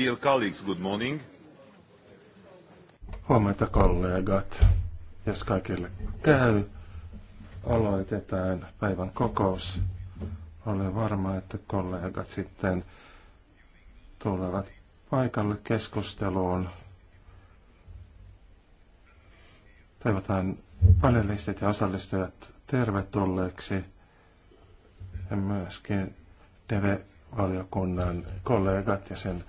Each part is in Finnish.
Dear colleagues, good morning. Huomenta kollegat. Jos kaikille käy, aloitetaan päivän kokous. Olen varma, että kollegat sitten tulevat paikalle keskusteluun. Toivotan panelistit ja osallistujat tervetulleeksi ja myöskin TV-valiokunnan kollegat ja sen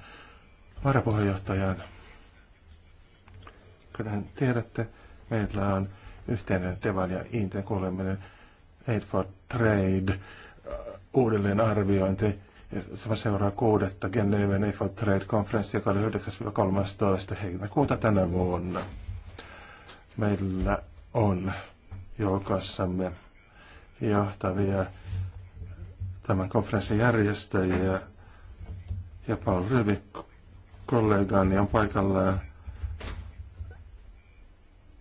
varapuheenjohtajaan. Kuten tiedätte, meillä on yhteinen Deval ja Inten kuuleminen Aid for Trade äh, uudelleen arviointi. Se seuraa kuudetta Geneven Aid for Trade-konferenssi, joka oli 9-13 heinäkuuta tänä vuonna. Meillä on joukossamme johtavia tämän konferenssin järjestäjiä ja Paul Rivikko kollegaani on paikalla.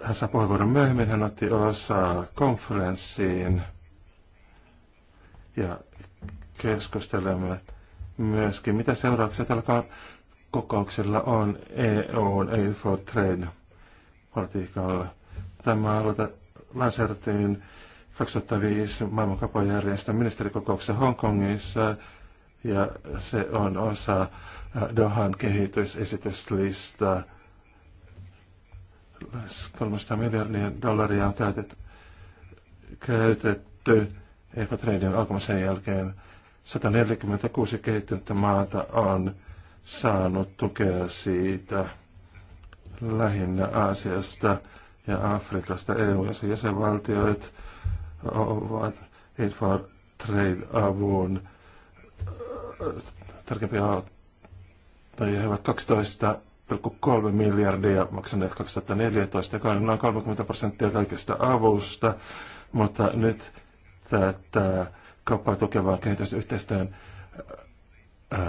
Hän saa puheenvuoron myöhemmin. Hän otti osaa konferenssiin ja keskustelemme myöskin, mitä seurauksia tällä kokouksella on EU, Aid for Trade politiikalla. Tämä aloite lanseerattiin 2005 maailmankapajärjestön ministerikokouksessa Hongkongissa ja se on osa Dohan kehitysesityslista. 300 miljardia dollaria on käytetty, käytetty EFA-treidin alkamisen jälkeen. 146 kehittynyttä maata on saanut tukea siitä lähinnä Aasiasta ja Afrikasta. EU ja jäsenvaltiot ovat EFA Trade avun tarkempia tai he ovat 12,3 miljardia maksaneet 2014, joka on noin 30 prosenttia kaikesta avusta, mutta nyt tätä kauppaa tukevaa kehitysyhteistyön äh,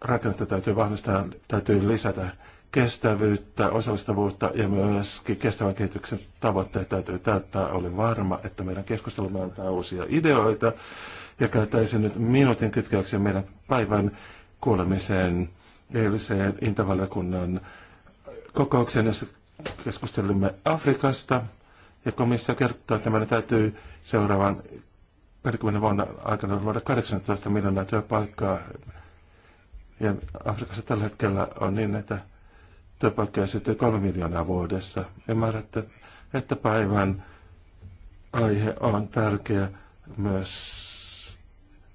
rakennetta täytyy vahvistaa, täytyy lisätä kestävyyttä, osallistavuutta ja myöskin kestävän kehityksen tavoitteet täytyy täyttää. Olin varma, että meidän keskustelumme antaa uusia ideoita ja käytäisin nyt minuutin kytkeäkseen meidän päivän kuulemiseen eilisen intavaliokunnan kokouksen, jossa keskustelimme Afrikasta. Ja komissio kertoo, että meidän täytyy seuraavan 20 vuonna aikana luoda 18 miljoonaa työpaikkaa. Ja Afrikassa tällä hetkellä on niin, että työpaikkoja syntyy 3 miljoonaa vuodessa. Ymmärrätte, että päivän aihe on tärkeä myös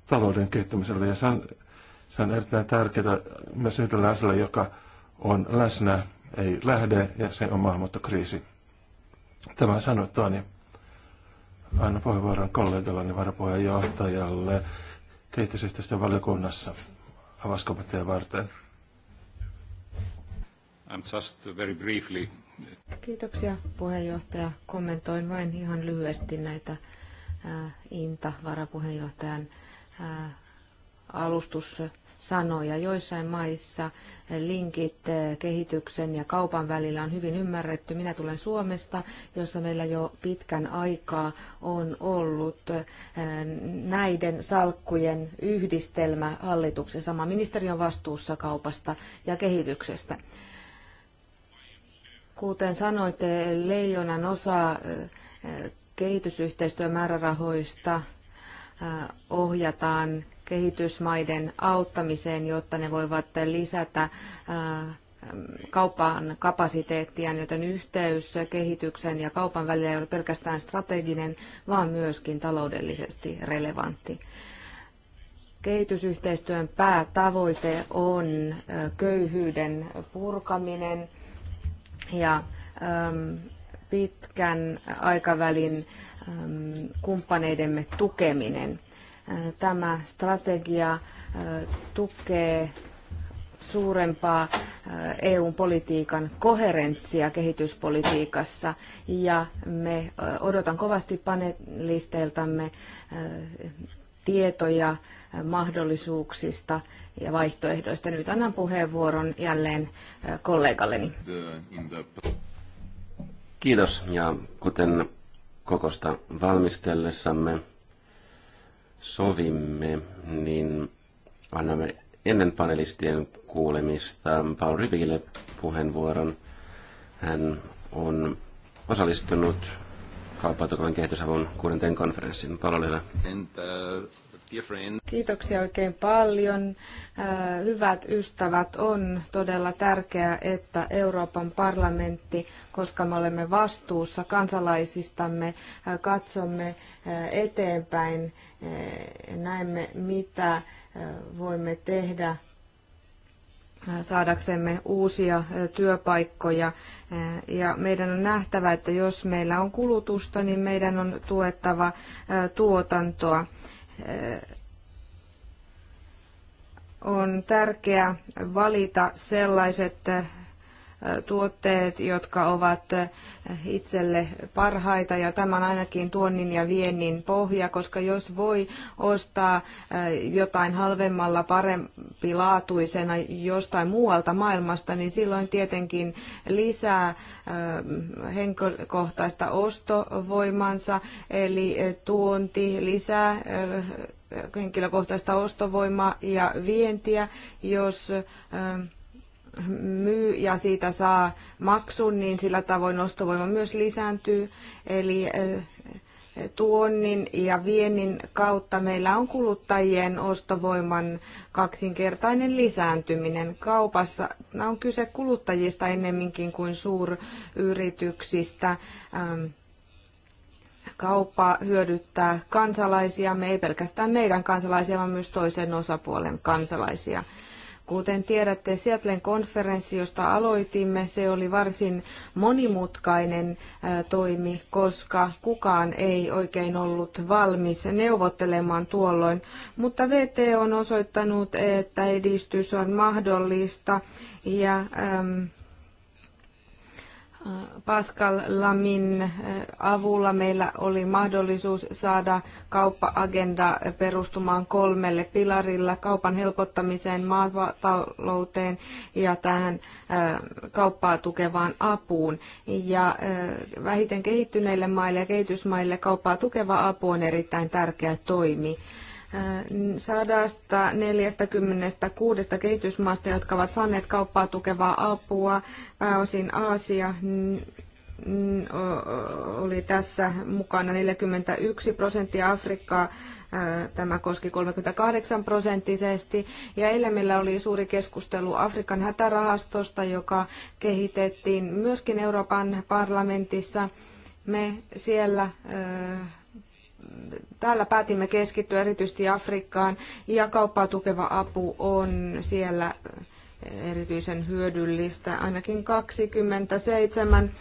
talouden kehittämiselle ja se on se on erittäin tärkeää myös yhdellä asialla, joka on läsnä, ei lähde, ja se on maahanmuuttokriisi. Tämä sanottua, niin aina puheenvuoron kollegallani varapuheenjohtajalle kehitysyhteistyön valiokunnassa avauskommentteja varten. I'm just very briefly. Kiitoksia puheenjohtaja. Kommentoin vain ihan lyhyesti näitä Inta-varapuheenjohtajan alustus sanoja. Joissain maissa linkit eh, kehityksen ja kaupan välillä on hyvin ymmärretty. Minä tulen Suomesta, jossa meillä jo pitkän aikaa on ollut eh, näiden salkkujen yhdistelmä hallituksen. Sama ministeri on vastuussa kaupasta ja kehityksestä. Kuten sanoitte, leijonan osa eh, kehitysyhteistyömäärärahoista ohjataan kehitysmaiden auttamiseen, jotta ne voivat lisätä kaupan kapasiteettia, joten yhteys kehityksen ja kaupan välillä ei ole pelkästään strateginen, vaan myöskin taloudellisesti relevantti. Kehitysyhteistyön päätavoite on köyhyyden purkaminen ja pitkän aikavälin kumppaneidemme tukeminen. Tämä strategia tukee suurempaa EU-politiikan koherenssia kehityspolitiikassa ja me odotan kovasti panelisteiltamme tietoja mahdollisuuksista ja vaihtoehdoista. Nyt annan puheenvuoron jälleen kollegalleni. Kiitos ja kuten kokosta valmistellessamme sovimme, niin annamme ennen panelistien kuulemista Paul Rybikille puheenvuoron. Hän on osallistunut kauppatokojen kehitysavun kuudenteen konferenssin. Paul, ole hyvä. Kiitoksia oikein paljon. Äh, hyvät ystävät, on todella tärkeää, että Euroopan parlamentti, koska me olemme vastuussa kansalaisistamme, äh, katsomme äh, eteenpäin näemme, mitä voimme tehdä saadaksemme uusia työpaikkoja. Ja meidän on nähtävä, että jos meillä on kulutusta, niin meidän on tuettava tuotantoa. On tärkeää valita sellaiset tuotteet, jotka ovat itselle parhaita ja tämä on ainakin tuonnin ja viennin pohja, koska jos voi ostaa jotain halvemmalla parempilaatuisena jostain muualta maailmasta, niin silloin tietenkin lisää henkilökohtaista ostovoimansa, eli tuonti lisää henkilökohtaista ostovoimaa ja vientiä, jos myy ja siitä saa maksun, niin sillä tavoin ostovoima myös lisääntyy. Eli eh, tuonnin ja viennin kautta meillä on kuluttajien ostovoiman kaksinkertainen lisääntyminen. Kaupassa Nämä on kyse kuluttajista ennemminkin kuin suuryrityksistä. Ähm, kauppa hyödyttää kansalaisia, me ei pelkästään meidän kansalaisia, vaan myös toisen osapuolen kansalaisia. Kuten tiedätte, Seattlen konferenssi, josta aloitimme, se oli varsin monimutkainen äh, toimi, koska kukaan ei oikein ollut valmis neuvottelemaan tuolloin. Mutta VT on osoittanut, että edistys on mahdollista ja ähm, Pascal Lamin eh, avulla meillä oli mahdollisuus saada kauppa-agenda perustumaan kolmelle pilarilla, kaupan helpottamiseen, maatalouteen ja tähän eh, kauppaa tukevaan apuun. Ja eh, vähiten kehittyneille maille ja kehitysmaille kauppaa tukeva apu on erittäin tärkeä toimi. 146 kehitysmaasta, jotka ovat saaneet kauppaa tukevaa apua, pääosin Aasia oli tässä mukana 41 prosenttia Afrikkaa, tämä koski 38 prosenttisesti. Ja eilen meillä oli suuri keskustelu Afrikan hätärahastosta, joka kehitettiin myöskin Euroopan parlamentissa. Me siellä täällä päätimme keskittyä erityisesti Afrikkaan ja kauppaa tukeva apu on siellä erityisen hyödyllistä. Ainakin 27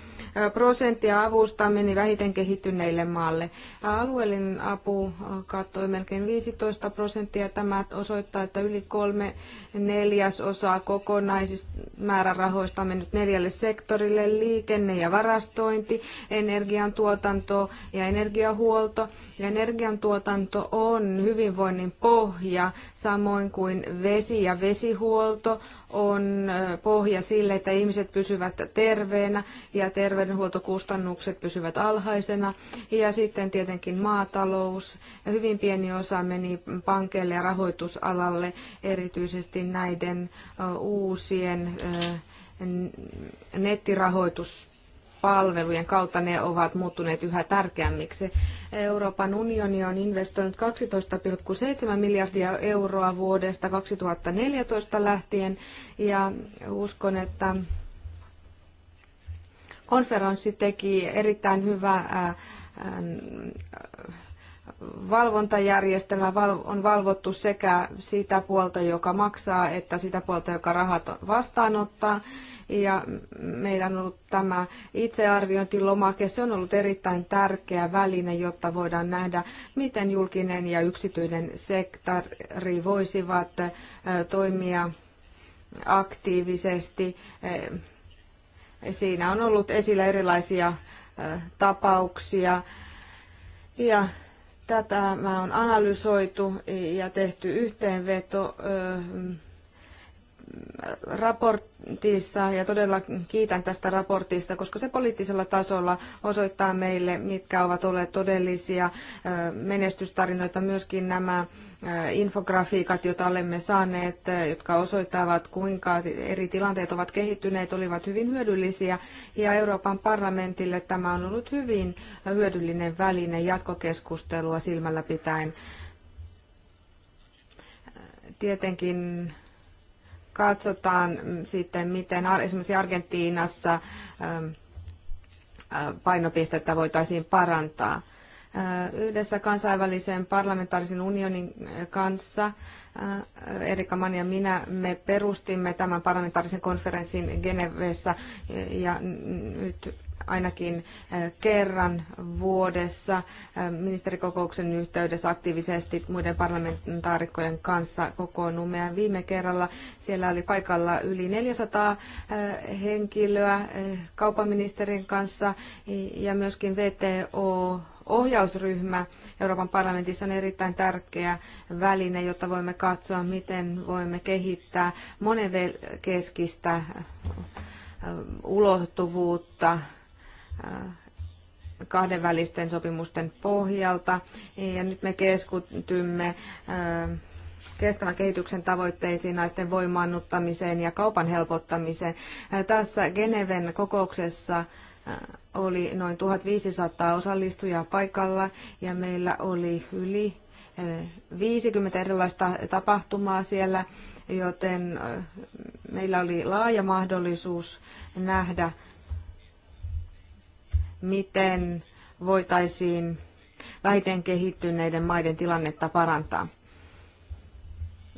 prosenttia avusta meni niin vähiten kehittyneille maalle. Alueellinen apu kattoi melkein 15 prosenttia. Tämä osoittaa, että yli kolme neljäsosaa kokonaisista määrärahoista on mennyt neljälle sektorille, liikenne ja varastointi, energiantuotanto ja energiahuolto. Ja energiantuotanto on hyvinvoinnin pohja, samoin kuin vesi ja vesihuolto on pohja sille, että ihmiset pysyvät terveenä ja terveydenhuoltokustannukset pysyvät alhaisena. Ja sitten tietenkin maatalous. Hyvin pieni osa meni pankeille ja rahoitusalalle, erityisesti näiden uusien nettirahoitus palvelujen kautta ne ovat muuttuneet yhä tärkeämmiksi. Euroopan unioni on investoinut 12,7 miljardia euroa vuodesta 2014 lähtien ja uskon, että konferenssi teki erittäin hyvää valvontajärjestelmä on valvottu sekä sitä puolta, joka maksaa, että sitä puolta, joka rahat vastaanottaa ja meillä on ollut tämä itsearviointilomake. Se on ollut erittäin tärkeä väline, jotta voidaan nähdä, miten julkinen ja yksityinen sektori voisivat toimia aktiivisesti. E, siinä on ollut esillä erilaisia tapauksia ja tätä on analysoitu ja tehty yhteenveto raportissa ja todella kiitän tästä raportista, koska se poliittisella tasolla osoittaa meille, mitkä ovat olleet todellisia menestystarinoita, myöskin nämä infografiikat, joita olemme saaneet, jotka osoittavat, kuinka eri tilanteet ovat kehittyneet, olivat hyvin hyödyllisiä. Ja Euroopan parlamentille tämä on ollut hyvin hyödyllinen väline jatkokeskustelua silmällä pitäen. Tietenkin katsotaan mm, sitten, miten esimerkiksi Argentiinassa painopistettä voitaisiin parantaa. Yhdessä kansainvälisen parlamentaarisen unionin kanssa Erika Mani ja minä, me perustimme tämän parlamentaarisen konferenssin Genevessä ja nyt ainakin eh, kerran vuodessa eh, ministerikokouksen yhteydessä aktiivisesti muiden parlamentaarikkojen kanssa kokoonnumme. Ja viime kerralla siellä oli paikalla yli 400 eh, henkilöä kaupaministerin kanssa ja myöskin VTO ohjausryhmä Euroopan parlamentissa on erittäin tärkeä väline, jotta voimme katsoa, miten voimme kehittää monenkeskistä ulottuvuutta Äh, kahdenvälisten sopimusten pohjalta. Ja nyt me keskutymme äh, kestävän kehityksen tavoitteisiin, naisten voimaannuttamiseen ja kaupan helpottamiseen. Äh, tässä Geneven kokouksessa oli noin 1500 osallistujaa paikalla ja meillä oli yli 50 erilaista tapahtumaa siellä, joten meillä oli laaja mahdollisuus nähdä miten voitaisiin vähiten kehittyneiden maiden tilannetta parantaa.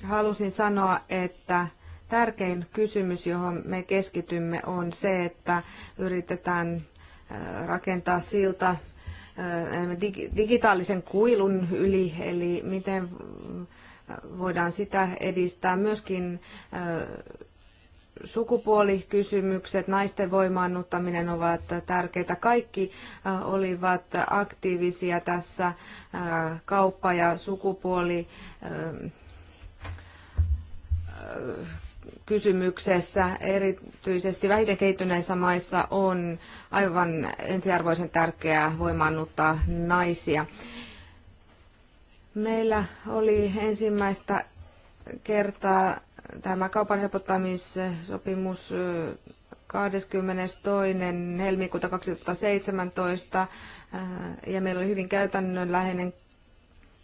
Halusin sanoa, että tärkein kysymys, johon me keskitymme, on se, että yritetään rakentaa silta digitaalisen kuilun yli, eli miten voidaan sitä edistää myöskin sukupuolikysymykset, naisten voimaannuttaminen ovat tärkeitä. Kaikki olivat aktiivisia tässä kauppa- ja sukupuoli kysymyksessä, erityisesti vähiten kehittyneissä maissa, on aivan ensiarvoisen tärkeää voimaannuttaa naisia. Meillä oli ensimmäistä kertaa tämä kaupan helpottamissopimus 22. helmikuuta 2017 ja meillä oli hyvin käytännönläheinen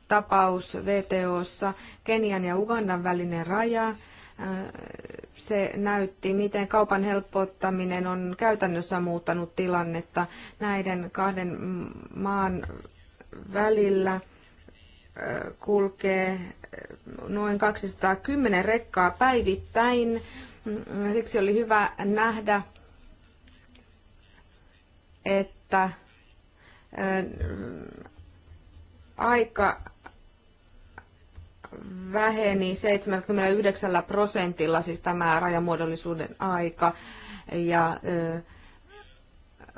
tapaus VTOssa Kenian ja Ugandan välinen raja. Se näytti, miten kaupan helpottaminen on käytännössä muuttanut tilannetta näiden kahden maan välillä kulkee noin 210 rekkaa päivittäin. Siksi oli hyvä nähdä, että aika väheni 79 prosentilla, siis tämä rajamuodollisuuden aika. Ja äh,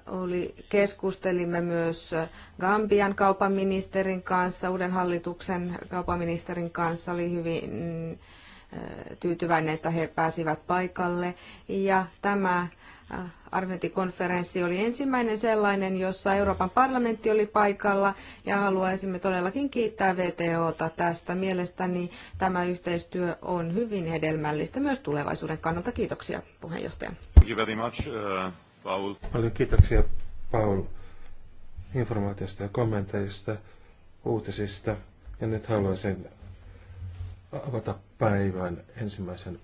oli, keskustelimme myös Gambian kaupaministerin kanssa, uuden hallituksen kaupaministerin kanssa. Oli hyvin tyytyväinen, että he pääsivät paikalle. Ja tämä arviointikonferenssi oli ensimmäinen sellainen, jossa Euroopan parlamentti oli paikalla ja haluaisimme todellakin kiittää VTOta tästä. Mielestäni tämä yhteistyö on hyvin hedelmällistä myös tulevaisuuden kannalta. Kiitoksia puheenjohtaja. Thank you very much. Uh... Paul. Paljon kiitoksia, Paul, informaatiosta ja kommenteista, uutisista. Ja nyt haluaisin avata päivän ensimmäisen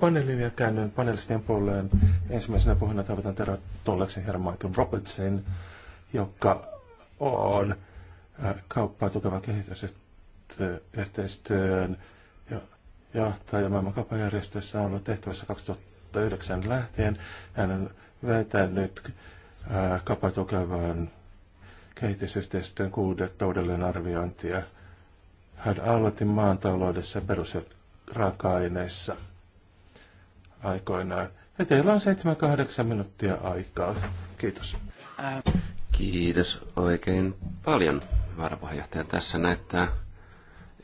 paneelin ja käännyn panelistien puoleen. Ensimmäisenä tavataan Tero Tolleksen herra Michael Robertsin, joka on äh, kauppaa tukevan kehitysyhteistyön ja johtaja maailman kauppajärjestössä on ollut tehtävässä 2009 lähtien. Hänen vetänyt äh, kapa tukevan kehitysyhteistyön kuudetta arviointia. Hän aloitti maantaloudessa ja raaka aineissa aikoinaan. Ja teillä on 7-8 minuuttia aikaa. Kiitos. Kiitos oikein paljon, varapuheenjohtaja. Tässä näyttää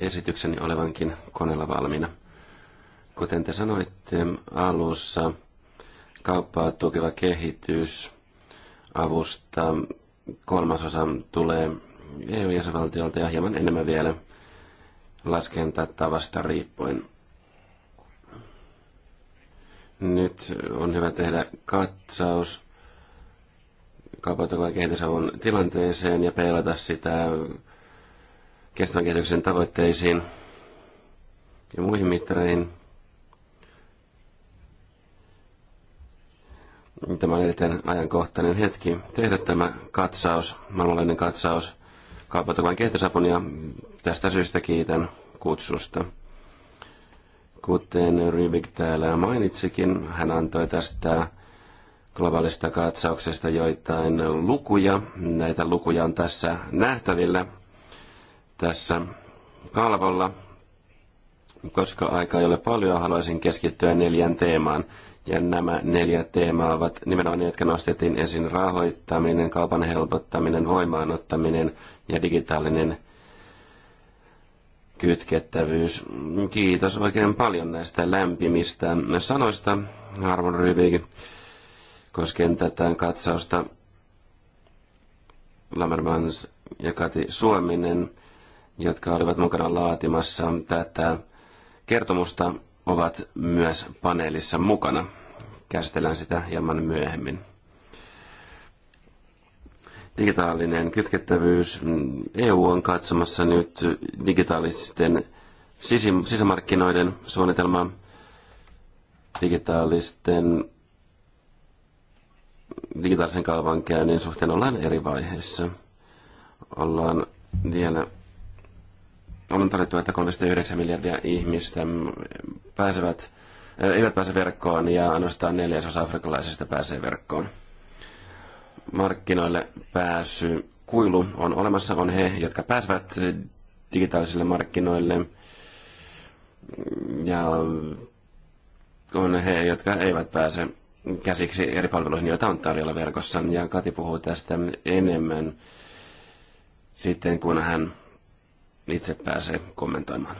esitykseni olevankin koneella valmiina. Kuten te sanoitte alussa, kauppaa tukeva kehitys avusta kolmasosa tulee EU-jäsenvaltiolta ja hieman enemmän vielä laskentatavasta riippuen. Nyt on hyvä tehdä katsaus kaupatuvan kehitysavun tilanteeseen ja peilata sitä kestävän kehityksen tavoitteisiin ja muihin mittareihin – Tämä on erittäin ajankohtainen hetki tehdä tämä katsaus, maailmanlainen katsaus kaupatuvan kehitysapun ja tästä syystä kiitän kutsusta. Kuten Rybik täällä mainitsikin, hän antoi tästä globaalista katsauksesta joitain lukuja. Näitä lukuja on tässä nähtävillä tässä kalvolla. Koska aika ei ole paljon, haluaisin keskittyä neljän teemaan – ja nämä neljä teemaa ovat nimenomaan ne, jotka nostettiin esiin rahoittaminen, kaupan helpottaminen, voimaanottaminen ja digitaalinen kytkettävyys. Kiitos oikein paljon näistä lämpimistä sanoista, Arvon Rybik, koskien tätä katsausta. Lammermans ja Kati Suominen, jotka olivat mukana laatimassa tätä kertomusta ovat myös paneelissa mukana. Käsitellään sitä hieman myöhemmin. Digitaalinen kytkettävyys. EU on katsomassa nyt digitaalisten sisämarkkinoiden suunnitelmaa digitaalisten digitaalisen kaupankäynnin suhteen ollaan eri vaiheessa. Ollaan vielä on todettu, että 3,9 miljardia ihmistä pääsevät, eivät pääse verkkoon ja ainoastaan neljäsosa afrikkalaisista pääsee verkkoon. Markkinoille pääsy kuilu on olemassa, on he, jotka pääsevät digitaalisille markkinoille ja on he, jotka eivät pääse käsiksi eri palveluihin, joita on tarjolla verkossa. Ja Kati puhuu tästä enemmän sitten, kun hän itse pääsee kommentoimaan.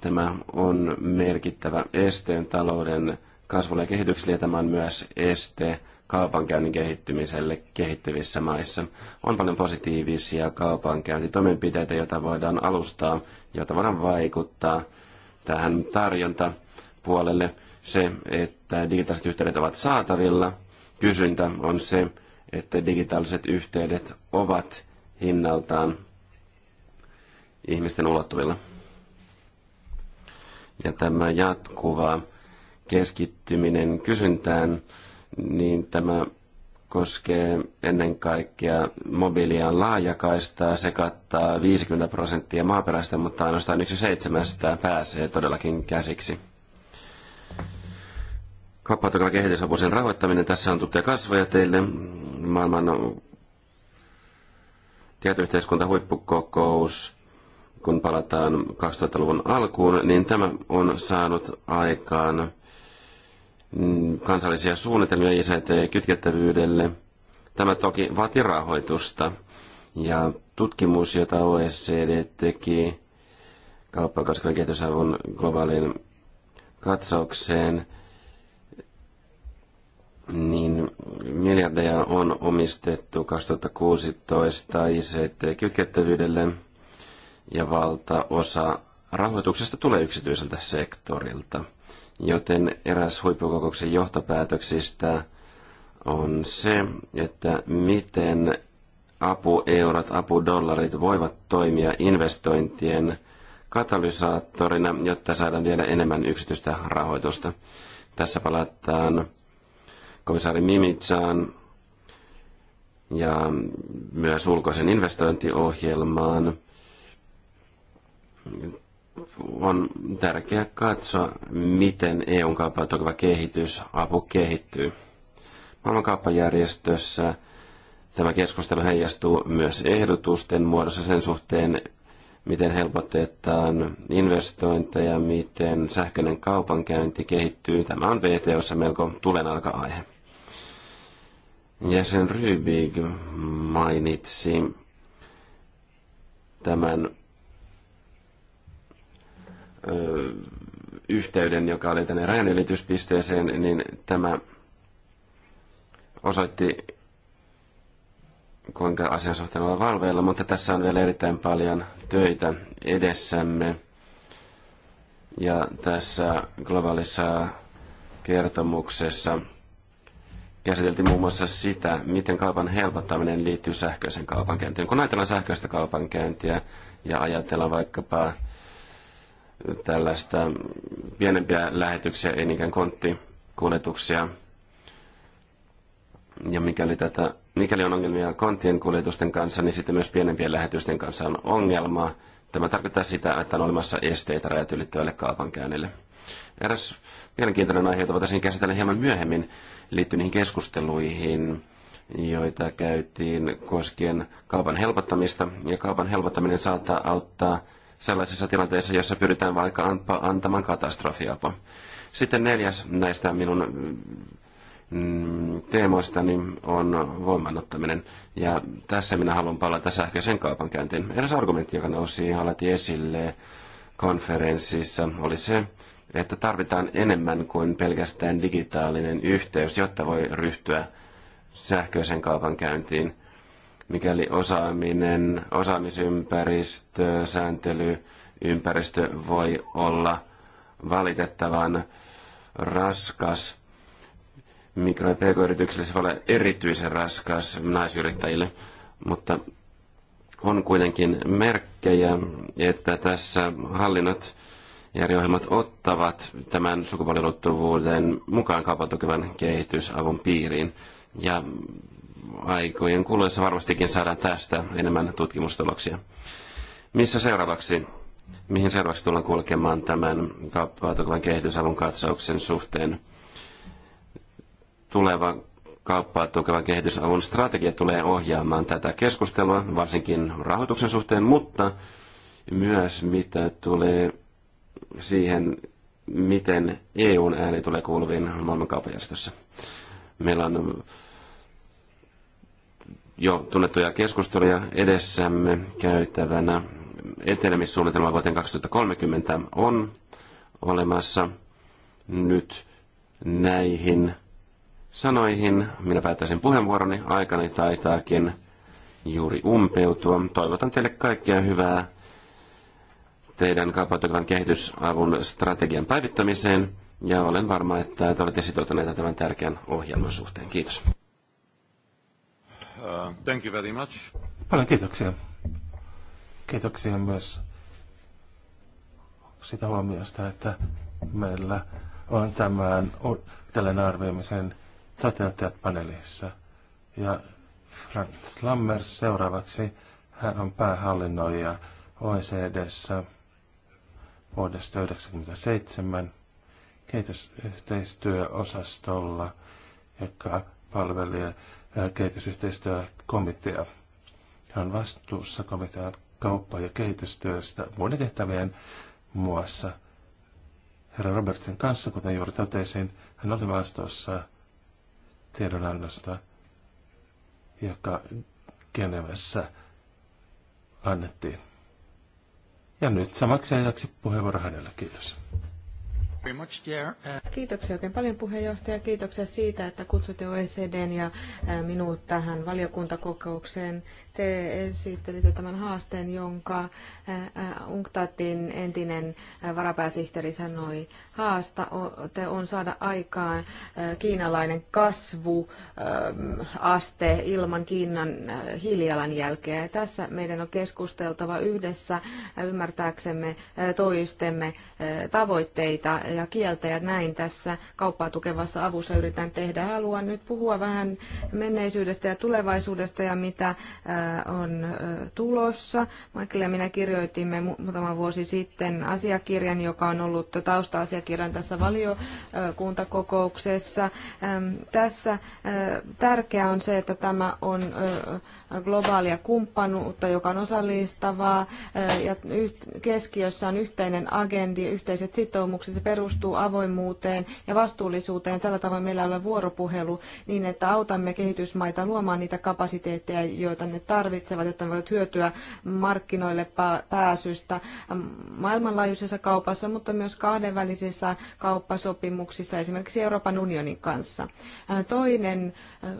Tämä on merkittävä este talouden kasvulle ja kehitykselle ja tämä on myös este kaupankäynnin kehittymiselle kehittyvissä maissa. On paljon positiivisia kaupankäyntitoimenpiteitä, joita voidaan alustaa, joita voidaan vaikuttaa tähän tarjontapuolelle. Se, että digitaaliset yhteydet ovat saatavilla, kysyntä on se, että digitaaliset yhteydet ovat hinnaltaan ihmisten ulottuvilla. Ja tämä jatkuva keskittyminen kysyntään, niin tämä koskee ennen kaikkea mobiilia laajakaistaa. Se kattaa 50 prosenttia maaperästä, mutta ainoastaan yksi seitsemästä pääsee todellakin käsiksi. Kauppatukalla kehitysapu sen rahoittaminen. Tässä on tuttuja kasvoja teille. Maailman huippukokous kun palataan 2000-luvun alkuun, niin tämä on saanut aikaan mm, kansallisia suunnitelmia ICT-kytkettävyydelle. Tämä toki vaati rahoitusta ja tutkimus, jota OECD teki kauppaa kehitysavun globaalin katsaukseen, niin miljardeja on omistettu 2016 ICT-kytkettävyydelle – ja valtaosa rahoituksesta tulee yksityiseltä sektorilta. Joten eräs huippukokouksen johtopäätöksistä on se, että miten apueurat, apudollarit voivat toimia investointien katalysaattorina, jotta saadaan vielä enemmän yksityistä rahoitusta. Tässä palataan komissaari Mimitsaan ja myös ulkoisen investointiohjelmaan – on tärkeää katsoa, miten EUn kauppaa tukeva apu kehittyy. Maailmankauppajärjestössä tämä keskustelu heijastuu myös ehdotusten muodossa sen suhteen, miten helpotetaan investointeja, miten sähköinen kaupankäynti kehittyy. Tämä on VTOssa melko tulenarka-aihe. Jäsen Rybig mainitsi tämän yhteyden, joka oli tänne rajanylityspisteeseen, niin tämä osoitti, kuinka asian suhteen olla valveilla, mutta tässä on vielä erittäin paljon töitä edessämme. Ja tässä globaalissa kertomuksessa käsiteltiin muun muassa sitä, miten kaupan helpottaminen liittyy sähköisen kaupankäyntiin. Kun ajatellaan sähköistä kaupankäyntiä ja ajatellaan vaikkapa tällaista pienempiä lähetyksiä, ei niinkään konttikuljetuksia. Ja mikäli, tätä, mikäli on ongelmia konttien kuljetusten kanssa, niin sitten myös pienempien lähetysten kanssa on ongelma. Tämä tarkoittaa sitä, että on olemassa esteitä rajat ylittävälle kaupankäynnille. Eräs mielenkiintoinen aihe, jota voitaisiin käsitellä hieman myöhemmin, liittyy niihin keskusteluihin, joita käytiin koskien kaupan helpottamista. Ja kaupan helpottaminen saattaa auttaa sellaisessa tilanteessa, jossa pyritään vaikka antamaan katastrofiapua. Sitten neljäs näistä minun mm, teemoistani on voimannuttaminen. Ja tässä minä haluan palata sähköisen kaupankäyntiin. Eräs argumentti, joka nousi alati esille konferenssissa, oli se, että tarvitaan enemmän kuin pelkästään digitaalinen yhteys, jotta voi ryhtyä sähköisen kaupankäyntiin mikäli osaaminen, osaamisympäristö, sääntely, ympäristö voi olla valitettavan raskas. Mikro- ja pk-yrityksille se voi olla erityisen raskas naisyrittäjille, mutta on kuitenkin merkkejä, että tässä hallinnot ja eri ohjelmat ottavat tämän sukupuoliluottuvuuden mukaan kaupan kehitysavun piiriin. Ja aikojen kuluessa varmastikin saadaan tästä enemmän tutkimustuloksia. Missä seuraavaksi? Mihin seuraavaksi tullaan kulkemaan tämän kauppautukuvan kehitysavun katsauksen suhteen? Tuleva kauppaa tukevan kehitysavun strategia tulee ohjaamaan tätä keskustelua, varsinkin rahoituksen suhteen, mutta myös mitä tulee siihen, miten EUn ääni tulee kuuluviin maailmankaupajärjestössä. Meillä on jo tunnettuja keskusteluja edessämme käytävänä. Etenemissuunnitelma vuoteen 2030 on olemassa nyt näihin sanoihin. Minä päättäisin puheenvuoroni. Aikani taitaakin juuri umpeutua. Toivotan teille kaikkea hyvää teidän kapautuvan kehitysavun strategian päivittämiseen ja olen varma, että te olette sitoutuneita tämän tärkeän ohjelman suhteen. Kiitos. Uh, thank you very much. Paljon kiitoksia. Kiitoksia myös sitä huomiosta, että meillä on tämän uudelleen arvioimisen toteuttajat paneelissa. Ja Frank Lammers seuraavaksi, hän on päähallinnoija OECDssä vuodesta 1997 kehitysyhteistyöosastolla, joka palvelee kehitysyhteistyökomitea. Hän on vastuussa komitean kauppa- ja kehitystyöstä muiden tehtävien muassa. Herra Robertsin kanssa, kuten juuri totesin, hän oli vastuussa tiedonannosta, joka Genevessä annettiin. Ja nyt samaksi ajaksi puheenvuoro hänelle. Kiitos. Uh, Kiitoksia oikein paljon puheenjohtaja. Kiitoksia siitä, että kutsutte OECDn ja minut tähän valiokuntakokoukseen te esittelitte tämän haasteen, jonka UNCTADin entinen varapääsihteeri sanoi, haasta on saada aikaan kiinalainen kasvuaste ilman Kiinan hiilijalanjälkeä. Tässä meidän on keskusteltava yhdessä ymmärtääksemme toistemme tavoitteita ja kieltä ja näin tässä kauppaa tukevassa avussa yritän tehdä. Haluan nyt puhua vähän menneisyydestä ja tulevaisuudesta ja mitä on tulossa. Michael ja minä kirjoitimme muutama vuosi sitten asiakirjan, joka on ollut tausta-asiakirjan tässä valiokuntakokouksessa. Tässä tärkeää on se, että tämä on globaalia kumppanuutta, joka on osallistavaa eh, ja keskiössä on yhteinen agendi, yhteiset sitoumukset ja perustuu avoimuuteen ja vastuullisuuteen. Tällä tavoin meillä on vuoropuhelu niin, että autamme kehitysmaita luomaan niitä kapasiteetteja, joita ne tarvitsevat, jotta ne voivat hyötyä markkinoille pääsystä maailmanlaajuisessa kaupassa, mutta myös kahdenvälisissä kauppasopimuksissa, esimerkiksi Euroopan unionin kanssa. Eh, toinen eh,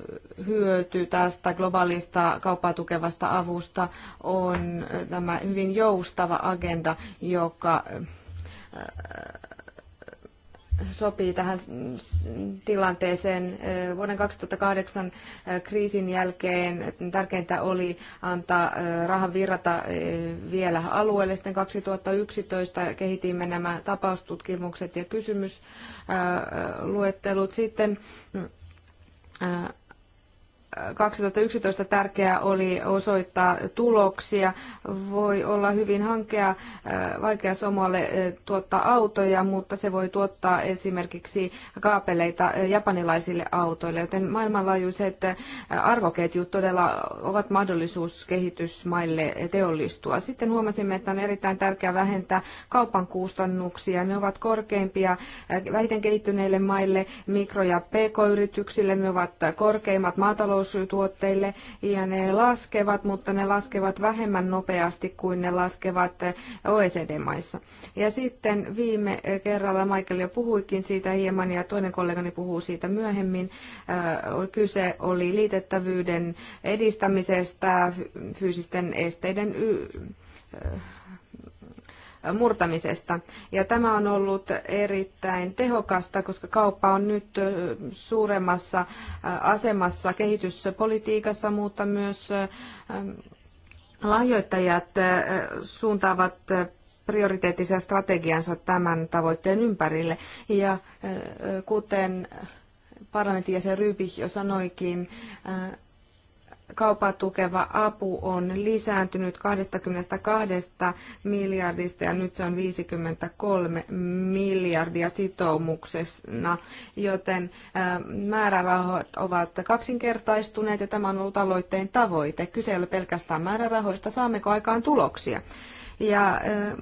hyöty tästä globaalista kauppaa tukevasta avusta on tämä hyvin joustava agenda, joka äh, sopii tähän tilanteeseen. Äh, vuoden 2008 äh, kriisin jälkeen tärkeintä oli antaa rahan virrata vielä alueelle. Sitten 2011 kehitimme nämä tapaustutkimukset ja kysymysluettelut. Sitten 2011 tärkeää oli osoittaa tuloksia. Voi olla hyvin hankea, äh, vaikea Somalle äh, tuottaa autoja, mutta se voi tuottaa esimerkiksi kaapeleita äh, japanilaisille autoille, joten maailmanlaajuiset arvoketjut todella ovat mahdollisuus kehitysmaille teollistua. Sitten huomasimme, että on erittäin tärkeää vähentää kaupan kustannuksia. Ne ovat korkeimpia vähiten kehittyneille maille, mikro- ja pk-yrityksille. Ne ovat korkeimmat maatalous maataloustuotteille ja ne laskevat, mutta ne laskevat vähemmän nopeasti kuin ne laskevat OECD-maissa. Ja sitten viime kerralla Michael jo puhuikin siitä hieman ja toinen kollegani puhuu siitä myöhemmin. Kyse oli liitettävyyden edistämisestä, fyysisten esteiden murtamisesta. Ja tämä on ollut erittäin tehokasta, koska kauppa on nyt suuremmassa asemassa kehityspolitiikassa, mutta myös lahjoittajat suuntaavat prioriteettisia strategiansa tämän tavoitteen ympärille. Ja kuten parlamentin jäsen Rybih jo sanoikin, kaupaa tukeva apu on lisääntynyt 22 miljardista ja nyt se on 53 miljardia sitoumuksena, joten määrärahat ovat kaksinkertaistuneet ja tämä on ollut aloitteen tavoite. Kyse ei ole pelkästään määrärahoista, saammeko aikaan tuloksia. Ja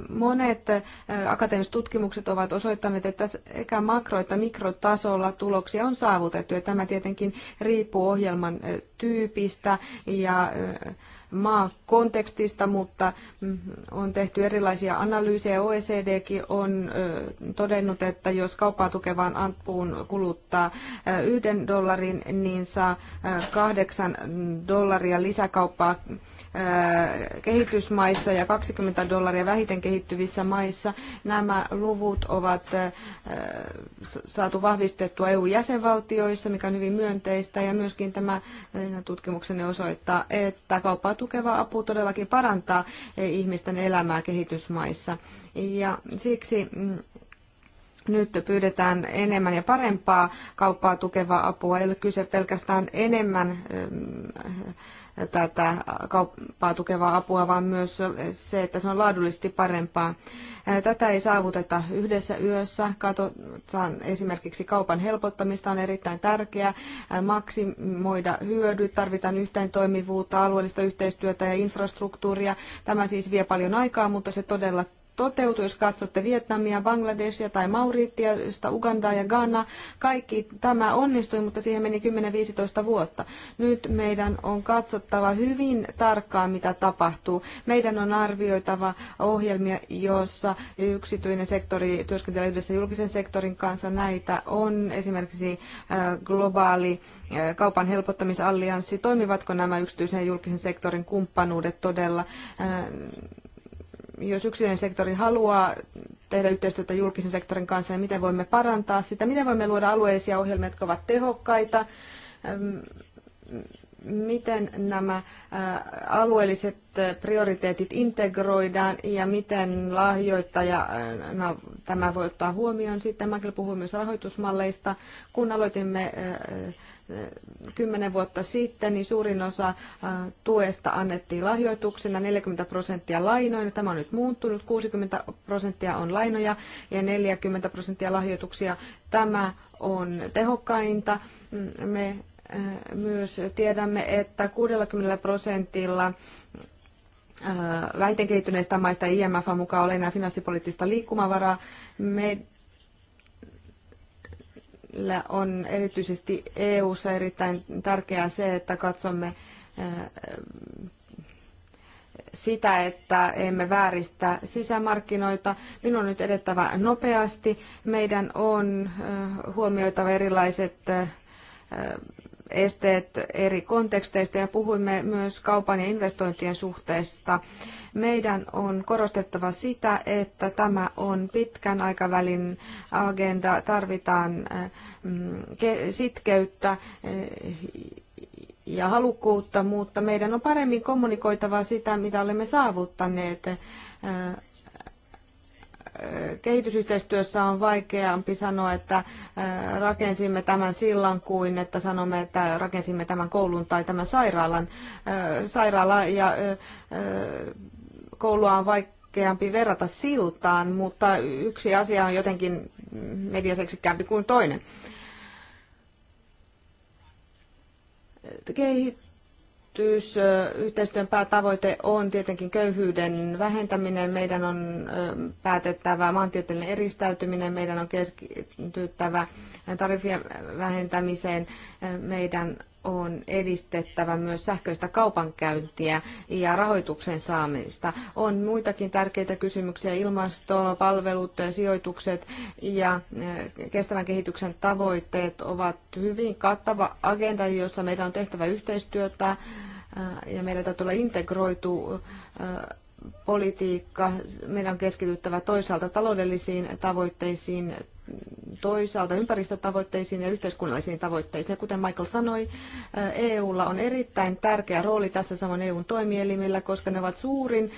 monet akateemiset tutkimukset ovat osoittaneet, että sekä makro- että mikrotasolla tuloksia on saavutettu. Ja tämä tietenkin riippuu ohjelman tyypistä ja maakontekstista, mutta mm, on tehty erilaisia analyysejä. OECDkin on todennut, että jos kauppaa tukevaan apuun kuluttaa yhden dollarin, niin saa kahdeksan dollaria lisäkauppaa kehitysmaissa ja 20 dollaria vähiten kehittyvissä maissa. Nämä luvut ovat saatu vahvistettua EU-jäsenvaltioissa, mikä on hyvin myönteistä, ja myöskin tämä tutkimuksenne osoittaa, että kauppaa tukeva apu todellakin parantaa ihmisten elämää kehitysmaissa. Ja siksi mm, nyt pyydetään enemmän ja parempaa kauppaa tukevaa apua. Ei ole kyse pelkästään enemmän tätä kauppaa tukevaa apua, vaan myös se, että se on laadullisesti parempaa. Tätä ei saavuteta yhdessä yössä. Katsotaan esimerkiksi kaupan helpottamista on erittäin tärkeää. Maksimoida hyödyt, tarvitaan yhteen toimivuutta, alueellista yhteistyötä ja infrastruktuuria. Tämä siis vie paljon aikaa, mutta se todella toteutuu, jos katsotte Vietnamia, Bangladesia tai Mauritiasta, Ugandaa ja Ghana. Kaikki tämä onnistui, mutta siihen meni 10-15 vuotta. Nyt meidän on katsottava hyvin tarkkaan, mitä tapahtuu. Meidän on arvioitava ohjelmia, joissa yksityinen sektori työskentelee yhdessä julkisen sektorin kanssa. Näitä on esimerkiksi äh, globaali äh, kaupan helpottamisallianssi. Toimivatko nämä yksityisen ja julkisen sektorin kumppanuudet todella? Äh, jos yksityinen sektori haluaa tehdä yhteistyötä julkisen sektorin kanssa, niin miten voimme parantaa sitä, miten voimme luoda alueellisia ohjelmia, jotka ovat tehokkaita, ähm, miten nämä äh, alueelliset äh, prioriteetit integroidaan ja miten lahjoittajana äh, no, tämä voi ottaa huomioon. Sitten Mäkel puhui myös rahoitusmalleista. Kun aloitimme kymmenen vuotta sitten, niin suurin osa äh, tuesta annettiin lahjoituksena, 40 prosenttia lainoina. Tämä on nyt muuttunut, 60 prosenttia on lainoja ja 40 prosenttia lahjoituksia. Tämä on tehokkainta. Mm, me äh, myös tiedämme, että 60 prosentilla äh, vähiten kehittyneistä maista IMF mukaan ole enää finanssipoliittista liikkumavaraa. Me meillä on erityisesti EU:ssa erittäin tärkeää se, että katsomme eh, sitä, että emme vääristä sisämarkkinoita. Minun on nyt edettävä nopeasti. Meidän on eh, huomioitava erilaiset eh, esteet eri konteksteista ja puhuimme myös kaupan ja investointien suhteesta. Meidän on korostettava sitä, että tämä on pitkän aikavälin agenda, tarvitaan eh, mm, sitkeyttä eh, ja halukkuutta, mutta meidän on paremmin kommunikoitava sitä, mitä olemme saavuttaneet eh, kehitysyhteistyössä on vaikeampi sanoa, että rakensimme tämän sillan kuin, että sanomme, että rakensimme tämän koulun tai tämän sairaalan. Sairaala ja koulua on vaikeampi verrata siltaan, mutta yksi asia on jotenkin mediaseksikkäämpi kuin toinen. Kehitys, yhteistyön päätavoite on tietenkin köyhyyden vähentäminen. Meidän on päätettävä maantieteellinen eristäytyminen, meidän on keskityttävä tarifien vähentämiseen, meidän on edistettävä myös sähköistä kaupankäyntiä ja rahoituksen saamista. On muitakin tärkeitä kysymyksiä, ilmasto, palvelut, sijoitukset ja eh, kestävän kehityksen tavoitteet ovat hyvin kattava agenda, jossa meidän on tehtävä yhteistyötä eh, ja meillä täytyy olla integroitu eh, politiikka. Meidän on keskityttävä toisaalta taloudellisiin tavoitteisiin, toisaalta ympäristötavoitteisiin ja yhteiskunnallisiin tavoitteisiin. Kuten Michael sanoi, EUlla on erittäin tärkeä rooli tässä saman EUn toimielimillä, koska ne ovat suurin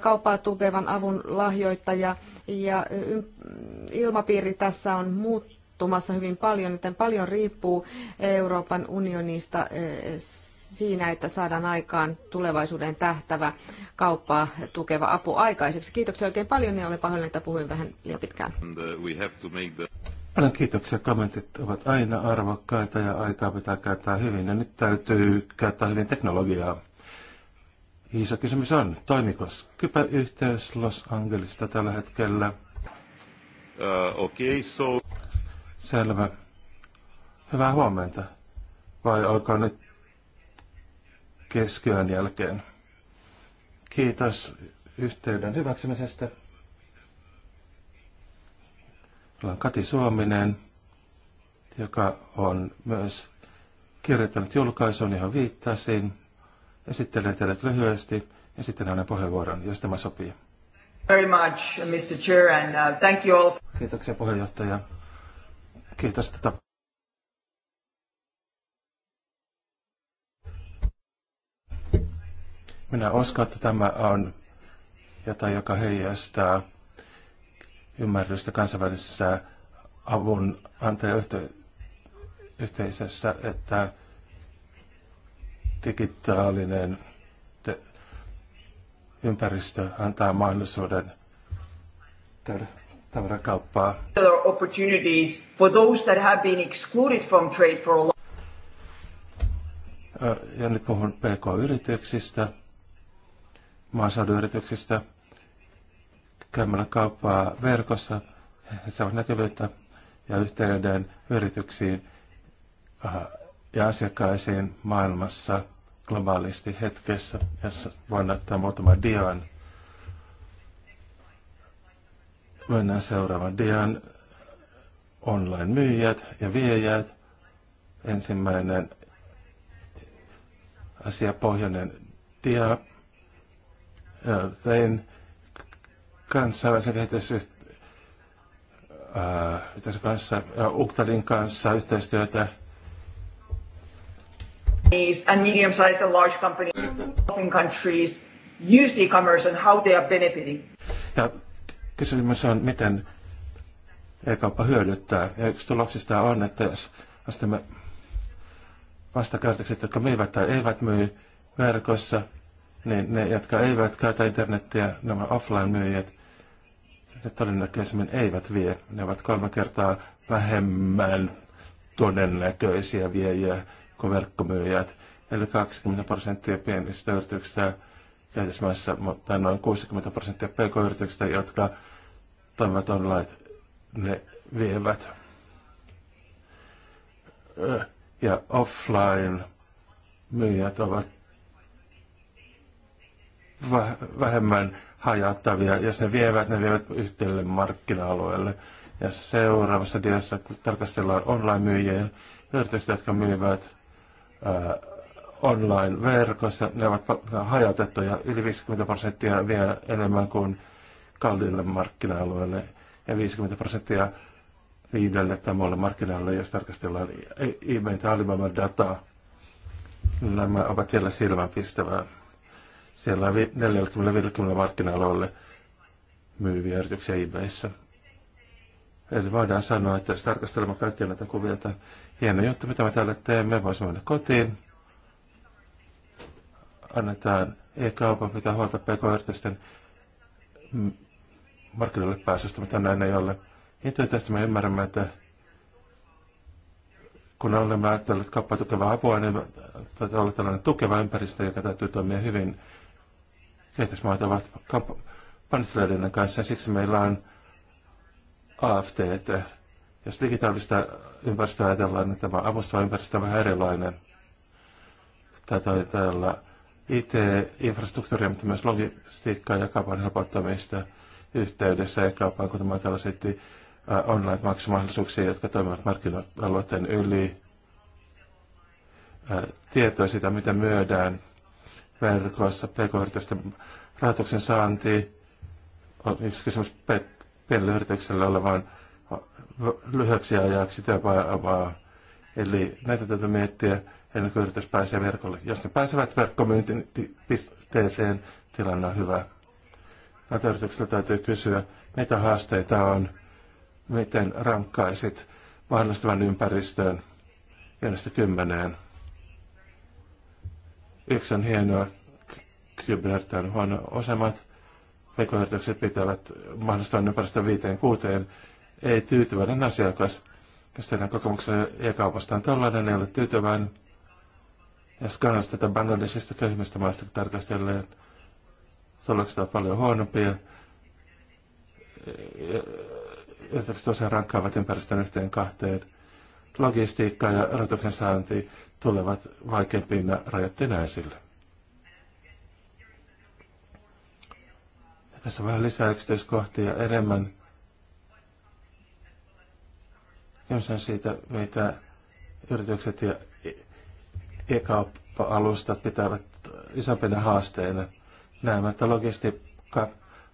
kauppaa tukevan avun lahjoittaja ja ilmapiiri tässä on muuttumassa hyvin paljon, joten paljon riippuu Euroopan unionista siinä, että saadaan aikaan tulevaisuuden tähtävä kauppaa tukeva apu aikaiseksi. Kiitoksia oikein paljon ja olen pahoillani, että puhuin vähän liian pitkään. Uh, paljon kiitoksia. Kommentit ovat aina arvokkaita ja aikaa pitää käyttää hyvin. Ja nyt täytyy käyttää hyvin teknologiaa. Iso kysymys on, toimiko Skype-yhteys Los Angelesista tällä hetkellä? Uh, okay, so... Selvä. Hyvää huomenta. Vai olkaa nyt keskiön jälkeen. Kiitos yhteyden hyväksymisestä. Meillä on Kati Suominen, joka on myös kirjoittanut julkaisun, johon viittasin. Esittelen teidät lyhyesti ja sitten annan puheenvuoron, jos tämä sopii. Very much, Mr. Chair, and, uh, thank you all. Kiitoksia puheenjohtaja. Kiitos tätä. Minä uskon, että tämä on jotain, joka heijastaa ymmärrystä kansainvälisessä avun antajayhteisössä, että digitaalinen ympäristö antaa mahdollisuuden tehdä tavarakauppaa. opportunities for those that have been excluded from trade for a long... Ja nyt puhun PK-yrityksistä maaseudun yrityksistä käymällä kauppaa verkossa. He saavat näkyvyyttä ja yhteyden yrityksiin äh, ja asiakkaisiin maailmassa globaalisti hetkessä, jossa voin näyttää muutama dian. Mennään seuraavan dian. Online-myyjät ja viejät. Ensimmäinen asiapohjainen dia tein kansainvälisen kehitysyhteisön kanssa, Uktalin kanssa yhteistyötä. And medium-sized and large companies in countries use e-commerce and how they are benefiting. Ja kysymys on, miten e-kauppa hyödyttää. Ja yksi tuloksista on, että jos astamme vastakäytökset, jotka myyvät tai eivät myy verkossa – niin ne, jotka eivät käytä internettiä, nämä offline-myyjät, ne todennäköisemmin eivät vie. Ne ovat kolme kertaa vähemmän todennäköisiä viejiä kuin verkkomyyjät. Eli 20 prosenttia pienistä yrityksistä kehitysmaissa, mutta noin 60 prosenttia pk-yrityksistä, jotka toimivat online, ne vievät. Ja offline myyjät ovat vähemmän hajattavia Jos ne vievät, ne vievät yhteydelle markkina-alueelle. Ja seuraavassa diassa, kun tarkastellaan online-myyjiä, yritykset, jotka myyvät äh, online-verkossa, ne ovat hajautettuja yli 50 prosenttia vielä enemmän kuin kalliille markkina-alueelle ja 50 prosenttia viidelle tamolle markkinoille, jos tarkastellaan eBay tai dataa. Nämä ovat vielä silmänpistävää. Siellä 40-50 markkina-aloille myyviä yrityksiä eBayssä. Eli voidaan sanoa, että jos tarkastelemme kaikkia näitä että hieno juttu, mitä me täällä teemme, voisimme mennä kotiin. Annetaan e-kaupan pitää huolta pk-yritysten markkinoille pääsystä, mitä näin ei ole. Intuitiivisesti me ymmärrämme, että kun olemme ajatelleet kauppaa tukevaa apua, niin täytyy olla tällainen tukeva ympäristö, joka täytyy toimia hyvin kehitysmaat ovat panistelijoiden kanssa ja siksi meillä on AFT. -tä. Jos digitaalista ympäristöä ajatellaan, niin tämä avustava ympäristö on vähän erilainen. Tätä ajatella IT-infrastruktuuria, mutta myös logistiikkaa ja kaupan helpottamista yhteydessä ja kaupan, kuten Michael äh, online-maksumahdollisuuksia, jotka toimivat markkina-alueiden yli, äh, tietoa sitä, mitä myödään, verkossa pk-yritysten rahoituksen saanti on yksi kysymys pienelle yritykselle olevan lyhyeksi ajaksi työpaikkaa. Eli näitä täytyy miettiä ennen kuin yritys pääsee verkolle. Jos ne pääsevät verkkomyyntipisteeseen, tilanne on hyvä. Näitä yrityksillä täytyy kysyä, mitä haasteita on, miten rankkaisit mahdollistavan ympäristöön pienestä kymmeneen. Yksi hienoa, Kubernetes huono osemat. pk pitävät mahdollistaan ympäristöä viiteen kuuteen. Ei tyytyväinen asiakas. Jos teidän kokemuksen e-kaupasta on tällainen, ei ole tyytyväinen. Ja skannasta tätä Bangladesista köyhimmistä maista tarkastelleen, tulokset on paljon huonompia. Yritykset usein rankkaavat ympäristön yhteen kahteen logistiikka ja rahoituksen saanti tulevat vaikeimpina rajoitteina esille. Ja tässä on vähän lisää yksityiskohtia enemmän. Kysyn siitä, mitä yritykset ja e-kauppa-alustat pitävät isompina haasteina. Näemme, että logistiikka,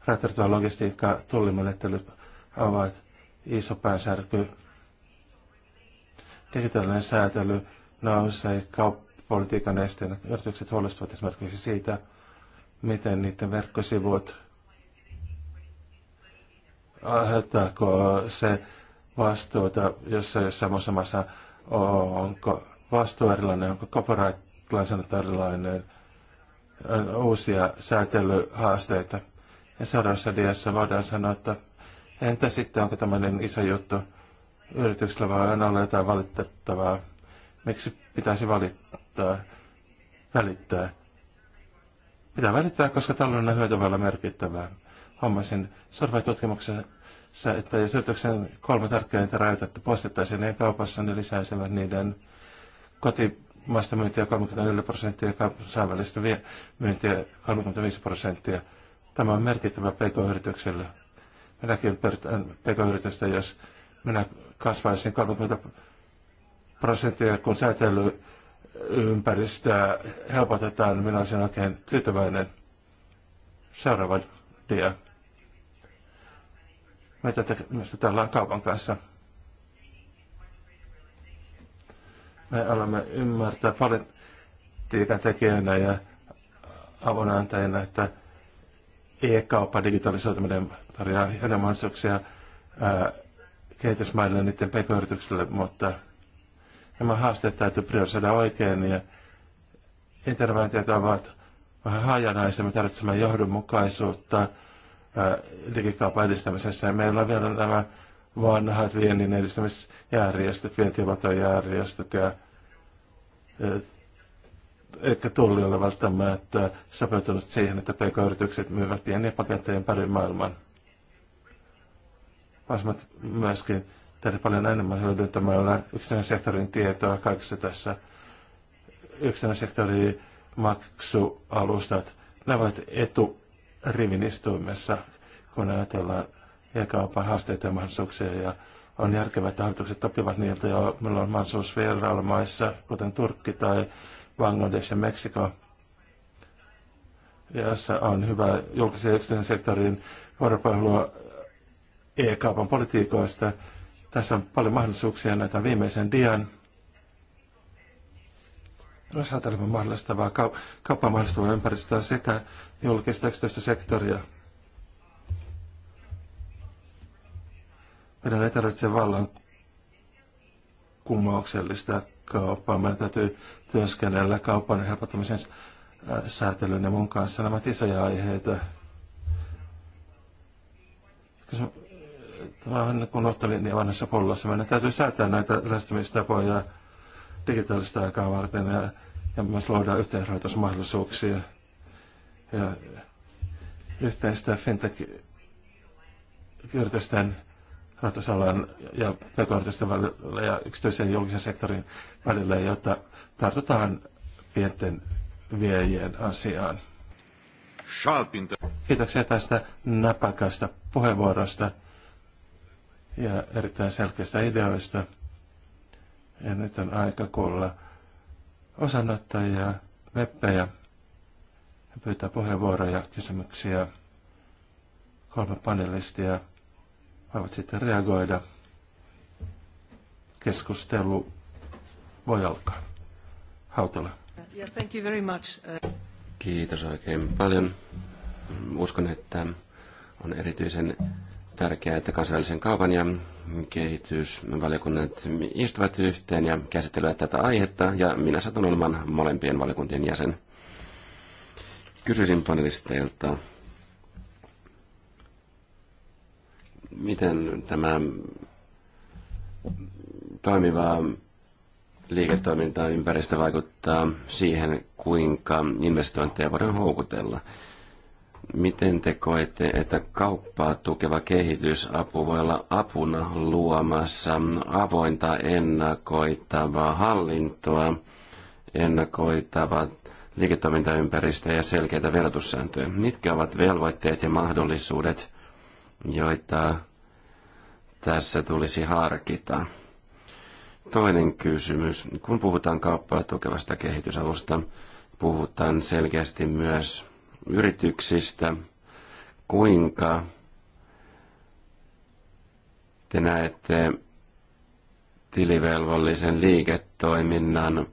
rajoitettava logistiikka, tullimenettelyt ovat iso päänsärky digitaalinen säätely nousee kauppapolitiikan esteenä. Yritykset huolestuvat esimerkiksi siitä, miten niiden verkkosivut aiheuttaako se vastuuta, jos samassa maassa, onko vastuu erilainen, onko copyright-lainsäädäntö erilainen, on uusia säätelyhaasteita. Ja seuraavassa diassa voidaan sanoa, että entä sitten, onko tämmöinen iso juttu, yrityksellä voi aina olla jotain valitettavaa. Miksi pitäisi valittaa, välittää? Pitää välittää, koska taloudellinen hyöty voi olla merkittävää. Hommasin survey-tutkimuksessa, että jos yrityksen kolme tärkeintä rajoitetta postittaisiin niin kaupassa, niin lisäisivät niiden kotimaista myyntiä 34 prosenttia ja kansainvälistä myyntiä 35 prosenttia. Tämä on merkittävä pk-yritykselle. Minäkin pk-yritystä, jos minä kasvaisi 30 prosenttia, kun säätelyympäristöä helpotetaan. Minä olisin oikein tyytyväinen. Seuraava dia. Mitä tekemistä täällä on kaupan kanssa? Me alamme ymmärtää politiikan tekijänä ja avunantajina, että e-kauppa digitalisoituminen tarjoaa enemmän mahdollisuuksia ää, kehitysmaille ja niiden pk mutta nämä haasteet täytyy priorisoida oikein ja interventiot ovat vähän hajanaisia. Me tarvitsemme johdonmukaisuutta digikaupan edistämisessä ja meillä on vielä nämä vanhat viennin edistämisjärjestöt, vientiluotojärjestöt ja ehkä tulli ole välttämättä sopeutunut siihen, että pk-yritykset myyvät pieniä paketteja ympäri maailman. Vasmat myöskin tehdä paljon enemmän hyödyntämällä yksityisen sektorin tietoa kaikessa tässä. Yksityisen sektorin maksualustat, ne ovat eturivin istuimessa, kun ajatellaan kaupan haasteita ja mahdollisuuksia. Ja on järkevää, että hallitukset oppivat niiltä, ja meillä on mahdollisuus vierailla kuten Turkki tai Bangladesh ja Meksiko, jossa on hyvä julkisen yksityisen sektorin vuoropuhelua e-kaupan politiikoista. Tässä on paljon mahdollisuuksia näitä viimeisen dian. Jos ajatellaan mahdollistavaa, kauppaa mahdollistavaa ympäristöä sekä julkista yksityistä sektoria. Meidän ei tarvitse vallan kummauksellista kauppaa. Meidän täytyy työskennellä kaupan helpottamisen äh, säätelyn ja mun kanssa. Nämä isoja aiheita. Tämä on niin kuin Ottolin vanhassa pullossa. Meidän täytyy säätää näitä lähestymistapoja digitaalista aikaa varten ja, ja myös luoda yhteenrahoitusmahdollisuuksia ja yhteistä fintech-yritysten rahoitusalan ja pk välillä ja yksityisen ja julkisen sektorin välillä, jotta tartutaan pienten viejien asiaan. Kiitoksia tästä näpäkästä puheenvuorosta ja erittäin selkeistä ideoista. Ja nyt on aika kuulla osanottajia, meppejä ja pyytää puheenvuoroja, kysymyksiä. Kolme panelistia voivat sitten reagoida. Keskustelu voi alkaa. Hautala. Yeah, thank you very much. Kiitos oikein paljon. Uskon, että on erityisen tärkeää, että kansainvälisen kaavan ja kehitysvaliokunnat istuvat yhteen ja käsittelevät tätä aihetta, ja minä satun olemaan molempien valiokuntien jäsen. Kysyisin panelisteilta, miten tämä toimiva liiketoimintaympäristö vaikuttaa siihen, kuinka investointeja voidaan houkutella – Miten te koette, että kauppaa tukeva kehitysapu voi olla apuna luomassa avointa ennakoitavaa hallintoa, ennakoitavaa liiketoimintaympäristöä ja selkeitä verotussääntöjä? Mitkä ovat velvoitteet ja mahdollisuudet, joita tässä tulisi harkita? Toinen kysymys. Kun puhutaan kauppaa tukevasta kehitysavusta, puhutaan selkeästi myös yrityksistä. Kuinka te näette tilivelvollisen liiketoiminnan,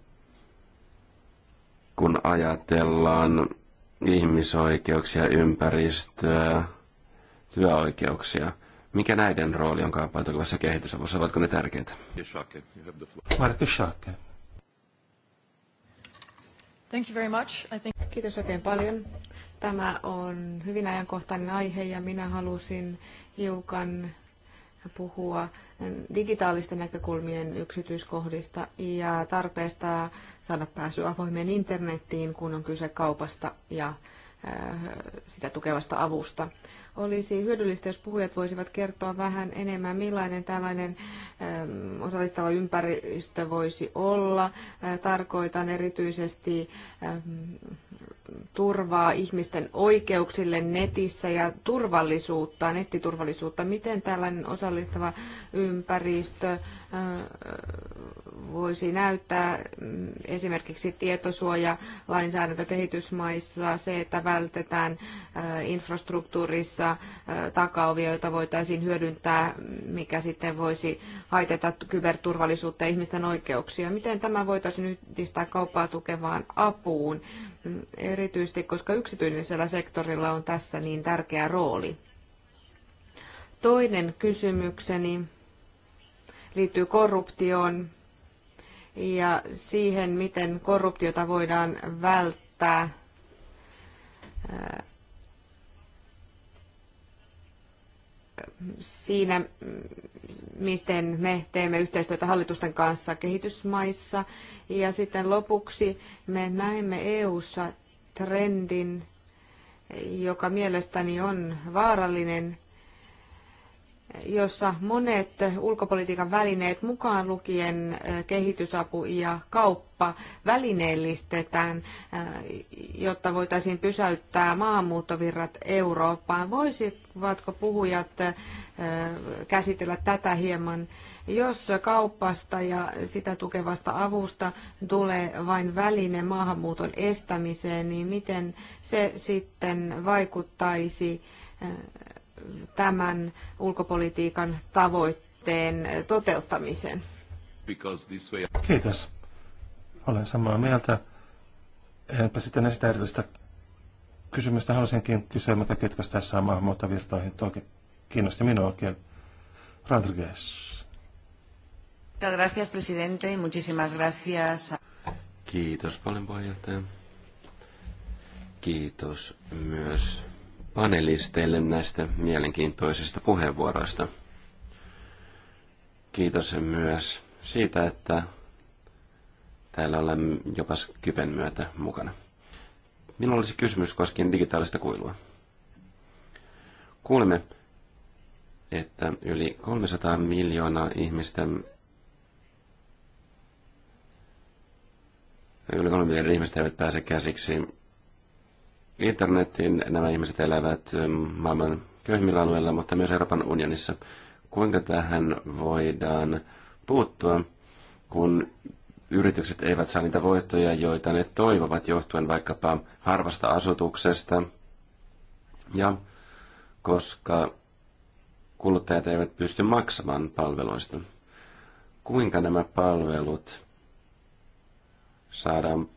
kun ajatellaan ihmisoikeuksia, ympäristöä, työoikeuksia. Mikä näiden rooli on kauppautuvassa kehitysavussa? Ovatko ne tärkeitä? Markus Schake. Thank you very much. I think... Kiitos oikein paljon. Tämä on hyvin ajankohtainen aihe ja minä halusin hiukan puhua digitaalisten näkökulmien yksityiskohdista ja tarpeesta saada pääsy avoimeen internettiin, kun on kyse kaupasta ja äh, sitä tukevasta avusta. Olisi hyödyllistä, jos puhujat voisivat kertoa vähän enemmän, millainen tällainen ähm, osallistava ympäristö voisi olla. Äh, tarkoitan erityisesti ähm, turvaa ihmisten oikeuksille netissä ja turvallisuutta, nettiturvallisuutta. Miten tällainen osallistava ympäristö äh, voisi näyttää mm, esimerkiksi tietosuoja lainsäädäntö kehitysmaissa, se, että vältetään äh, infrastruktuurissa äh, takaovia, joita voitaisiin hyödyntää, mikä sitten voisi haitata kyberturvallisuutta ja ihmisten oikeuksia. Miten tämä voitaisiin yhdistää kauppaa tukevaan apuun, mm, erityisesti koska yksityisellä sektorilla on tässä niin tärkeä rooli? Toinen kysymykseni liittyy korruptioon ja siihen, miten korruptiota voidaan välttää. Siinä, miten me teemme yhteistyötä hallitusten kanssa kehitysmaissa. Ja sitten lopuksi me näemme EU:ssa trendin, joka mielestäni on vaarallinen jossa monet ulkopolitiikan välineet, mukaan lukien kehitysapu ja kauppa, välineellistetään, jotta voitaisiin pysäyttää maahanmuuttovirrat Eurooppaan. Voisivatko puhujat käsitellä tätä hieman? Jos kaupasta ja sitä tukevasta avusta tulee vain väline maahanmuuton estämiseen, niin miten se sitten vaikuttaisi tämän ulkopolitiikan tavoitteen toteuttamisen. Kiitos. Olen samaa mieltä. Enpä sitten esitä erillistä kysymystä. Haluaisinkin kysyä, mikä kytkös tässä on maahanmuuttovirtoihin. Tuo kiinnosti minuakin. Rodriguez. Muchas gracias, presidente, muchísimas gracias. Kiitos paljon, puheenjohtaja. Kiitos myös panelisteille näistä mielenkiintoisista puheenvuoroista. Kiitos myös siitä, että täällä olemme jopa kypen myötä mukana. Minulla olisi kysymys koskien digitaalista kuilua. Kuulemme, että yli 300 miljoonaa ihmistä yli 3 miljoonaa ihmistä eivät pääse käsiksi internetin nämä ihmiset elävät ähm, maailman köyhimmillä alueilla, mutta myös Euroopan unionissa. Kuinka tähän voidaan puuttua, kun yritykset eivät saa niitä voittoja, joita ne toivovat johtuen vaikkapa harvasta asutuksesta ja koska kuluttajat eivät pysty maksamaan palveluista. Kuinka nämä palvelut saadaan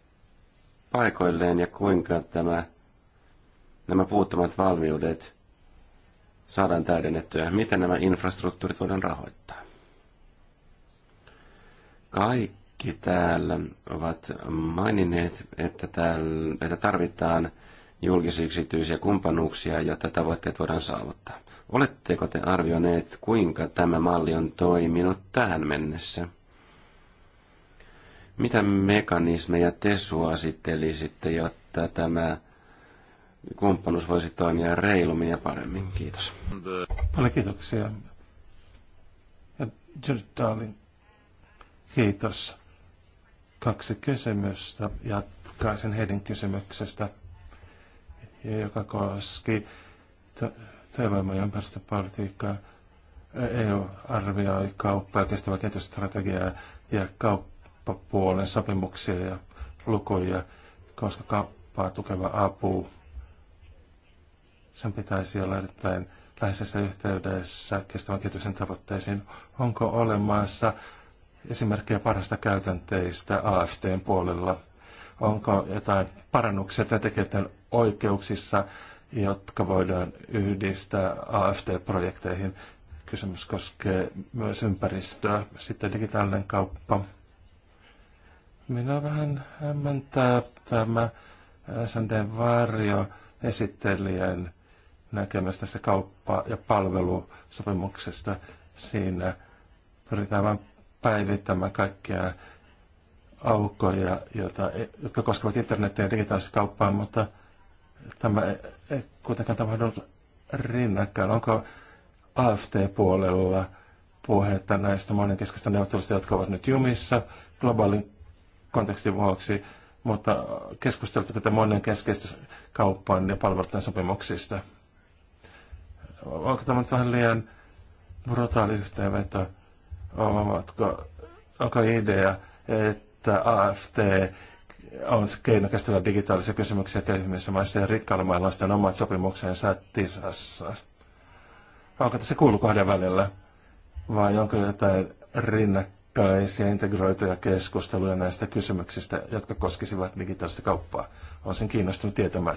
paikoilleen ja kuinka tämä nämä puuttumat valmiudet saadaan täydennettyä? Miten nämä infrastruktuurit voidaan rahoittaa? Kaikki täällä ovat maininneet, että, täällä, että tarvitaan julkisyksityisiä kumppanuuksia, jotta tavoitteet voidaan saavuttaa. Oletteko te arvioineet, kuinka tämä malli on toiminut tähän mennessä? Mitä mekanismeja te suosittelisitte, jotta tämä kumppanuus voisi toimia reilummin ja paremmin. Kiitos. Paljon kiitoksia. Ja Dali, kiitos. Kaksi kysymystä. Jatkaisin heidän kysymyksestä, joka koski työvoima- ja ympäristöpolitiikkaa. EU e arvioi kauppa- ja kestävä kehitysstrategiaa ja kauppapuolen sopimuksia ja lukuja, koska kauppaa tukeva apu sen pitäisi olla erittäin läheisessä yhteydessä kestävän kehityksen tavoitteisiin. Onko olemassa esimerkkejä parhaista käytänteistä AFTn puolella? Onko jotain parannuksia työntekijöiden oikeuksissa, jotka voidaan yhdistää AFT-projekteihin? Kysymys koskee myös ympäristöä, sitten digitaalinen kauppa. Minä vähän hämmentää tämä SND-varjo esittelijän näkemys tässä kauppa- ja palvelusopimuksesta. Siinä pyritään vain päivittämään kaikkia aukkoja, joita, jotka koskevat internetin ja digitaalista kauppaa, mutta tämä ei kuitenkaan tapahdu rinnakkain. Onko AFT-puolella puhetta näistä monenkeskistä neuvottelusta, jotka ovat nyt jumissa globaalin kontekstin vuoksi, mutta keskustelteko te monenkeskeistä kauppaan ja palveluiden sopimuksista? onko tämä nyt vähän liian brutaali yhteenveto? Ovatko, onko idea, että AFT on keino käsitellä digitaalisia kysymyksiä köyhimmissä maissa ja rikkailla mailla on sitten omat sopimuksensa tisassa? Onko tässä kuulu välillä? Vai onko jotain rinnakkaisia integroituja keskusteluja näistä kysymyksistä, jotka koskisivat digitaalista kauppaa? Olen kiinnostunut tietämään.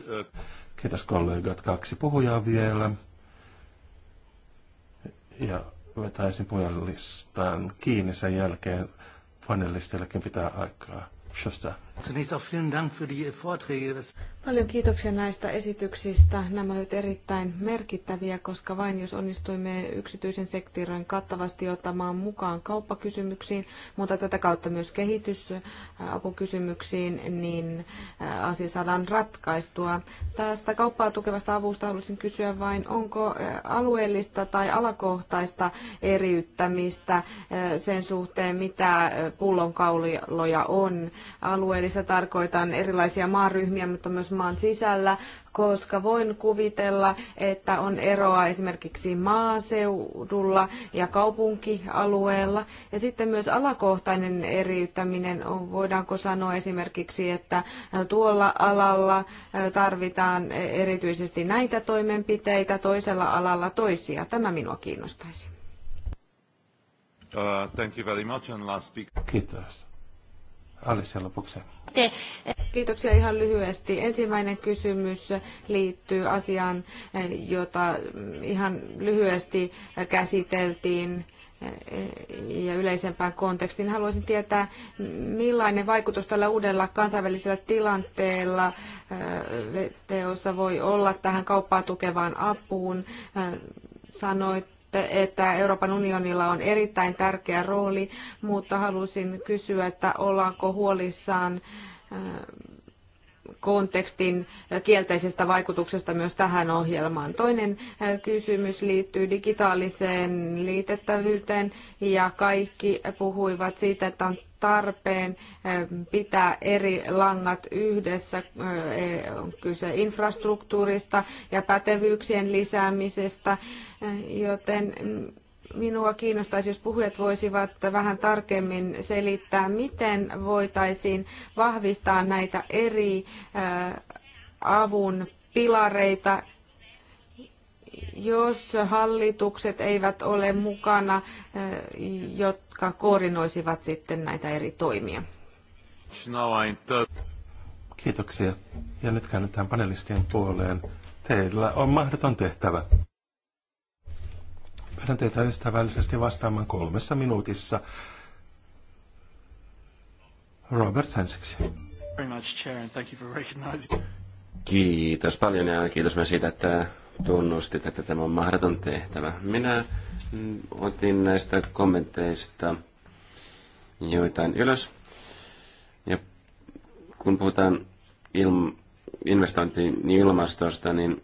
Kiitos kollegat. Kaksi puhujaa vielä ja vetäisin puhelistaan kiinni sen jälkeen. Panelisteillekin pitää aikaa. Schuster. Paljon kiitoksia näistä esityksistä. Nämä olivat erittäin merkittäviä, koska vain jos onnistuimme yksityisen sektorin kattavasti ottamaan mukaan kauppakysymyksiin, mutta tätä kautta myös kehitysapukysymyksiin, niin äh, asia saadaan ratkaistua. Tästä kauppaa tukevasta avusta haluaisin kysyä vain, onko äh, alueellista tai alakohtaista eriyttämistä äh, sen suhteen, mitä pullonkauloja on alueellisesti välissä tarkoitan erilaisia maaryhmiä, mutta myös maan sisällä, koska voin kuvitella, että on eroa esimerkiksi maaseudulla ja kaupunkialueella. Ja sitten myös alakohtainen eriyttäminen, voidaanko sanoa esimerkiksi, että tuolla alalla tarvitaan erityisesti näitä toimenpiteitä, toisella alalla toisia. Tämä minua kiinnostaisi. Uh, thank you very much and last speaker. Kiitos lopuksi. Kiitoksia ihan lyhyesti. Ensimmäinen kysymys liittyy asiaan, jota ihan lyhyesti käsiteltiin ja yleisempään kontekstiin. Haluaisin tietää, millainen vaikutus tällä uudella kansainvälisellä tilanteella eh, teossa voi olla tähän kauppaa tukevaan apuun. Eh, sanoit, että Euroopan unionilla on erittäin tärkeä rooli, mutta halusin kysyä, että ollaanko huolissaan äh, kontekstin kielteisestä vaikutuksesta myös tähän ohjelmaan. Toinen äh, kysymys liittyy digitaaliseen liitettävyyteen ja kaikki puhuivat siitä, että on tarpeen eh, pitää eri langat yhdessä. Eh, eh, on kyse infrastruktuurista ja pätevyyksien lisäämisestä, joten minua kiinnostaisi, jos puhujat voisivat vähän tarkemmin selittää, miten voitaisiin vahvistaa näitä eri avun pilareita, jos hallitukset eivät ole mukana, jotta jotka koordinoisivat sitten näitä eri toimia. Kiitoksia. Ja nyt käännetään panelistien puoleen. Teillä on mahdoton tehtävä. Pyydän teitä ystävällisesti vastaamaan kolmessa minuutissa. Robert Sensiksi. Kiitos paljon ja kiitos myös siitä, että tunnustit, että tämä on mahdoton tehtävä. Minä Otin näistä kommenteista joitain ylös. Ja kun puhutaan ilm- investointiin niin ilmastosta, niin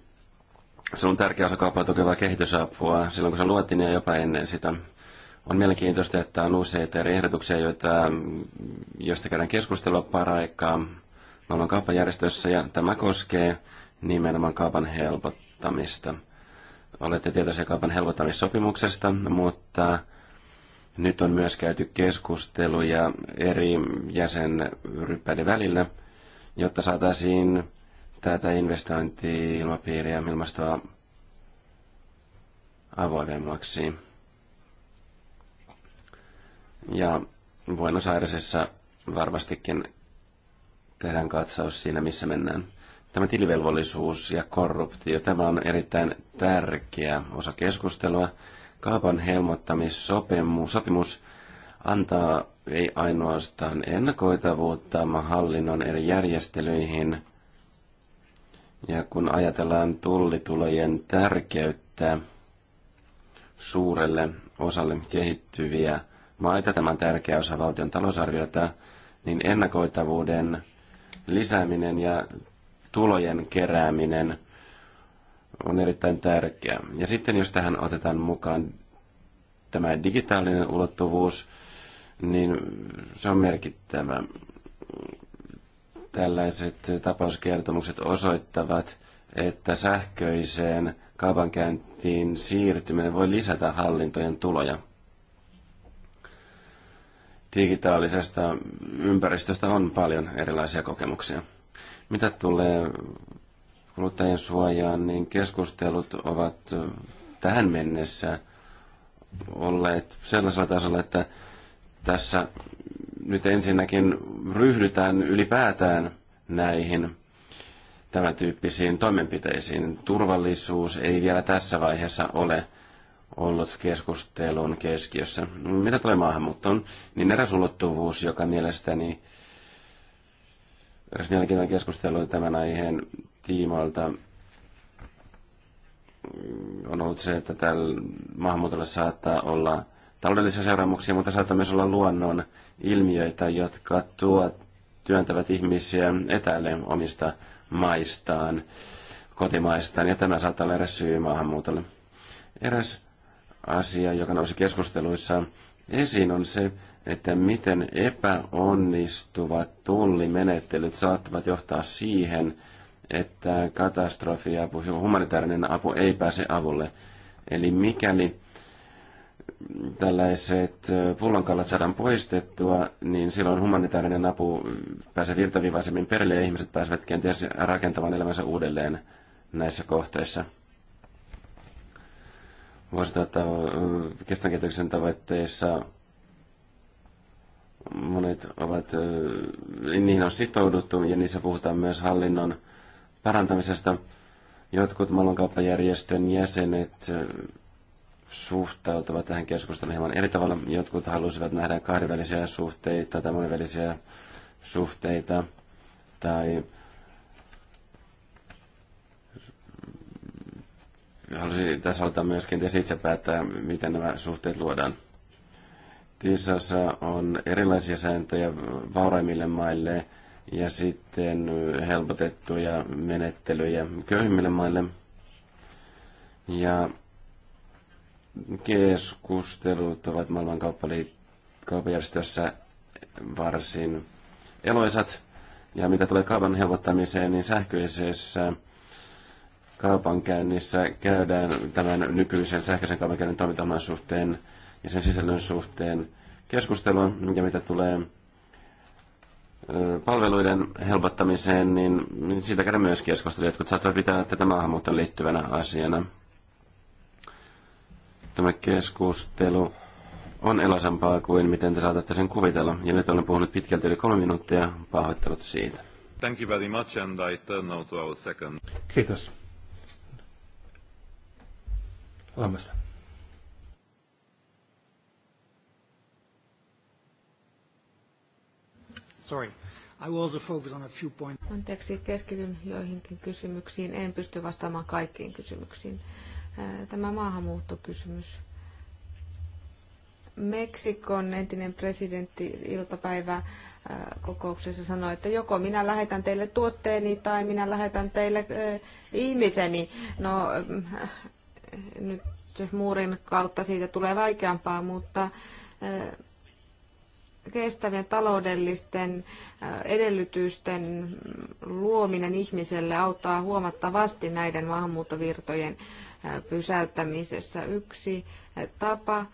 se on tärkeä osa kauppaa tukevaa kehitysapua silloin, kun se luotiin ja jopa ennen sitä. On mielenkiintoista, että on useita eri ehdotuksia, joita, joista käydään keskustelua paraikaa maailman kauppajärjestössä, ja tämä koskee nimenomaan kaupan helpottamista – olette tietoisia kaupan helpottamissopimuksesta, mutta nyt on myös käyty keskusteluja eri jäsenryppäiden välillä, jotta saataisiin tätä investointi-ilmapiiriä ilmastoa avoimemmaksi. Ja Buenos Airesissa varmastikin tehdään katsaus siinä, missä mennään. Tämä tilivelvollisuus ja korruptio, tämä on erittäin tärkeä osa keskustelua. Kaupan helmottamissopimus sopimus antaa ei ainoastaan ennakoitavuutta hallinnon eri järjestelyihin, ja kun ajatellaan tullitulojen tärkeyttä suurelle osalle kehittyviä maita, tämä on tärkeä osa valtion talousarviota, niin ennakoitavuuden lisääminen ja tulojen kerääminen on erittäin tärkeää. Ja sitten jos tähän otetaan mukaan tämä digitaalinen ulottuvuus, niin se on merkittävä. Tällaiset tapauskertomukset osoittavat, että sähköiseen kaupankäyntiin siirtyminen voi lisätä hallintojen tuloja. Digitaalisesta ympäristöstä on paljon erilaisia kokemuksia. Mitä tulee kuluttajien suojaan, niin keskustelut ovat tähän mennessä olleet sellaisella tasolla, että tässä nyt ensinnäkin ryhdytään ylipäätään näihin tämän tyyppisiin toimenpiteisiin. Turvallisuus ei vielä tässä vaiheessa ole ollut keskustelun keskiössä. Mitä tulee maahanmuuttoon, niin eräs ulottuvuus, joka mielestäni Heräsin jälkeen keskustelu tämän aiheen tiimoilta on ollut se, että tällä maahanmuutolla saattaa olla taloudellisia seuraamuksia, mutta saattaa myös olla luonnon ilmiöitä, jotka tuo, työntävät ihmisiä etäälle omista maistaan, kotimaistaan, ja tämä saattaa olla eräs syy maahanmuutolle. Eräs asia, joka nousi keskusteluissa esiin, on se, että miten epäonnistuvat tullimenettelyt saattavat johtaa siihen, että katastrofiapu, humanitaarinen apu ei pääse avulle. Eli mikäli tällaiset pullonkallat saadaan poistettua, niin silloin humanitaarinen apu pääsee virtavivaisemmin perille ja ihmiset pääsevät kenties rakentamaan elämänsä uudelleen näissä kohteissa. Vuosittain kestänkehityksen tavoitteissa Monet ovat, niihin on sitouduttu ja niissä puhutaan myös hallinnon parantamisesta. Jotkut maailmankauppajärjestön jäsenet suhtautuvat tähän keskusteluun hieman eri tavalla. Jotkut halusivat nähdä kahdenvälisiä suhteita tai monenvälisiä suhteita tai Haluaisin tässä ottaa myöskin itse päättää, miten nämä suhteet luodaan. TISassa on erilaisia sääntöjä vauraimmille maille ja sitten helpotettuja menettelyjä köyhimmille maille. Ja keskustelut ovat maailman kauppajärjestössä varsin eloisat. Ja mitä tulee kaupan helpottamiseen, niin sähköisessä kaupankäynnissä käydään tämän nykyisen sähköisen kaupankäynnin toimintamaan suhteen – ja sen sisällön suhteen keskustelua, minkä mitä tulee palveluiden helpottamiseen, niin, niin siitä käydään myös keskustelua. Jotkut saattavat pitää tätä maahanmuuttoon liittyvänä asiana. Tämä keskustelu on elasampaa kuin miten te saatatte sen kuvitella. Ja nyt olen puhunut pitkälti yli kolme minuuttia. Pahoittelut siitä. Thank you very much and I turn now to our second. Kiitos. Olemassa. Sorry. I will also focus on a few points. Anteeksi, keskityn joihinkin kysymyksiin. En pysty vastaamaan kaikkiin kysymyksiin. Tämä maahanmuuttokysymys. Meksikon entinen presidentti iltapäivä kokouksessa sanoi, että joko minä lähetän teille tuotteeni tai minä lähetän teille ihmiseni. No, nyt muurin kautta siitä tulee vaikeampaa, mutta kestävien taloudellisten edellytysten luominen ihmiselle auttaa huomattavasti näiden maahanmuuttovirtojen pysäyttämisessä. Yksi tapa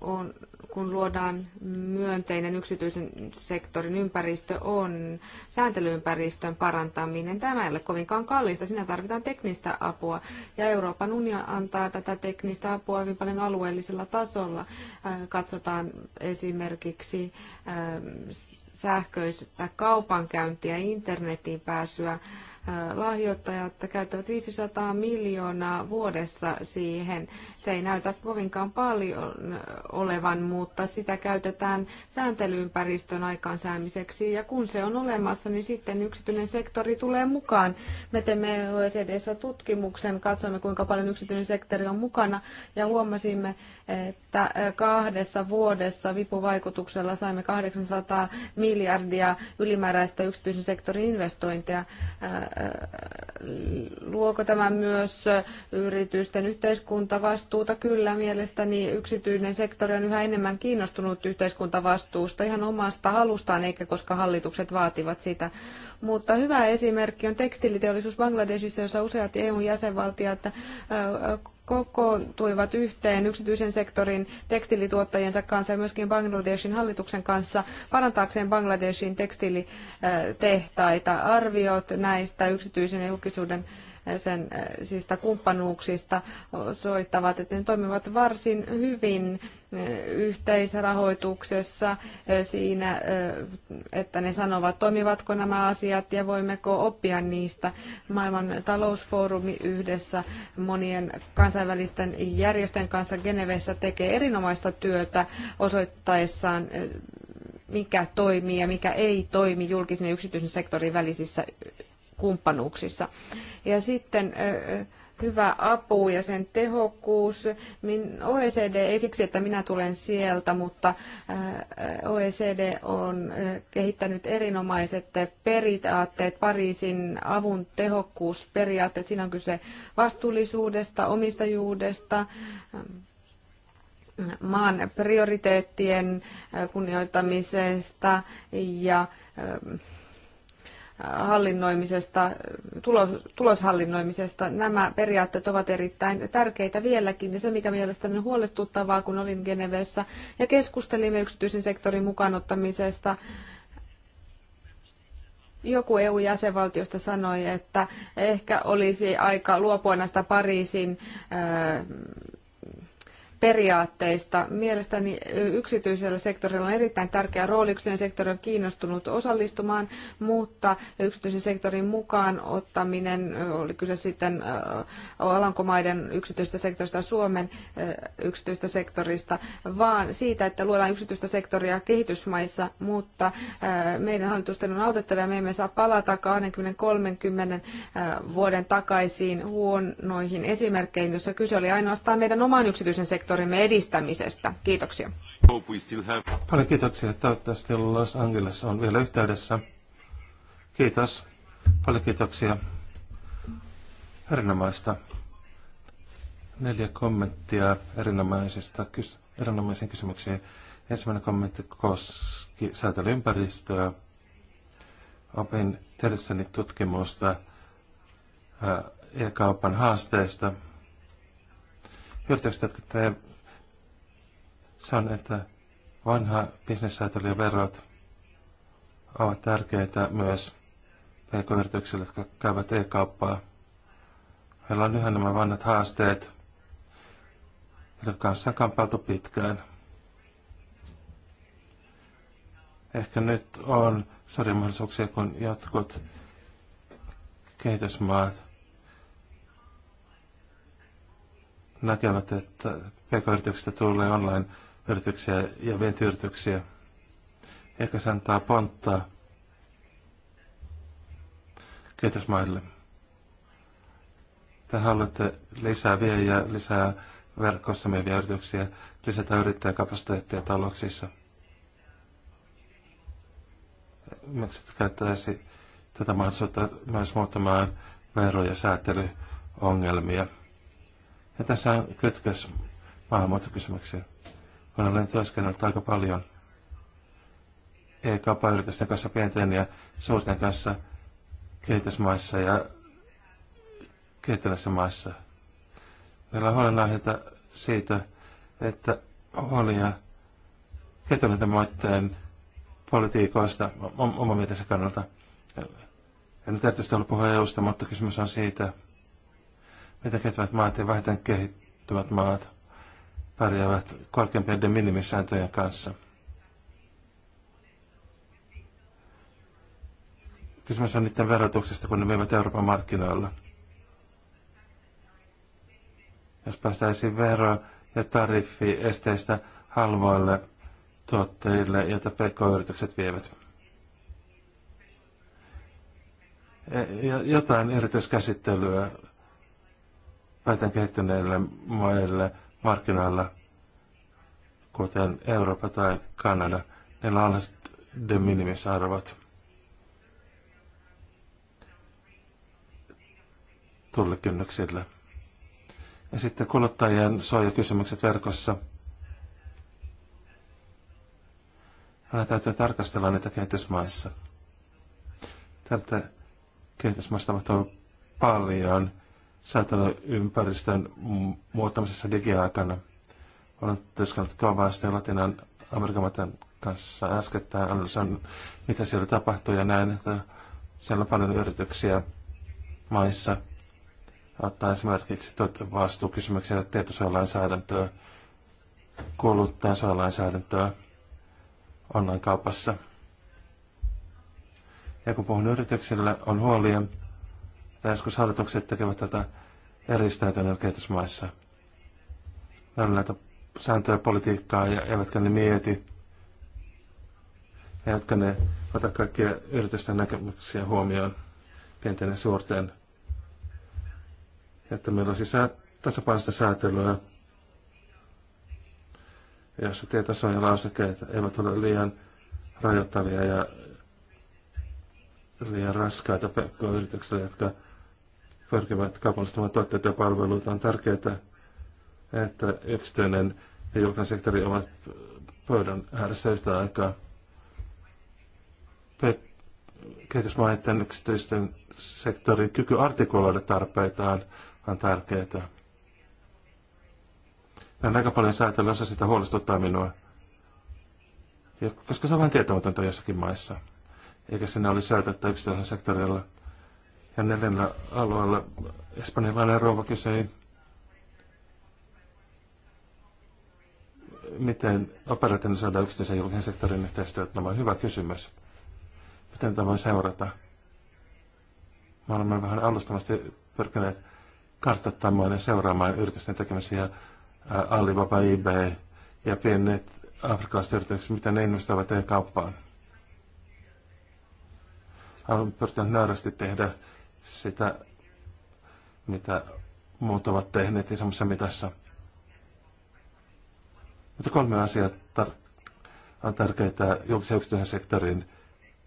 on, kun luodaan myönteinen yksityisen sektorin ympäristö, on sääntelyympäristön parantaminen. Tämä ei ole kovinkaan kallista, siinä tarvitaan teknistä apua. Ja Euroopan unia antaa tätä teknistä apua hyvin paljon alueellisella tasolla. Katsotaan esimerkiksi sähköistä kaupankäyntiä, internetin pääsyä, Äh, lahjoittajat käyttävät 500 miljoonaa vuodessa siihen. Se ei näytä kovinkaan paljon olevan, mutta sitä käytetään sääntelyympäristön aikaansäämiseksi. Ja kun se on olemassa, niin sitten yksityinen sektori tulee mukaan. Me teemme OECDssä tutkimuksen, katsoimme kuinka paljon yksityinen sektori on mukana ja huomasimme, että äh, kahdessa vuodessa vipuvaikutuksella saimme 800 miljardia ylimääräistä yksityisen sektorin investointeja äh, luoko tämä myös yritysten yhteiskuntavastuuta? Kyllä, mielestäni yksityinen sektori on yhä enemmän kiinnostunut yhteiskuntavastuusta ihan omasta halustaan, eikä koska hallitukset vaativat sitä. Mutta hyvä esimerkki on tekstiiliteollisuus Bangladesissa, jossa useat EU-jäsenvaltiot äh, kokoontuivat yhteen yksityisen sektorin tekstiilituottajiensa kanssa ja myöskin Bangladeshin hallituksen kanssa parantaakseen Bangladeshin tekstiilitehtaita. Arviot näistä yksityisen ja julkisuuden eh, sen, siis kumppanuuksista soittavat, että ne toimivat varsin hyvin yhteisrahoituksessa e, siinä, e, että ne sanovat, toimivatko nämä asiat ja voimmeko oppia niistä. Maailman talousfoorumi yhdessä monien kansainvälisten järjestöjen kanssa Genevessä tekee erinomaista työtä osoittaessaan e, mikä toimii ja mikä ei toimi julkisen ja yksityisen sektorin välisissä kumppanuuksissa. Ja sitten äh, hyvä apu ja sen tehokkuus. OECD ei siksi, että minä tulen sieltä, mutta äh, OECD on äh, kehittänyt erinomaiset periaatteet, Pariisin avun tehokkuusperiaatteet. Siinä on kyse vastuullisuudesta, omistajuudesta, ähm, maan prioriteettien äh, kunnioittamisesta ja ähm, hallinnoimisesta, tulos, tuloshallinnoimisesta. Nämä periaatteet ovat erittäin tärkeitä vieläkin ja se, mikä mielestäni on huolestuttavaa, kun olin Genevessä ja keskustelimme yksityisen sektorin mukaanottamisesta, joku EU-jäsenvaltiosta sanoi, että ehkä olisi aika luopua näistä Pariisin periaatteista. Mielestäni yksityisellä sektorilla on erittäin tärkeä rooli. Yksityinen sektori on kiinnostunut osallistumaan, mutta yksityisen sektorin mukaan ottaminen, oli kyse sitten Alankomaiden yksityistä sektorista Suomen yksityistä sektorista, vaan siitä, että luodaan yksityistä sektoria kehitysmaissa, mutta meidän hallitusten on autettava ja me emme saa palata 20-30 vuoden takaisiin huonoihin esimerkkeihin, jossa kyse oli ainoastaan meidän oman yksityisen sektorin sektorimme edistämisestä. Kiitoksia. Paljon kiitoksia. Toivottavasti Los Angeles on vielä yhteydessä. Kiitos. Paljon kiitoksia. Erinomaista. Neljä kommenttia erinomaisista, kys- erinomaisiin kysymyksiin. Ensimmäinen kommentti koski säätelyympäristöä. Opin tehdessäni tutkimusta ja kaupan haasteista – Hyötyykö te sanon, että vanha bisnessäätely verot ovat tärkeitä myös pk-yrityksille, jotka käyvät e-kauppaa. Meillä on yhä nämä vanhat haasteet, joiden kanssa on kamppailtu pitkään. Ehkä nyt on sodin mahdollisuuksia, kun jotkut kehitysmaat näkevät, että pk-yrityksistä tulee online-yrityksiä ja vientiyrityksiä. Ehkä se antaa pontta kehitysmaille. Te haluatte lisää viejä, lisää verkossa myyviä yrityksiä, lisätä yrittäjäkapasiteettia talouksissa. Miksi käyttäisi tätä mahdollisuutta myös muuttamaan vero- ja säätelyongelmia? Ja tässä on kytkös maahanmuuttokysymyksiä, kun olen työskennellyt aika paljon e-kauppayritysten kanssa, pienten ja suurten kanssa kehitysmaissa ja kehittyneissä maissa. Meillä on huolenaiheita siitä, että huolia kehittyneiden maiden politiikoista oman mielensä kannalta. En tietysti ollut puhua EUsta, mutta kysymys on siitä, mitä kehittyvät maat ja vähiten kehittyvät maat pärjäävät korkeampien de minimisääntöjen kanssa. Kysymys on niiden verotuksesta, kun ne myyvät Euroopan markkinoilla. Jos päästäisiin vero- ja tariffiesteistä halvoille tuotteille, joita pk-yritykset vievät. E, jotain erityiskäsittelyä vähiten kehittyneille maille markkinoilla, kuten Eurooppa tai Kanada, ne on alhaiset de minimis arvot. Tullikynnyksille. Ja sitten kuluttajien suojakysymykset verkossa. Hän täytyy tarkastella niitä kehitysmaissa. Tältä kehitysmaista on paljon ympäristön muuttamisessa digiaikana. Olen työskennellyt kovasti Latinan Amerikan kanssa äskettäin analysoin, mitä siellä tapahtuu ja näin, että siellä on paljon yrityksiä maissa ottaa esimerkiksi vastuukysymyksiä tietosuojalainsäädäntöä, suojalainsäädäntöä online-kaupassa. Ja kun puhun yrityksille, on huolia joskus hallitukset tekevät tätä eristäytyneen kehitysmaissa. Ne on näitä sääntöjä politiikkaa ja eivätkä ne mieti, eivätkä ne ota kaikkia yritysten näkemyksiä huomioon pienten ja suurten. Että meillä on sisä, tasapainoista säätelyä, jossa tietosuojalausekkeet eivät ole liian rajoittavia ja liian raskaita pk-yrityksille, jotka pyrkivät kaupallistamaan tuotteita ja palveluita. On tärkeää, että yksityinen ja julkinen sektori ovat pöydän ääressä yhtä aikaa. Kehitysmaiden yksityisten sektorin kyky artikuloida tarpeitaan on tärkeää. Näin aika paljon säätelyä, sitä huolestuttaa minua. Ja koska se on vain tietämätöntä jossakin maissa eikä sinä ole säätettä yksityisellä sektorilla. Ja neljällä alueella espanjalainen rouva kysyi, miten operaatioon saadaan yksityisen julkisen sektorin yhteistyö. Tämä on hyvä kysymys. Miten tämä voi seurata? Me olemme vähän alustamasti pyrkineet kartoittamaan ja seuraamaan yritysten tekemisiä Alibaba, eBay ja pienet afrikkalaiset yritykset, miten ne investoivat teidän kauppaan olen pyrkinyt nöyrästi tehdä sitä, mitä muut ovat tehneet isommassa mitassa. Mutta kolme asiaa tar- on tärkeitä julkisen ja yksityisen sektorin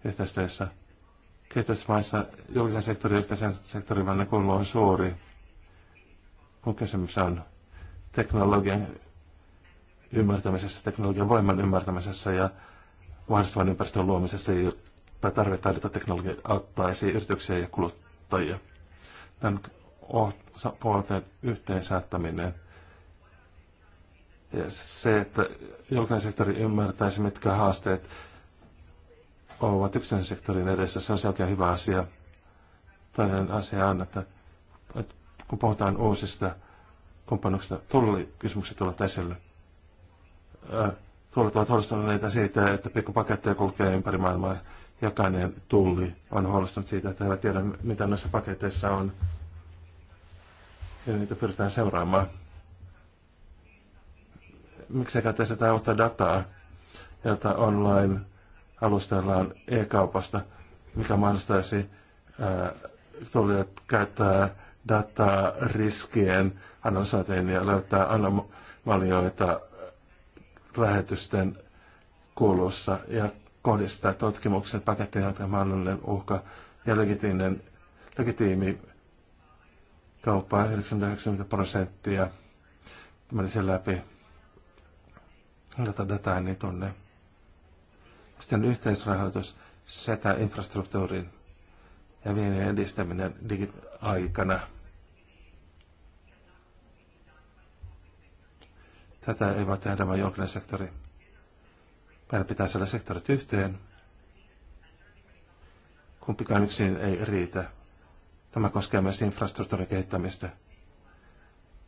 yhteistyössä. Kehitysmaissa julkisen sektorin ja yhteisen sektorin välinen kulma on suuri, kun kysymys on teknologian ymmärtämisessä, teknologian voiman ymmärtämisessä ja vahvistavan ympäristön luomisessa, tai tarvitaan, että teknologia auttaisi yrityksiä ja kuluttajia. Tämän puolten yhteensäättäminen ja se, että julkinen sektori ymmärtäisi, mitkä haasteet ovat yksityisen sektorin edessä, se on selkeä hyvä asia. Toinen asia on, että, että kun puhutaan uusista kumppanuksista, tullikysymykset tulevat esille. Tullit ovat huolestuneita siitä, että pikkupaketteja kulkee ympäri maailmaa jakaneen tulli on huolestunut siitä, että he eivät tiedä, mitä noissa paketeissa on. Ja niitä pyritään seuraamaan. ei käytä sitä uutta dataa, jota online-alustoilla on e-kaupasta, mikä mahdollistaisi tulijat käyttää dataa riskien analysointiin ja löytää anomalioita lähetysten kulussa ja kohdistaa tutkimuksen pakettiin, jotka mahdollinen uhka ja legitiiminen, legitiimi kauppa 90 prosenttia Mä sen läpi tätä dataa niin tunne. Sitten yhteisrahoitus sekä infrastruktuurin ja viennin edistäminen digiaikana. Tätä ei voi tehdä vain julkinen sektori. Meidän pitää saada sektorit yhteen. Kumpikaan yksin ei riitä. Tämä koskee myös infrastruktuurin kehittämistä.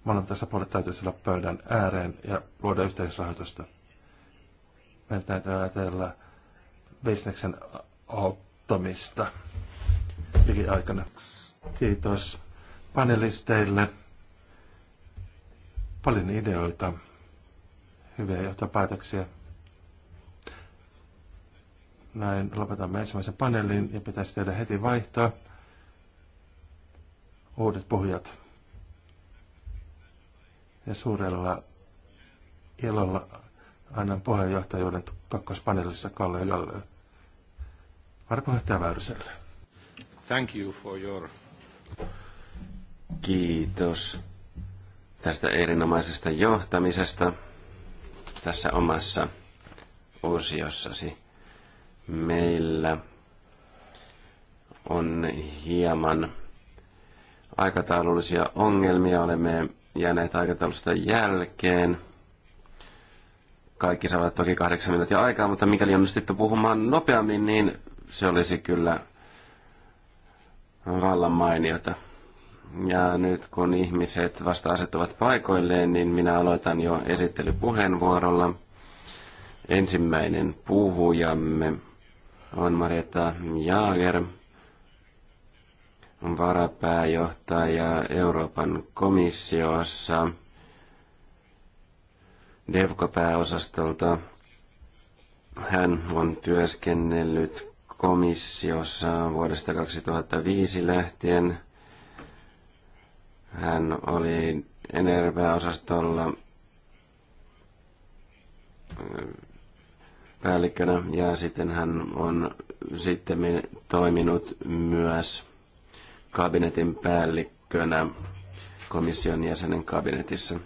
Molemmat osapuolet täytyy olla pöydän ääreen ja luoda yhteisrahoitusta. Meidän täytyy ajatella bisneksen auttamista digiaikana. Kiitos panelisteille. Paljon ideoita, hyviä johtopäätöksiä. Näin lopetamme ensimmäisen paneelin ja pitäisi tehdä heti vaihtaa uudet pohjat Ja suurella ilolla annan puheenjohtajuuden kakkospaneelissa kollegalle varapuheenjohtaja Väyryselle. Thank you for your... Kiitos tästä erinomaisesta johtamisesta tässä omassa osiossasi meillä on hieman aikataulullisia ongelmia. Olemme jääneet aikataulusta jälkeen. Kaikki saavat toki kahdeksan minuuttia aikaa, mutta mikäli onnistutte puhumaan nopeammin, niin se olisi kyllä vallan mainiota. Ja nyt kun ihmiset vasta asettuvat paikoilleen, niin minä aloitan jo esittelypuheenvuorolla. Ensimmäinen puhujamme on Marietta Jaager, varapääjohtaja Euroopan komissiossa devko pääosastolta Hän on työskennellyt komissiossa vuodesta 2005 lähtien. Hän oli osastolla päällikkönä ja sitten hän on sitten toiminut myös kabinetin päällikkönä komission jäsenen kabinetissa.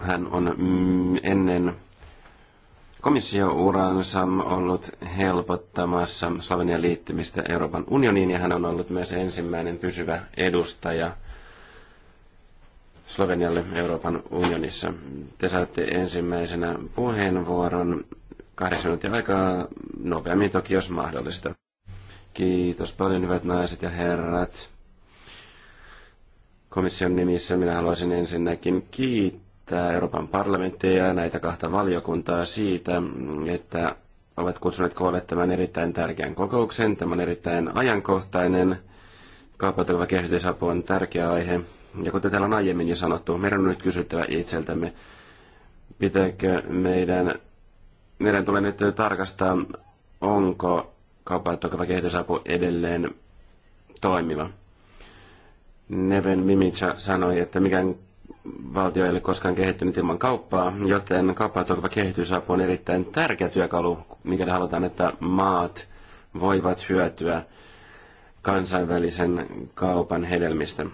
Hän on mm, ennen komissiouransa ollut helpottamassa Slovenian liittymistä Euroopan unioniin ja hän on ollut myös ensimmäinen pysyvä edustaja Slovenialle Euroopan unionissa. Te saatte ensimmäisenä puheenvuoron kahdeksan minuuttia aikaa nopeammin toki, jos mahdollista. Kiitos paljon, hyvät naiset ja herrat. Komission nimissä minä haluaisin ensinnäkin kiittää Euroopan parlamenttia ja näitä kahta valiokuntaa siitä, että ovat kutsuneet koolle tämän erittäin tärkeän kokouksen. Tämä on erittäin ajankohtainen. Kaupatelva kehitysapu on tärkeä aihe ja kuten täällä on aiemmin jo sanottu, meidän on nyt kysyttävä itseltämme, pitääkö meidän, meidän tulee nyt tarkastaa, onko kauppaettokava kehitysapu edelleen toimiva. Neven Mimicha sanoi, että mikään valtio ei ole koskaan kehittynyt ilman kauppaa, joten kauppaa tukeva kehitysapu on erittäin tärkeä työkalu, mikäli halutaan, että maat voivat hyötyä kansainvälisen kaupan hedelmistä.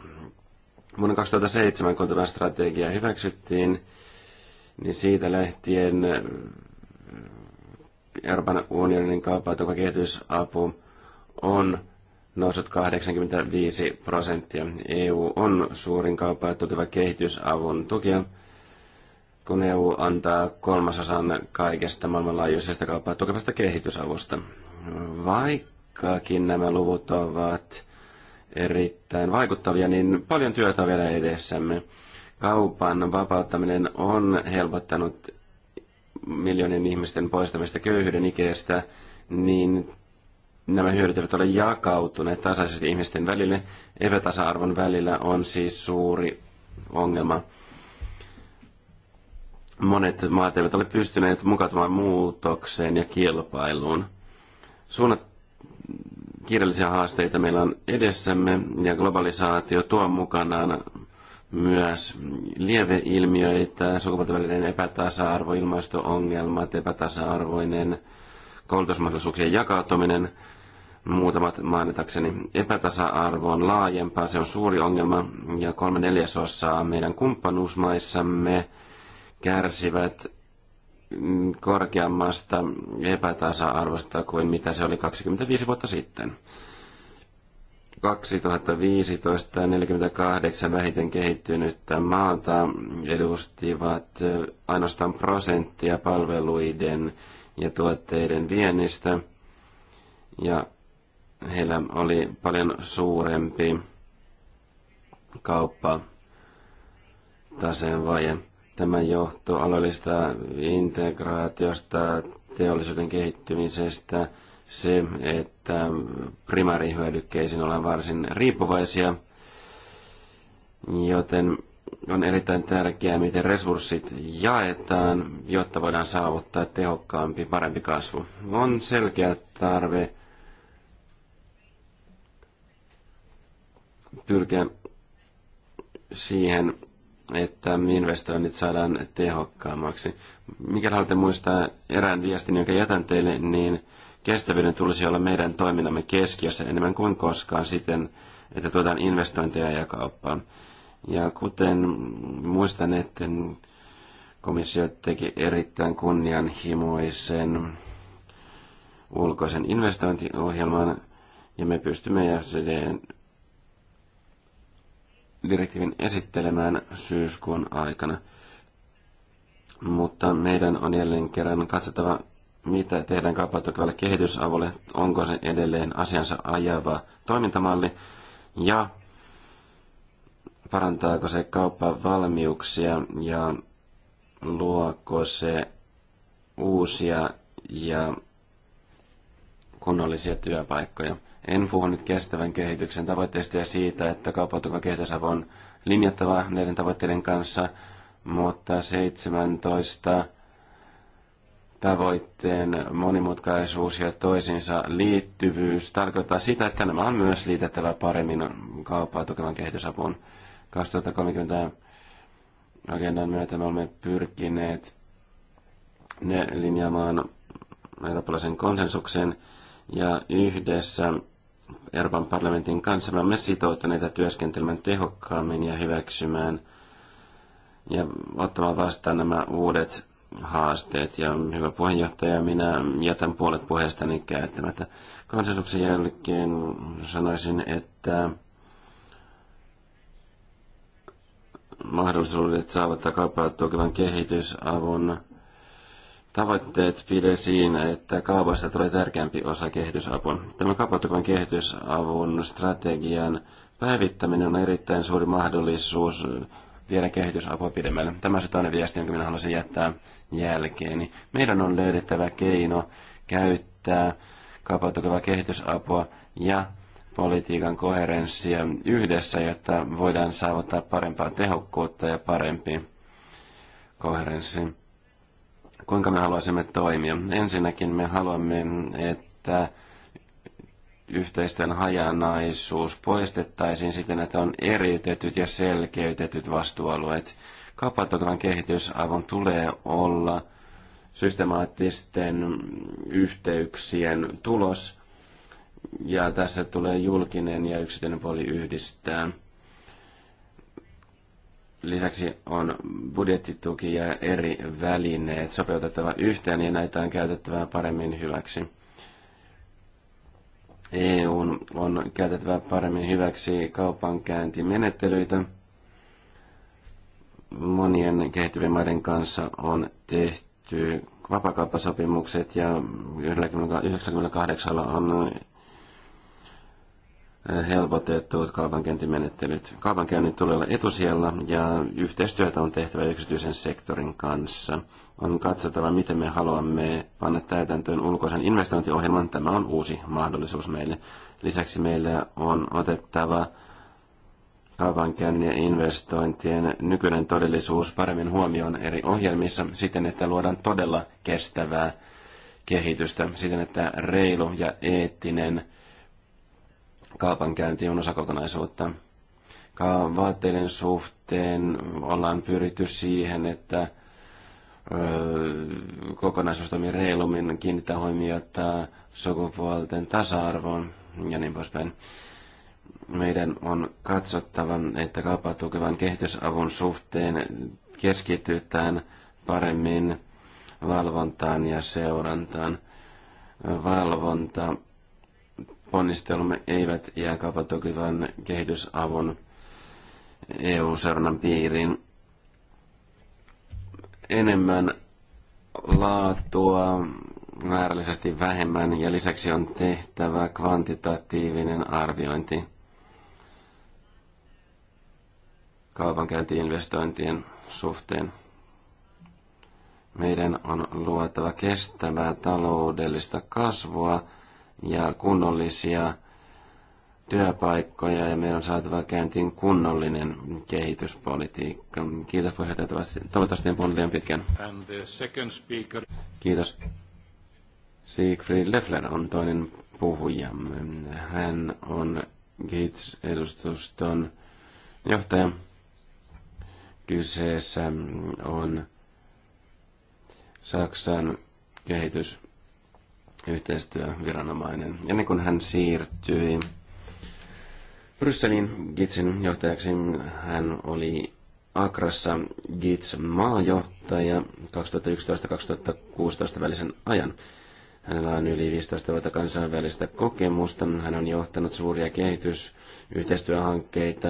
Vuonna 2007, kun tämä strategia hyväksyttiin, niin siitä lähtien Euroopan unionin kauppa- kehitysapu on noussut 85 prosenttia. EU on suurin kaupaa tukeva kehitysavun tukija, kun EU antaa kolmasosan kaikesta maailmanlaajuisesta kauppaa tukevasta kehitysavusta. Vaikkakin nämä luvut ovat erittäin vaikuttavia, niin paljon työtä vielä edessämme. Kaupan vapauttaminen on helpottanut miljoonien ihmisten poistamista köyhyyden ikeestä, niin nämä hyödyt eivät ole jakautuneet tasaisesti ihmisten välille. Epätasa-arvon välillä on siis suuri ongelma. Monet maat eivät ole pystyneet mukautumaan muutokseen ja kilpailuun. Suunnat kiireellisiä haasteita meillä on edessämme ja globalisaatio tuo mukanaan myös lieveilmiöitä, sukupuolten välinen epätasa-arvo, ilmasto-ongelmat, epätasa-arvoinen koulutusmahdollisuuksien jakautuminen, muutamat mainitakseni. Epätasa-arvo on laajempaa, se on suuri ongelma, ja kolme neljäsosaa meidän kumppanuusmaissamme kärsivät Mm, korkeammasta epätasa-arvosta kuin mitä se oli 25 vuotta sitten. 2015 48 vähiten kehittynyttä maata edustivat ainoastaan prosenttia palveluiden ja tuotteiden viennistä, ja heillä oli paljon suurempi kauppa taseen vaje. Tämä johtuu alueellisesta integraatiosta, teollisuuden kehittymisestä, se, että primäärihyödykkeisiin ollaan varsin riippuvaisia, joten on erittäin tärkeää, miten resurssit jaetaan, jotta voidaan saavuttaa tehokkaampi, parempi kasvu. On selkeä tarve pyrkiä siihen, että investoinnit saadaan tehokkaammaksi. Mikäli haluatte muistaa erään viestin, jonka jätän teille, niin kestävyyden tulisi olla meidän toiminnamme keskiössä enemmän kuin koskaan siten, että tuotaan investointeja ja kauppaa. Ja kuten muistan, että komissio teki erittäin kunnianhimoisen ulkoisen investointiohjelman, ja me pystymme FCDn direktiivin esittelemään syyskuun aikana. Mutta meidän on jälleen kerran katsottava, mitä tehdään kapautukevalle kehitysavulle, onko se edelleen asiansa ajava toimintamalli ja parantaako se kaupan valmiuksia ja luoko se uusia ja kunnollisia työpaikkoja. En puhu nyt kestävän kehityksen tavoitteista ja siitä, että kaupautuva kehitysapu on linjattava näiden tavoitteiden kanssa, mutta 17 tavoitteen monimutkaisuus ja toisiinsa liittyvyys tarkoittaa sitä, että nämä on myös liitettävä paremmin kauppaa tukevan kehitysapun 2030 agendan myötä me olemme pyrkineet ne linjaamaan eurooppalaisen konsensuksen ja yhdessä Euroopan parlamentin kanssa. olemme sitoutuneita työskentelemään tehokkaammin ja hyväksymään ja ottamaan vastaan nämä uudet haasteet. Ja hyvä puheenjohtaja, minä jätän puolet puheestani käyttämättä. Konsensuksen jälkeen sanoisin, että mahdollisuudet saavuttaa kauppaa tukevan kehitysavun Tavoitteet pide siinä, että kaupasta tulee tärkeämpi osa kehitysapun. Tämä kapottuvan kehitysavun strategian päivittäminen on erittäin suuri mahdollisuus viedä kehitysapua pidemmälle. Tämä on se toinen viesti, jonka minä haluaisin jättää jälkeeni. Meidän on löydettävä keino käyttää kapautukevaa kehitysapua ja politiikan koherenssia yhdessä, jotta voidaan saavuttaa parempaa tehokkuutta ja parempi koherenssi. Kuinka me haluaisimme toimia? Ensinnäkin me haluamme, että yhteisten hajanaisuus poistettaisiin siten, että on eriytetyt ja selkeytetyt vastuualueet. Kapatokan kehitysavun tulee olla systemaattisten yhteyksien tulos, ja tässä tulee julkinen ja yksityinen puoli yhdistää. Lisäksi on budjettituki ja eri välineet sopeutettava yhteen ja näitä on käytettävä paremmin hyväksi. EU on käytettävä paremmin hyväksi kaupankäyntimenettelyitä. Monien kehittyvien maiden kanssa on tehty vapakauppasopimukset ja 98 on helpotetut kaupankäyntimenettelyt. Kaupankäynnit tulee olla etusijalla ja yhteistyötä on tehtävä yksityisen sektorin kanssa. On katsottava, miten me haluamme panna täytäntöön ulkoisen investointiohjelman. Tämä on uusi mahdollisuus meille. Lisäksi meillä on otettava kaupankäynnin ja investointien nykyinen todellisuus paremmin huomioon eri ohjelmissa siten, että luodaan todella kestävää kehitystä, siten että reilu ja eettinen – kaupankäynti on osa kokonaisuutta. Vaatteiden suhteen ollaan pyritty siihen, että kokonaisuus toimii reilummin, kiinnittää huomiota sukupuolten tasa-arvoon ja niin poispäin. Meidän on katsottava, että kauppaa tukevan kehitysavun suhteen keskitytään paremmin valvontaan ja seurantaan. Valvonta ponnistelumme eivät jää Kapatokivan kehitysavun EU-seurannan piiriin. Enemmän laatua, määrällisesti vähemmän ja lisäksi on tehtävä kvantitatiivinen arviointi kaupankäyntiinvestointien suhteen. Meidän on luotava kestävää taloudellista kasvua – ja kunnollisia työpaikkoja ja meidän on saatava käyntiin kunnollinen kehityspolitiikka. Kiitos puheenjohtaja, toivottavasti en puhunut liian pitkään. Kiitos. Siegfried Leffler on toinen puhuja. Hän on Gates-edustuston johtaja. Kyseessä on Saksan kehitys yhteistyöviranomainen. Ennen kuin hän siirtyi Brysselin Gitsin johtajaksi, hän oli Akrassa Gits maajohtaja 2011-2016 välisen ajan. Hänellä on yli 15 vuotta kansainvälistä kokemusta. Hän on johtanut suuria kehitysyhteistyöhankkeita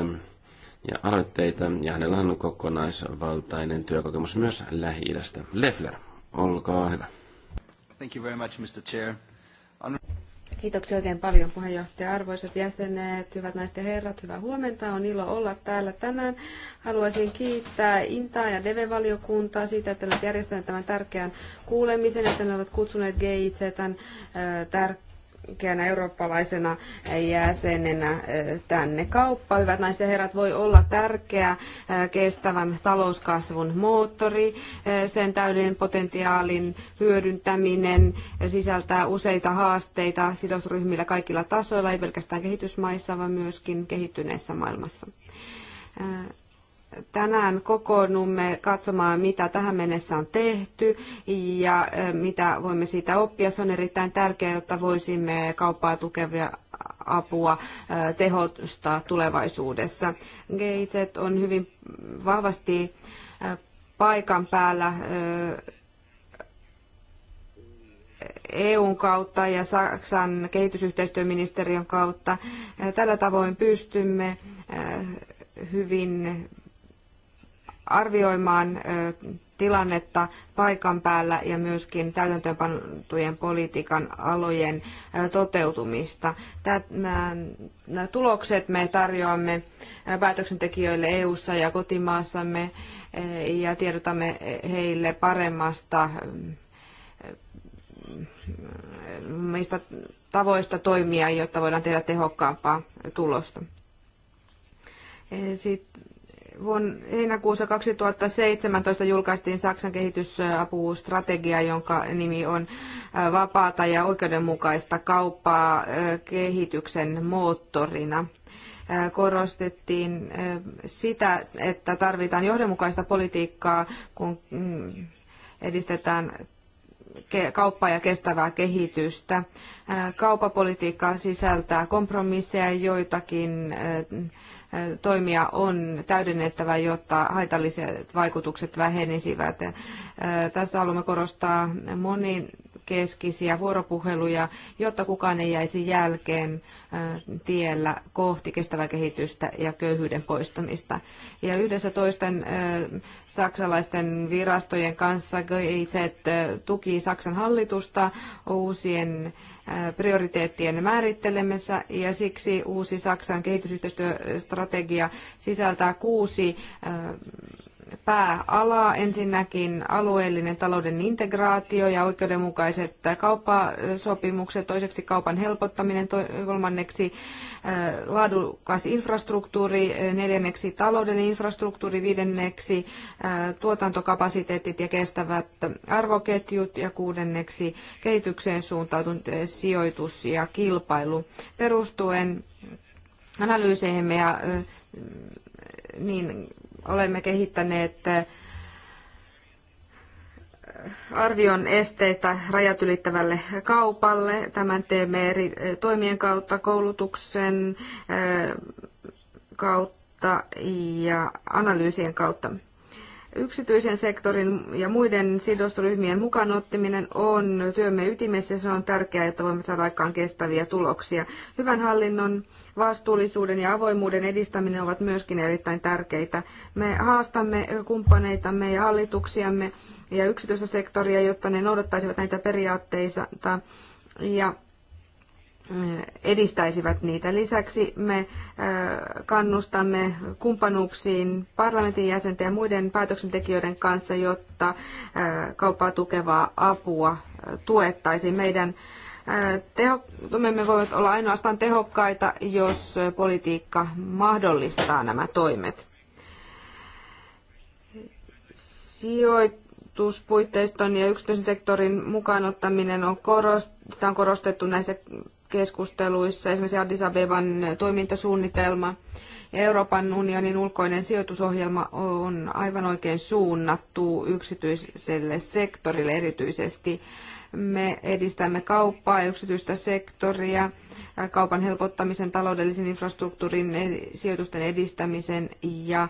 ja aloitteita, ja hänellä on kokonaisvaltainen työkokemus myös lähi -idästä. Leffler, olkaa hyvä. Thank you very much, Mr. Chair. Kiitoksia oikein paljon puheenjohtaja, arvoisat jäsenet, hyvät naiset ja herrat, hyvää huomenta. On ilo olla täällä tänään. Haluaisin kiittää Intaa ja DEVE-valiokuntaa siitä, että olet järjestäneet tämän tärkeän kuulemisen, että ne ovat kutsuneet GIC tämän äh, tärkeän tärkeänä eurooppalaisena jäsenenä eh, tänne. Kauppa, hyvät naiset ja herrat, voi olla tärkeä eh, kestävän talouskasvun moottori. Eh, sen täyden potentiaalin hyödyntäminen sisältää useita haasteita sidosryhmillä kaikilla tasoilla, ei pelkästään kehitysmaissa, vaan myöskin kehittyneessä maailmassa tänään kokoonnumme katsomaan, mitä tähän mennessä on tehty ja mitä voimme siitä oppia. Se on erittäin tärkeää, jotta voisimme kauppaa tukevia apua tehostaa tulevaisuudessa. Gates on hyvin vahvasti paikan päällä EUn kautta ja Saksan kehitysyhteistyöministeriön kautta. Tällä tavoin pystymme hyvin arvioimaan tilannetta paikan päällä ja myöskin täytäntöönpantujen politiikan alojen toteutumista. Tämän, nämä tulokset me tarjoamme päätöksentekijöille EU-ssa ja kotimaassamme ja tiedotamme heille paremmasta mistä tavoista toimia, jotta voidaan tehdä tehokkaampaa tulosta. Sitten Vuonna heinäkuussa 2017 julkaistiin Saksan kehitysapustrategia, jonka nimi on äh, Vapaata ja oikeudenmukaista kauppaa äh, kehityksen moottorina äh, korostettiin sitä, että tarvitaan johdonmukaista politiikkaa, kun mm, edistetään kauppaa ja kestävää kehitystä. Kaupapolitiikka sisältää kompromisseja, joitakin toimia on täydennettävä, jotta haitalliset vaikutukset vähenisivät. Tässä haluamme korostaa monin monenkeskisiä vuoropuheluja, jotta kukaan ei jäisi jälkeen tiellä kohti kestävää kehitystä ja köyhyyden poistamista. Ja yhdessä toisten saksalaisten virastojen kanssa GIZ tuki Saksan hallitusta uusien prioriteettien määrittelemässä ja siksi uusi Saksan kehitysyhteistyöstrategia sisältää kuusi pääala, Ensinnäkin alueellinen talouden integraatio ja oikeudenmukaiset kauppasopimukset, toiseksi kaupan helpottaminen, kolmanneksi laadukas infrastruktuuri, neljänneksi talouden infrastruktuuri, viidenneksi tuotantokapasiteetit ja kestävät arvoketjut ja kuudenneksi kehitykseen suuntautunut sijoitus ja kilpailu perustuen analyyseihimme ja niin olemme kehittäneet eh, arvion esteistä rajat ylittävälle kaupalle. Tämän teemme eri eh, toimien kautta, koulutuksen eh, kautta ja analyysien kautta. Yksityisen sektorin ja muiden sidosryhmien mukaanottaminen on työmme ytimessä ja se on tärkeää, jotta voimme saada aikaan kestäviä tuloksia. Hyvän hallinnon vastuullisuuden ja avoimuuden edistäminen ovat myöskin erittäin tärkeitä. Me haastamme kumppaneitamme ja hallituksiamme ja yksityistä sektoria, jotta ne noudattaisivat näitä periaatteita ja eh, edistäisivät niitä. Lisäksi me eh, kannustamme kumppanuuksiin parlamentin jäsenten ja muiden päätöksentekijöiden kanssa, jotta eh, kauppaa tukevaa apua tuettaisiin. Meidän teho- me voivat olla ainoastaan tehokkaita, jos politiikka mahdollistaa nämä toimet. Sijoituspuitteiston ja yksityisen sektorin mukaanottaminen on, korost- sitä on korostettu näissä keskusteluissa, esimerkiksi Addis Abeban toimintasuunnitelma ja Euroopan unionin ulkoinen sijoitusohjelma on aivan oikein suunnattu yksityiselle sektorille erityisesti me edistämme kauppaa ja yksityistä sektoria, kaupan helpottamisen, taloudellisen infrastruktuurin sijoitusten edistämisen ja äh,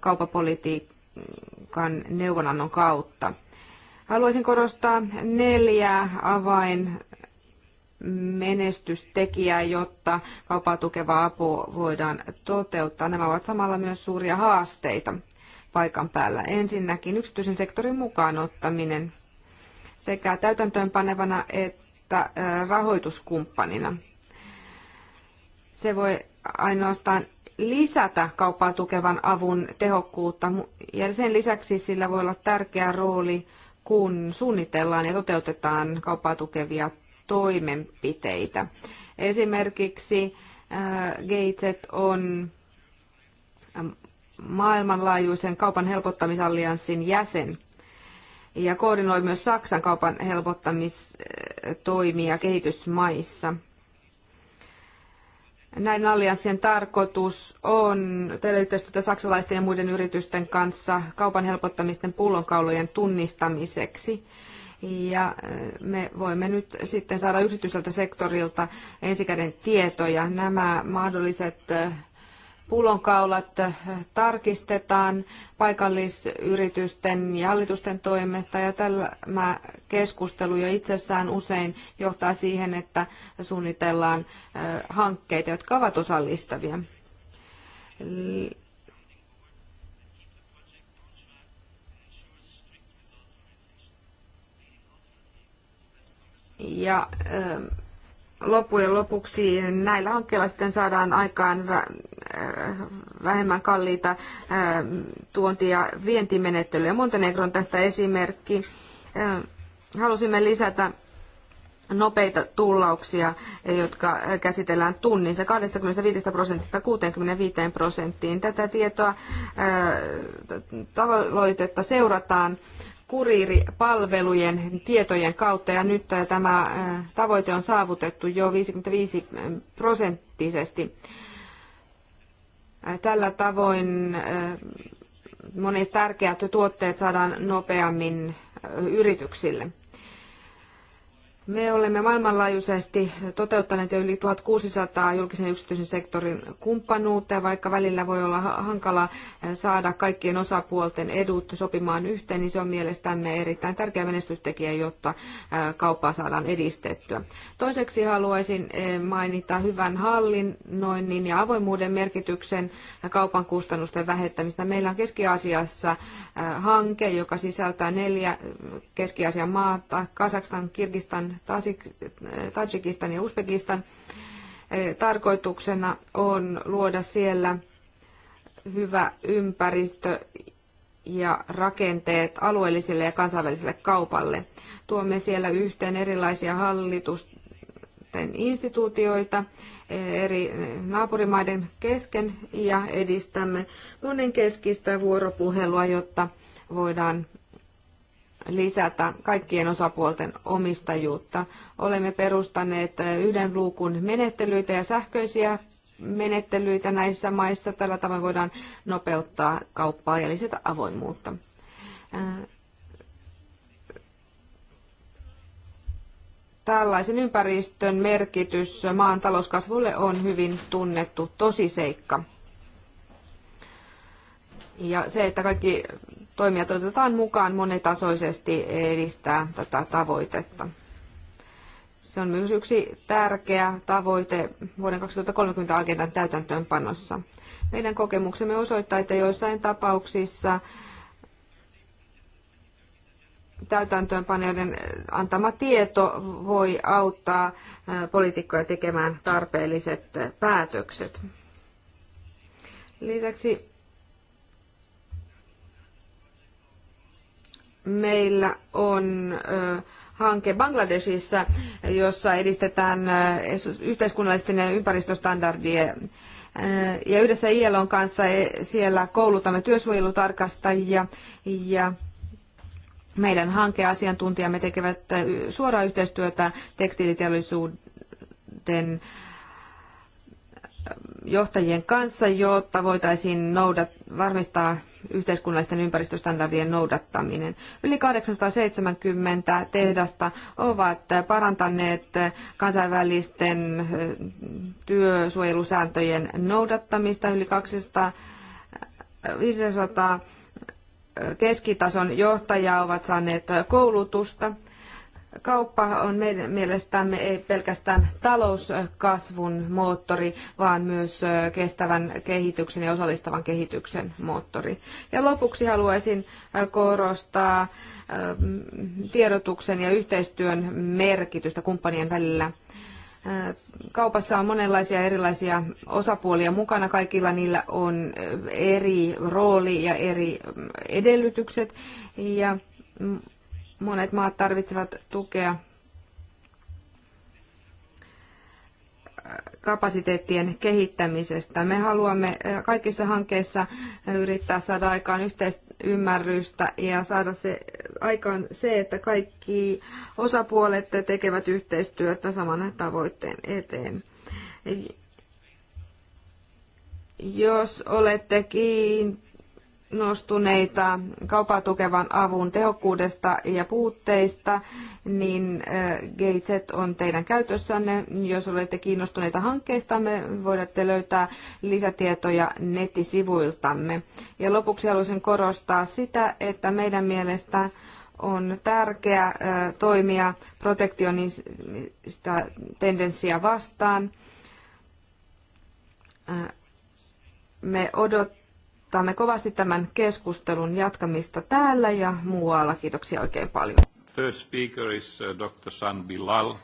kaupapolitiikan neuvonannon kautta. Haluaisin korostaa neljää avain menestystekijää, jotta kaupaa tukeva apu voidaan toteuttaa. Nämä ovat samalla myös suuria haasteita paikan päällä. Ensinnäkin yksityisen sektorin mukaan ottaminen sekä täytäntöönpanevana että rahoituskumppanina. Se voi ainoastaan lisätä kauppaa tukevan avun tehokkuutta ja sen lisäksi sillä voi olla tärkeä rooli, kun suunnitellaan ja toteutetaan kauppaa tukevia toimenpiteitä. Esimerkiksi Gates on maailmanlaajuisen kaupan helpottamisallianssin jäsen ja koordinoi myös Saksan kaupan helpottamistoimia kehitysmaissa. Näin allianssien tarkoitus on tehdä yhteistyötä saksalaisten ja muiden yritysten kanssa kaupan helpottamisten pullonkaulojen tunnistamiseksi. Ja eh, me voimme nyt sitten saada yksityiseltä sektorilta ensikäden tietoja. Nämä mahdolliset eh, pullonkaulat eh, tarkistetaan paikallisyritysten ja hallitusten toimesta ja tämä keskustelu jo itsessään usein johtaa siihen, että suunnitellaan eh, hankkeita, jotka ovat osallistavia. Ja eh, loppujen lopuksi näillä hankkeilla sitten saadaan aikaan äh, vähemmän kalliita äh, tuonti- ja vientimenettelyjä. Montenegro on tästä esimerkki. Äh, halusimme lisätä nopeita tullauksia, jotka käsitellään tunnissa 25 prosentista 65 prosenttiin. Tätä tietoa tavoitetta seurataan kuriiripalvelujen tietojen kautta ja nyt äh, tämä äh, tavoite on saavutettu jo 55 äh, prosenttisesti. Tällä tavoin monet tärkeät tuotteet saadaan nopeammin yrityksille. Me olemme maailmanlaajuisesti toteuttaneet jo yli 1600 julkisen ja yksityisen sektorin kumppanuutta, ja vaikka välillä voi olla hankala eh, saada kaikkien osapuolten edut sopimaan yhteen, niin se on mielestämme erittäin tärkeä menestystekijä, jotta eh, kauppaa saadaan edistettyä. Toiseksi haluaisin eh, mainita hyvän hallinnoinnin ja avoimuuden merkityksen kaupan kustannusten vähentämistä. Meillä on Keski-Aasiassa hanke, joka sisältää neljä Keski-Aasian maata, Kazakstan, Kirgistan, Tajikistan ja Uzbekistan. E, tarkoituksena on luoda siellä hyvä ympäristö ja rakenteet alueelliselle ja kansainväliselle kaupalle. Tuomme siellä yhteen erilaisia hallitusten instituutioita e, eri naapurimaiden kesken ja edistämme monenkeskistä vuoropuhelua, jotta voidaan lisätä kaikkien osapuolten omistajuutta. Olemme perustaneet yhden luukun menettelyitä ja sähköisiä menettelyitä näissä maissa. Tällä tavoin voidaan nopeuttaa kauppaa ja lisätä avoimuutta. Tällaisen ympäristön merkitys maan talouskasvulle on hyvin tunnettu tosiseikka. Ja se, että kaikki toimijat otetaan mukaan monitasoisesti edistää tätä tavoitetta. Se on myös yksi tärkeä tavoite vuoden 2030 agendan täytäntöönpanossa. Meidän kokemuksemme osoittaa, että joissain tapauksissa täytäntöönpanijoiden antama tieto voi auttaa poliitikkoja tekemään tarpeelliset päätökset. Lisäksi meillä on hanke Bangladesissa, jossa edistetään yhteiskunnallisten ja ympäristöstandardien ja yhdessä ILOn kanssa e, siellä koulutamme työsuojelutarkastajia ja meidän hankeasiantuntijamme tekevät suoraa yhteistyötä tekstiiliteollisuuden johtajien kanssa, jotta voitaisiin noudat, varmistaa yhteiskunnallisten ympäristöstandardien noudattaminen. Yli 870 tehdasta ovat parantaneet kansainvälisten työsuojelusääntöjen noudattamista. Yli 200, 500 keskitason johtajaa ovat saaneet koulutusta. Kauppa on meidän mielestämme ei pelkästään talouskasvun moottori, vaan myös kestävän kehityksen ja osallistavan kehityksen moottori. Ja lopuksi haluaisin korostaa tiedotuksen ja yhteistyön merkitystä kumppanien välillä. Kaupassa on monenlaisia erilaisia osapuolia mukana. Kaikilla niillä on eri rooli ja eri edellytykset. Ja Monet maat tarvitsevat tukea kapasiteettien kehittämisestä. Me haluamme kaikissa hankkeissa yrittää saada aikaan yhteisymmärrystä ja saada se aikaan se, että kaikki osapuolet tekevät yhteistyötä saman tavoitteen eteen. Jos olette kiinni nostuneita kaupaa tukevan avun tehokkuudesta ja puutteista, niin Gateset on teidän käytössänne. Jos olette kiinnostuneita hankkeistamme, voidatte löytää lisätietoja nettisivuiltamme. Ja lopuksi haluaisin korostaa sitä, että meidän mielestä on tärkeää toimia protektionista tendenssiä vastaan. Me odot odotamme kovasti tämän keskustelun jatkamista täällä ja muualla. Kiitoksia oikein paljon. Third speaker is uh, Dr. San Bilal.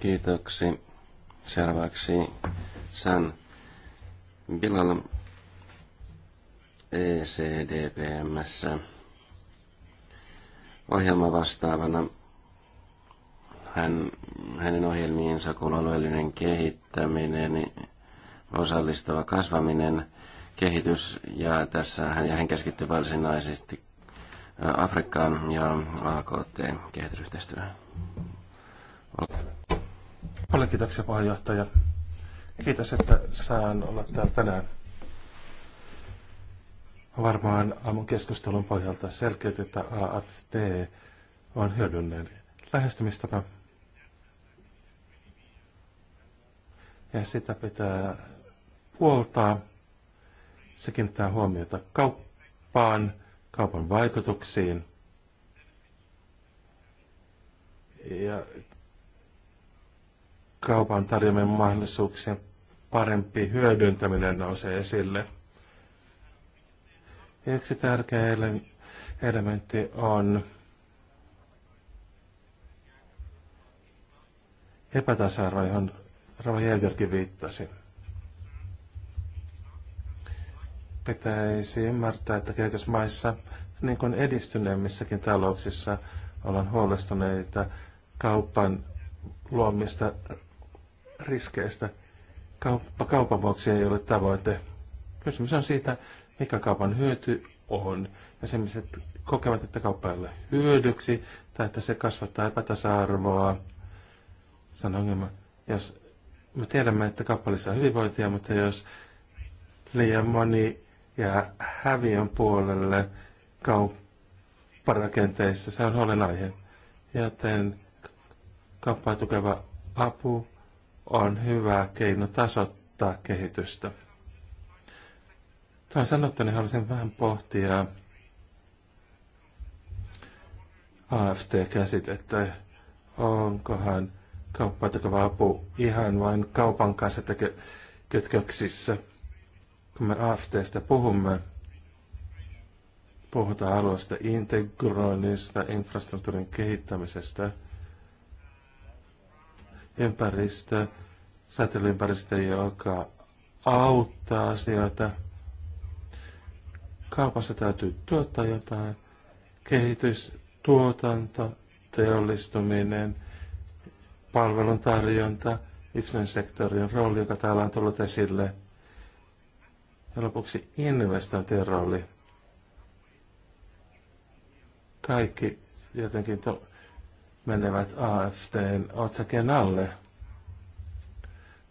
Kiitoksia Seuraavaksi San Bilal ECDPMssä ohjelma vastaavana hän, hänen ohjelmiinsa kuuluu alueellinen kehittäminen, osallistava kasvaminen, kehitys, ja tässä hän keskittyy varsinaisesti Afrikkaan ja AKT-kehitysyhteistyöhön. Olkaa Paljon kiitoksia puheenjohtaja. Kiitos, että saan olla täällä tänään. Varmaan aamun keskustelun pohjalta selkeyt, että AFT on hyödyllinen lähestymistapa. Ja sitä pitää puoltaa. Se kiinnittää huomiota kauppaan, kaupan vaikutuksiin ja kaupan tarjoamien mahdollisuuksien parempi hyödyntäminen nousee esille. Yksi tärkeä elementti on epätasa-arvo, johon Rava Jägerkin viittasi. Pitäisi ymmärtää, että kehitysmaissa, niin kuin edistyneemmissäkin talouksissa, ollaan huolestuneita kaupan luomista riskeistä. Kauppa kaupan vuoksi ei ole tavoite. Kysymys on siitä, mikä kaupan hyöty on. Ja ihmiset kokevat, että kauppa ei ole hyödyksi tai että se kasvattaa epätasa-arvoa. Se on ongelma. Jos me tiedämme, että kauppa lisää hyvinvointia, mutta jos liian moni ja häviön puolelle kaupparakenteissa. Se on huolenaihe. Joten kauppaa tukeva apu on hyvä keino tasoittaa kehitystä. Tuon sanottu, niin haluaisin vähän pohtia AFT-käsitettä. Onkohan kauppaa tukeva apu ihan vain kaupan kanssa teke- kytköksissä? kun me AFTstä puhumme, puhutaan alueesta integroinnista, infrastruktuurin kehittämisestä, ympäristö, säteilyympäristö, joka auttaa asioita. Kaupassa täytyy tuottaa jotain. Kehitys, tuotanto, teollistuminen, palvelun tarjonta, sektorin rooli, joka täällä on tullut esille – ja lopuksi investointien oli Kaikki jotenkin to- menevät AFTn otsakeen alle.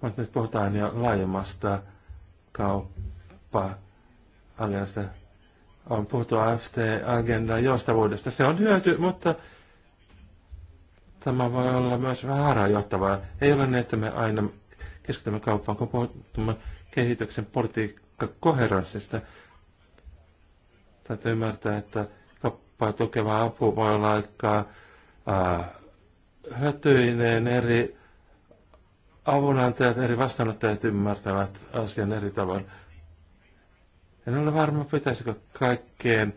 Mutta nyt puhutaan jo laajemmasta kauppa-agendasta. On puhuttu AFT-agendan joustavuudesta. Se on hyöty, mutta tämä voi olla myös vähän harhaanjohtavaa. Ei ole niin, että me aina keskitymme kauppaan, kun puhutaan kehityksen politi- koherenssista. Täytyy ymmärtää, että kappaa tukeva apu voi olla aika hötyinen eri avunantajat, eri vastaanottajat ymmärtävät asian eri tavoin. En ole varma, pitäisikö kaikkien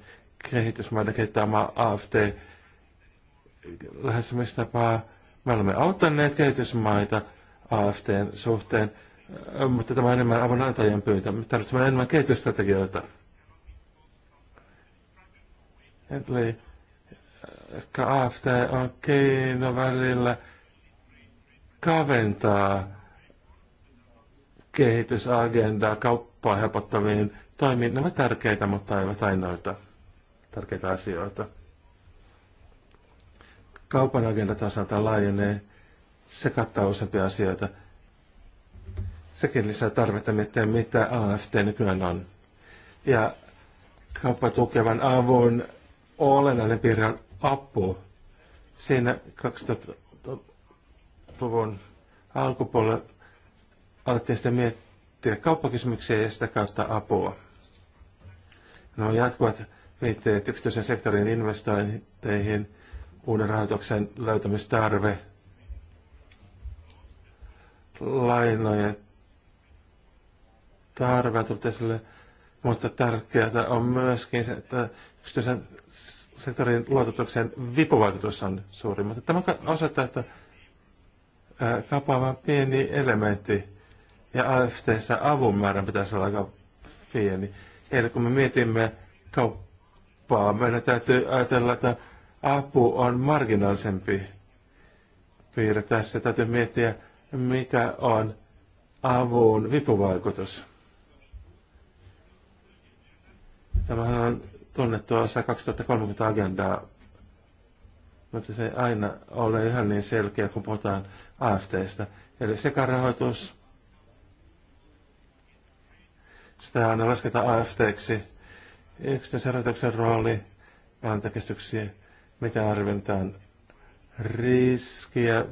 kehitysmaiden kehittää oma AFT lähestymistapaa. Me olemme auttaneet kehitysmaita AFTn suhteen, mutta tämä on enemmän avunantajien pyyntö. Me tarvitsemme enemmän kehitysstrategioita. Eli ehkä AFT on keino välillä kaventaa kehitysagendaa kauppaa helpottaviin toimiin. Nämä tärkeitä, mutta eivät ainoita tärkeitä asioita. Kaupan agenda tasalta laajenee. Se kattaa useampia asioita sekin lisää tarvetta miettiä, mitä AFT nykyään on. Ja kauppatukevan avun olennainen piirre on apu. Siinä 2000-luvun alkupuolella alettiin sitten miettiä kauppakysymyksiä ja sitä kautta apua. No jatkuvat viitteet yksityisen sektorin investointeihin, uuden rahoituksen löytämistarve, lainojen tarve on esille, mutta tärkeää on myöskin se, että yksityisen sektorin luototuksen vipuvaikutus on suuri, mutta tämä osoittaa, että kapaava pieni elementti ja AFTssä avun määrän pitäisi olla aika pieni. Eli kun me mietimme kauppaa, meidän täytyy ajatella, että apu on marginaalisempi piirre tässä. Täytyy miettiä, mikä on avun vipuvaikutus. Tämähän on tunnettu osa 2030-agendaa, mutta se ei aina ole ihan niin selkeä, kun puhutaan AFTista. Eli sekarahoitus, sitä aina lasketaan AFTksi, yksityisen rahoituksen rooli, antakestyksiä, mitä arvintaan riskiä,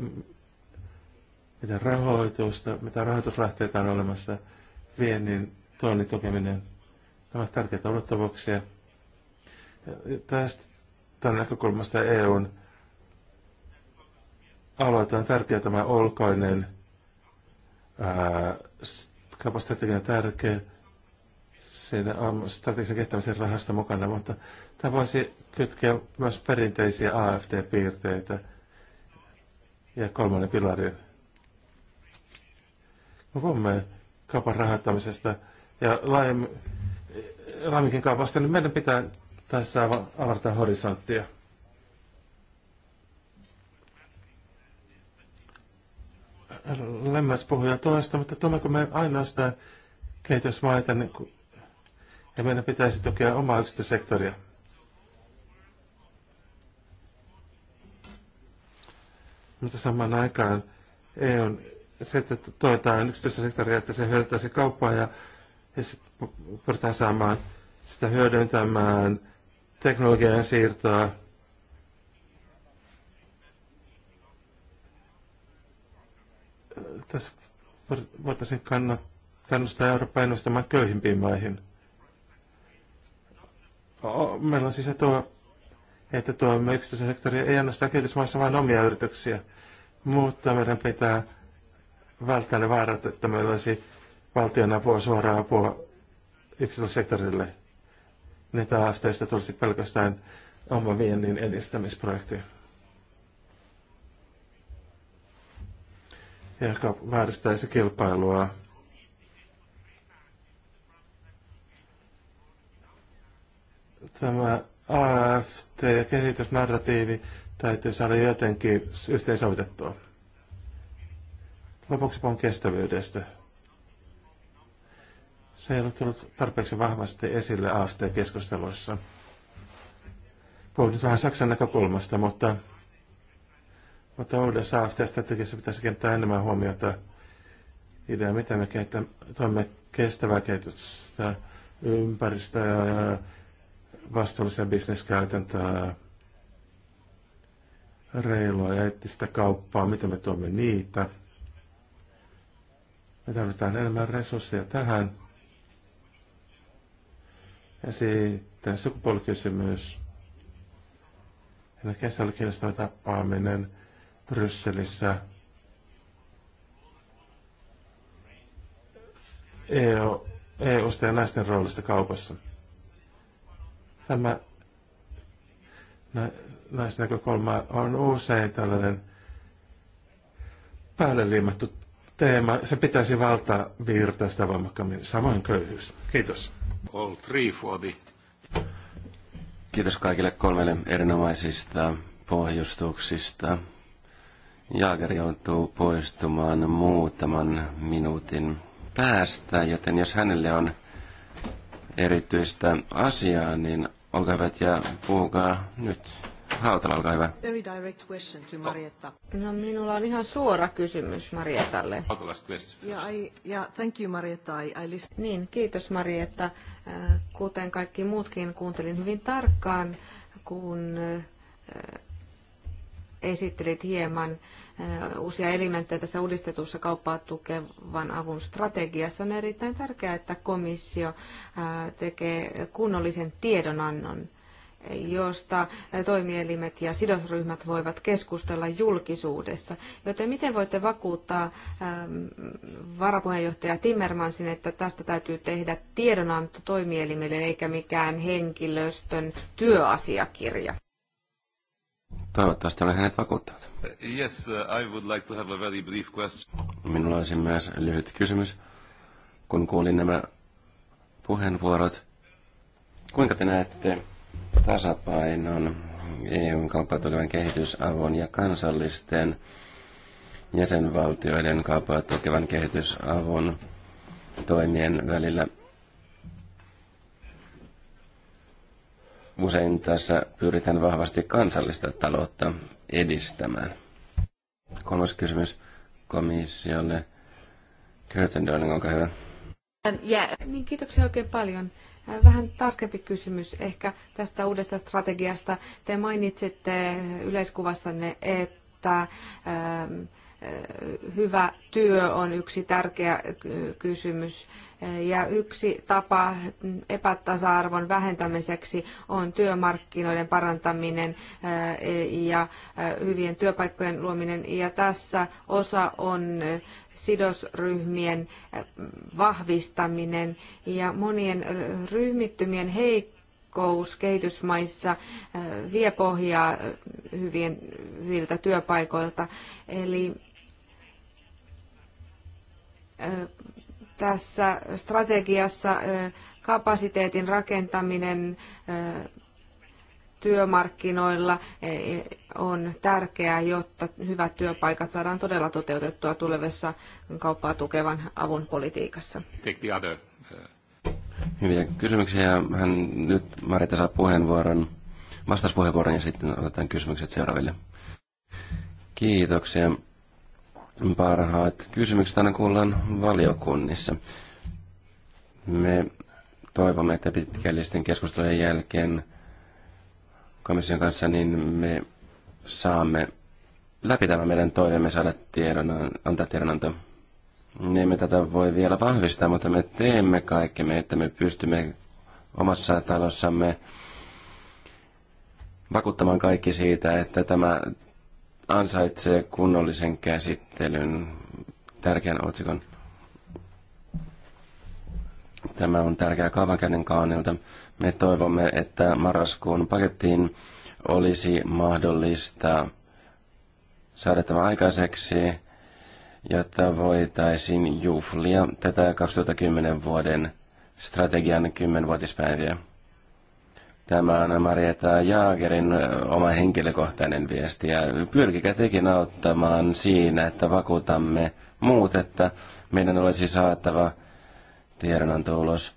mitä rahoitusta, mitä rahoituslähteitä on olemassa, viennin, tuonnin tukeminen – ne ovat tärkeitä odottavuuksia. tästä tämän näkökulmasta EUn aloite on tärkeä tämä olkoinen kapasiteettikin on tärkeä. Siinä on strategisen kehittämisen rahasta mukana, mutta tämä voisi kytkeä myös perinteisiä AFT-piirteitä ja kolmannen pilarin. Me puhumme kaupan rahoittamisesta ja laajemmin Ramikin kaupasta, niin meidän pitää tässä avartaa horisonttia. Lemmäs puhuja toista, mutta tuommeko me ainoastaan kehitysmaita, niin kun, ja meidän pitäisi tukea omaa yksityissektoria. Mutta samaan aikaan e on se, että tuetaan yksityistä sektoria, että se hyödyttäisi kauppaa ja ja pyritään saamaan sitä hyödyntämään teknologian siirtoa tässä voitaisiin kannustaa Eurooppa ennustamaan köyhimpiin maihin. Meillä on siis se tuo, että tuo yksityisen sektori ei ainoastaan kehitysmaissa, vain omia yrityksiä. Mutta meidän pitää välttää ne vaarat, että meillä olisi valtion apua, suoraa apua sektorille, niin tämä teistä tulisi pelkästään oma viennin edistämisprojekti, joka vääristäisi kilpailua tämä AFT-kehitysnarratiivi täytyy saada jotenkin yhteensovitettua. Lopuksi puhun kestävyydestä. Se ei ole tullut tarpeeksi vahvasti esille AFT-keskusteluissa. Puhun nyt vähän Saksan näkökulmasta, mutta, mutta uudessa AFT-strategiassa pitäisi kiinnittää enemmän huomiota idea, miten me toimme kestävää kehitystä, ympäristöä, vastuullisia bisneskäytäntöä, reilua ja eettistä kauppaa, miten me tuomme niitä. Me tarvitaan enemmän resursseja tähän. Ja sitten sukupuolikysymys. Eli kesä oli tappaaminen Brysselissä. EU, e ja naisten roolista kaupassa. Tämä na, naisnäkökulma on usein tällainen päälle liimattu teema, se pitäisi valtaa virtaa sitä voimakkaammin, samoin köyhyys. Kiitos. All three for the... Kiitos kaikille kolmelle erinomaisista pohjustuksista. Jaager joutuu poistumaan muutaman minuutin päästä, joten jos hänelle on erityistä asiaa, niin olkaa hyvät ja puhukaa nyt. Hautala, olkaa hyvä. Very direct question to Marietta. No, minulla on ihan suora kysymys Marietalle. Yeah, yeah, thank you, Marietta. I, I listen... Niin, kiitos Marietta. Äh, kuten kaikki muutkin, kuuntelin hyvin tarkkaan, kun äh, esittelit hieman äh, uusia elementtejä tässä uudistetussa kauppaa tukevan avun strategiassa. On erittäin tärkeää, että komissio tekee kunnollisen tiedonannon josta toimielimet ja sidosryhmät voivat keskustella julkisuudessa. Joten miten voitte vakuuttaa ähm, varapuheenjohtaja Timmermansin, että tästä täytyy tehdä tiedonanto toimielimille eikä mikään henkilöstön työasiakirja? Toivottavasti olen hänet vakuuttanut. Yes, uh, I would like to have a very brief question. Minulla olisi myös lyhyt kysymys. Kun kuulin nämä puheenvuorot, kuinka te näette tasapainon EUn kauppa kehitysavun ja kansallisten jäsenvaltioiden kauppaa kehitysavun toimien välillä. Usein tässä pyritään vahvasti kansallista taloutta edistämään. Kolmas kysymys komissiolle. Curtin Darling, olkaa hyvä. Um, yeah. Niin, kiitoksia oikein paljon. Äh, vähän tarkempi kysymys ehkä tästä uudesta strategiasta. Te mainitsitte yleiskuvassanne, että että ähm, hyvä työ on yksi tärkeä kysymys. Ja yksi tapa epätasa-arvon vähentämiseksi on työmarkkinoiden parantaminen ja hyvien työpaikkojen luominen. Ja tässä osa on sidosryhmien vahvistaminen ja monien ryhmittymien heikko heikkous kehitysmaissa vie pohjaa hyvien, hyviltä työpaikoilta. Eli tässä strategiassa kapasiteetin rakentaminen työmarkkinoilla e, e, on tärkeää, jotta hyvät työpaikat saadaan todella toteutettua tulevassa kauppaa tukevan avun politiikassa. Hyviä kysymyksiä. Hän nyt Marita saa puheenvuoron, vastauspuheenvuoron ja sitten otetaan kysymykset seuraaville. Kiitoksia. Parhaat kysymykset aina kuullaan valiokunnissa. Me toivomme, että pitkällisten keskustelujen jälkeen komission kanssa niin me saamme läpi tämän meidän toiveemme saada tiedon, antaa tiedonanto. Me niin emme tätä voi vielä vahvistaa, mutta me teemme kaikkemme, että me pystymme omassa talossamme vakuuttamaan kaikki siitä, että tämä ansaitsee kunnollisen käsittelyn, tärkeän otsikon. Tämä on tärkeä kaavankäden kaanilta. Me toivomme, että marraskuun pakettiin olisi mahdollista saada tämä aikaiseksi, jotta voitaisiin juhlia tätä 2010 vuoden strategian 10-vuotispäiviä. Tämä on Marietta Jaagerin oma henkilökohtainen viesti ja pyrkikää tekin auttamaan siinä, että vakuutamme muut, että meidän olisi saatava tiedonanto ulos.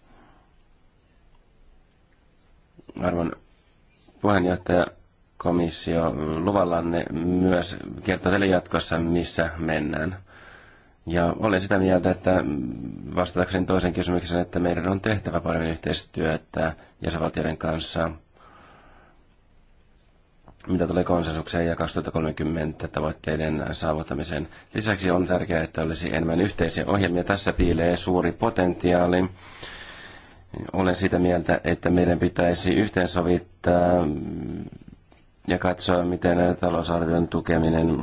Arvon puheenjohtaja komissio luvallanne myös kertoo teille jatkossa, missä mennään. Ja olen sitä mieltä, että vastatakseni toisen kysymyksen, että meidän on tehtävä paremmin yhteistyötä jäsenvaltioiden kanssa, mitä tulee konsensukseen ja 2030 tavoitteiden saavuttamiseen. Lisäksi on tärkeää, että olisi enemmän yhteisiä ohjelmia. Tässä piilee suuri potentiaali. Olen sitä mieltä, että meidän pitäisi yhteensovittaa ja katsoa, miten talousarvion tukeminen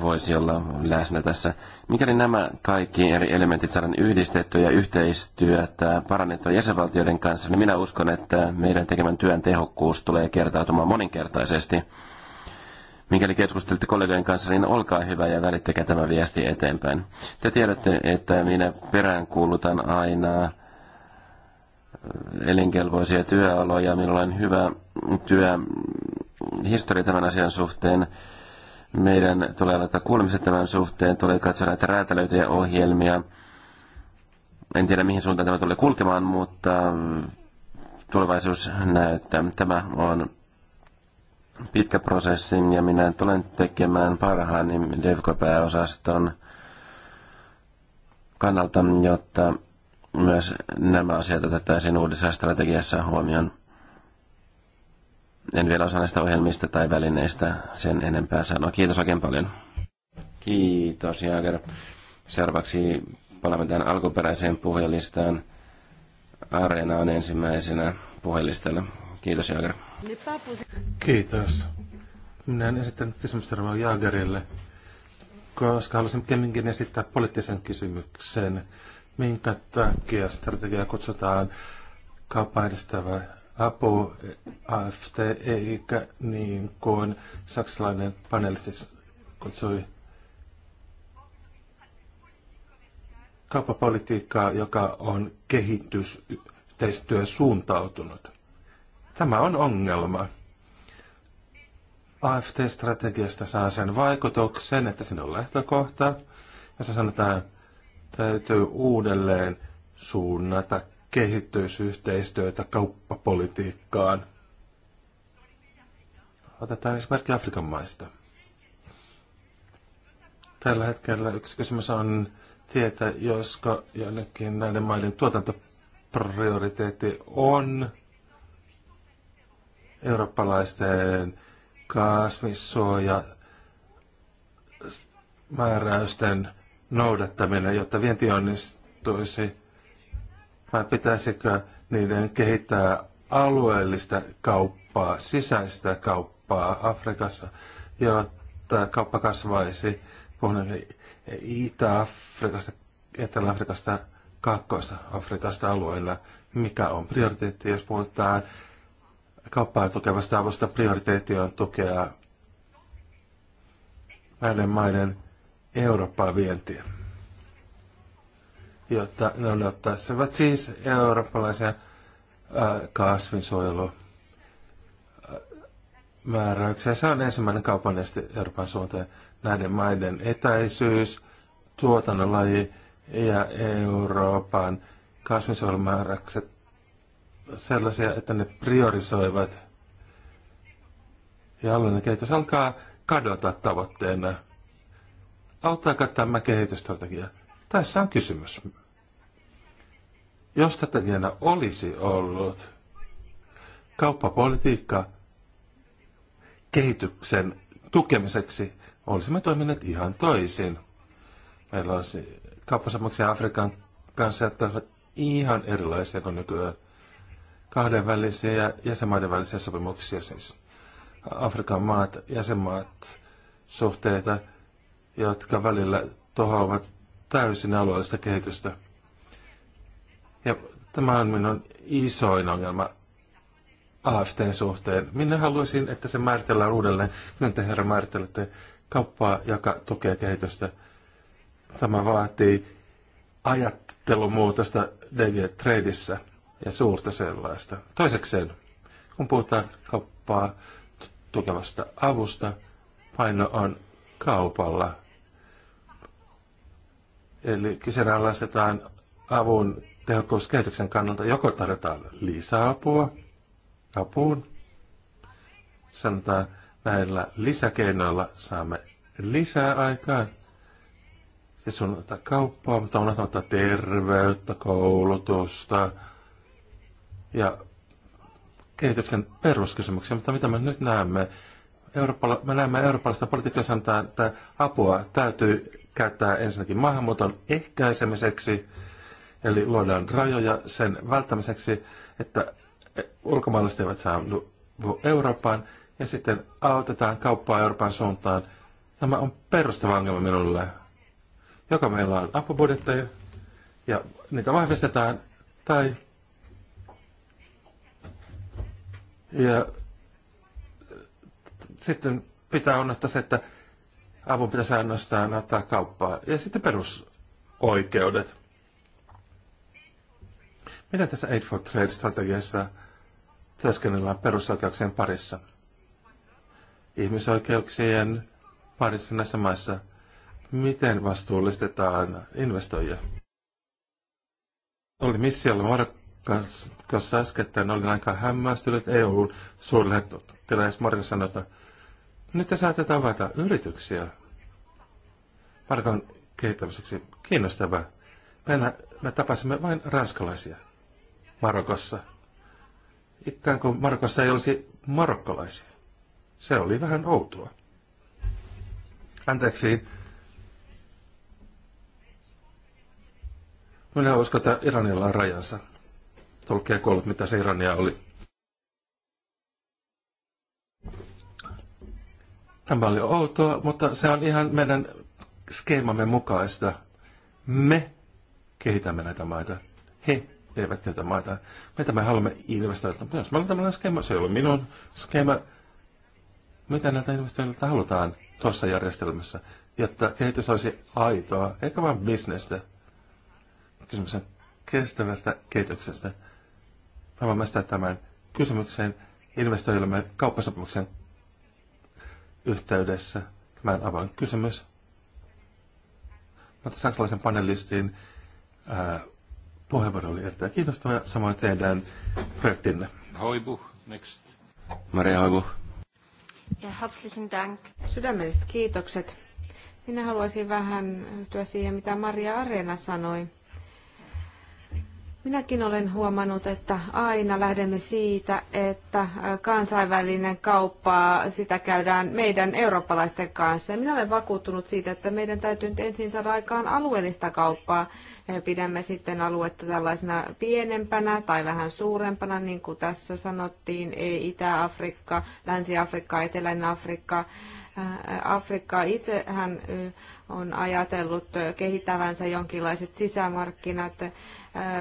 voisi olla läsnä tässä. Mikäli nämä kaikki eri elementit saadaan yhdistettyä ja yhteistyötä parannettua jäsenvaltioiden kanssa, niin minä uskon, että meidän tekemän työn tehokkuus tulee kertautumaan moninkertaisesti. Mikäli keskustelette kollegojen kanssa, niin olkaa hyvä ja välittäkää tämä viesti eteenpäin. Te tiedätte, että minä peräänkuulutan aina elinkelpoisia työoloja, milloin on hyvä työ historia tämän asian suhteen. Meidän tulee laittaa kuulemiset tämän suhteen, tulee katsoa näitä räätälöityjä ohjelmia. En tiedä mihin suuntaan tämä tulee kulkemaan, mutta tulevaisuus näyttää. Tämä on pitkä prosessi ja minä tulen tekemään parhaani DevCo-pääosaston kannalta, jotta myös nämä asiat otettaisiin uudessa strategiassa huomioon. En vielä osaa näistä ohjelmista tai välineistä sen enempää sanoa. Kiitos oikein paljon. Kiitos, Jager. Seuraavaksi palaamme tähän alkuperäiseen puhelistaan. Areena on ensimmäisenä puhelistalla. Kiitos, Jager. Kiitos. Minä en esittänyt kysymystä Jagerille, koska halusin kemminkin esittää poliittisen kysymyksen. Minkä takia strategiaa kutsutaan kaupan edistävä apu AFT eikä niin kuin saksalainen panelisti kutsui kauppapolitiikkaa, joka on kehitysyhteistyö suuntautunut. Tämä on ongelma. AFT-strategiasta saa sen vaikutuksen, että sinne on lähtökohta, se sanotaan, täytyy uudelleen suunnata kehittyisyhteistyötä kauppapolitiikkaan. Otetaan esimerkki Afrikan maista. Tällä hetkellä yksi kysymys on tietää, josko jonnekin näiden maiden tuotantoprioriteetti on eurooppalaisten kasvissuoja määräysten noudattaminen, jotta vienti onnistuisi vai pitäisikö niiden kehittää alueellista kauppaa, sisäistä kauppaa Afrikassa, jotta kauppa kasvaisi. Puhun Itä-Afrikasta, Etelä-Afrikasta, Kaakkois-Afrikasta alueilla, mikä on prioriteetti, jos puhutaan kauppaa tukevasta avusta prioriteetti on tukea näiden maiden Eurooppaa vientiä jotta ne ottaisivat siis eurooppalaisia määräyksiä. Se on ensimmäinen kaupan este Euroopan suuntaan näiden maiden etäisyys, tuotannon laji ja Euroopan kasvinsuojelumääräykset sellaisia, että ne priorisoivat ja alueellinen kehitys alkaa kadota tavoitteena. Auttaako tämä kehitysstrategia? Tässä on kysymys jos tätä vielä olisi ollut kauppapolitiikka kehityksen tukemiseksi, olisimme toimineet ihan toisin. Meillä olisi kauppasammaksia Afrikan kanssa, jotka ovat ihan erilaisia kuin nykyään. Kahdenvälisiä ja jäsenmaiden välisiä sopimuksia siis. Afrikan maat, jäsenmaat, suhteita, jotka välillä tohoavat täysin alueellista kehitystä. Ja tämä on minun isoin ongelma AFTn suhteen. Minä haluaisin, että se määritellään uudelleen, kuten te herra määrittelette kauppaa, joka tukee kehitystä. Tämä vaatii ajattelumuutosta DG Tradeissa ja suurta sellaista. Toisekseen, kun puhutaan kauppaa tukevasta avusta, paino on kaupalla. Eli kyseenalaistetaan avun tehokkuuskehityksen kannalta joko tarjotaan lisäapua apuun, sanotaan näillä lisäkeinoilla saamme lisää aikaa, ja sun kauppaa, mutta on ottaa terveyttä, koulutusta ja kehityksen peruskysymyksiä, mutta mitä me nyt näemme, Euroopalla, me näemme eurooppalaista politiikkaa sanotaan, että apua täytyy käyttää ensinnäkin maahanmuuton ehkäisemiseksi Eli luodaan rajoja sen välttämiseksi, että ulkomaalaiset eivät saa Eurooppaan ja sitten autetaan kauppaa Euroopan suuntaan. Tämä on perustava ongelma minulle, joka meillä on apubudjetteja ja niitä vahvistetaan tai ja sitten pitää onnottaa se, että avun pitäisi ainoastaan ottaa kauppaa ja sitten perusoikeudet mitä tässä Aid for Trade-strategiassa työskennellään perusoikeuksien parissa? Ihmisoikeuksien parissa näissä maissa. Miten vastuullistetaan investoijia? Olin missiolla Marokkassa äskettäin, olin aika hämmästynyt EUn suurlähettiläis Marko sanoi, että nyt te saatte tavata yrityksiä Markan kehittämiseksi. Kiinnostavaa. Meillä, me tapasimme vain ranskalaisia. Marokossa. Ikään kuin Marokossa ei olisi marokkolaisia. Se oli vähän outoa. Anteeksi. Minä uskon, että Iranilla on rajansa. Tulkee kuollut, mitä se Irania oli. Tämä oli outoa, mutta se on ihan meidän skeemamme mukaista. Me kehitämme näitä maita. He eivät tätä maata. Mitä me haluamme investoida? Jos me on tämmöinen skema, se ei ole minun skema. Mitä näiltä investoijilta halutaan tuossa järjestelmässä, jotta kehitys olisi aitoa, eikä vain bisnestä? Kysymys on kestävästä kehityksestä. Mä voin vastata tämän kysymykseen investoijille kauppasopimuksen yhteydessä. Tämä on avoin kysymys. Mutta saksalaisen panelistin ää, Puheenvuoro oli erittäin kiinnostava ja samoin teidän projektinne. Hoibu, next. Maria Hoibu. Ja herzlichen dank. Sydämelliset kiitokset. Minä haluaisin vähän yhtyä siihen, mitä Maria Arena sanoi. Minäkin olen huomannut, että aina lähdemme siitä, että kansainvälinen kauppa, sitä käydään meidän eurooppalaisten kanssa. Minä olen vakuuttunut siitä, että meidän täytyy nyt ensin saada aikaan alueellista kauppaa. Pidämme sitten aluetta tällaisena pienempänä tai vähän suurempana, niin kuin tässä sanottiin, e-, Itä-Afrikka, Länsi-Afrikka, Eteläinen Afrikka. Afrikka itsehän on ajatellut kehittävänsä jonkinlaiset sisämarkkinat.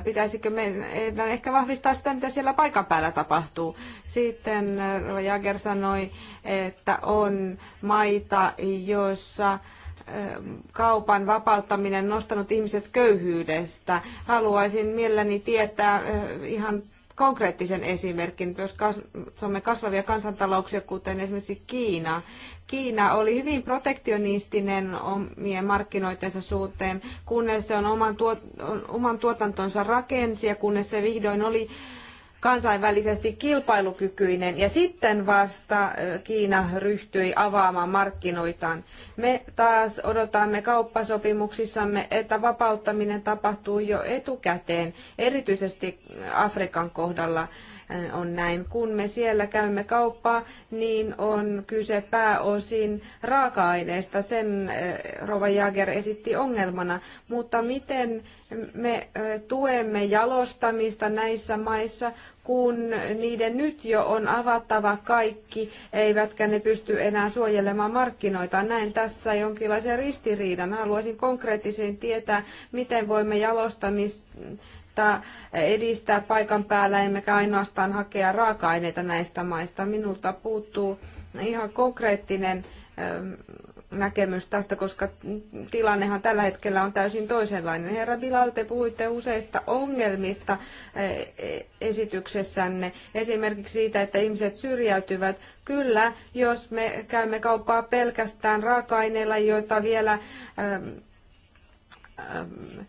Pitäisikö meidän ehkä vahvistaa sitä, mitä siellä paikan päällä tapahtuu? Sitten Jager sanoi, että on maita, joissa kaupan vapauttaminen nostanut ihmiset köyhyydestä. Haluaisin mielelläni tietää ihan konkreettisen esimerkin, jos katsomme kasvavia kansantalouksia, kuten esimerkiksi Kiina, Kiina oli hyvin protektionistinen omien markkinoitensa suhteen, kunnes se on oman, tuot, oman tuotantonsa rakensi ja kunnes se vihdoin oli kansainvälisesti kilpailukykyinen ja sitten vasta Kiina ryhtyi avaamaan markkinoitaan. Me taas odotamme kauppasopimuksissamme, että vapauttaminen tapahtuu jo etukäteen, erityisesti Afrikan kohdalla on näin. Kun me siellä käymme kauppaa, niin on kyse pääosin raaka aineesta Sen eh, Rova Jager esitti ongelmana. Mutta miten me eh, tuemme jalostamista näissä maissa, kun niiden nyt jo on avattava kaikki, eivätkä ne pysty enää suojelemaan markkinoita. Näin tässä jonkinlaisen ristiriidan. Haluaisin konkreettisesti tietää, miten voimme jalostamista yrittää edistää paikan päällä, emmekä ainoastaan hakea raaka-aineita näistä maista. Minulta puuttuu ihan konkreettinen ähm, näkemys tästä, koska tilannehan tällä hetkellä on täysin toisenlainen. Herra Bilal, te puhuitte useista ongelmista äh, e, esityksessänne, esimerkiksi siitä, että ihmiset syrjäytyvät. Kyllä, jos me käymme kauppaa pelkästään raaka-aineilla, joita vielä ähm, ähm,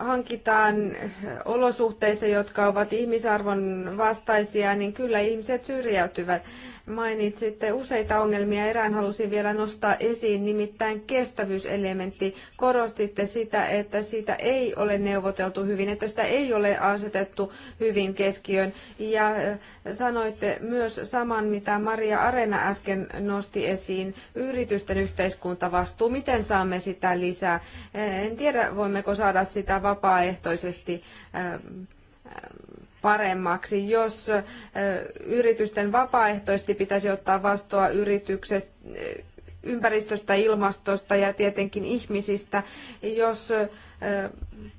hankitaan olosuhteissa, jotka ovat ihmisarvon vastaisia, niin kyllä ihmiset syrjäytyvät. Mainitsitte useita ongelmia. Erään halusin vielä nostaa esiin, nimittäin kestävyyselementti. Korostitte sitä, että sitä ei ole neuvoteltu hyvin, että sitä ei ole asetettu hyvin keskiön. Ja eh, sanoitte myös saman, mitä Maria Arena äsken nosti esiin, yritysten yhteiskuntavastuu. Miten saamme sitä lisää? Eh, en tiedä, voimmeko saada sitä vapaaehtoisesti eh, paremmaksi. Jos yritysten vapaaehtoisesti pitäisi ottaa vastuua yrityksestä, ympäristöstä, ilmastosta ja tietenkin ihmisistä. Jos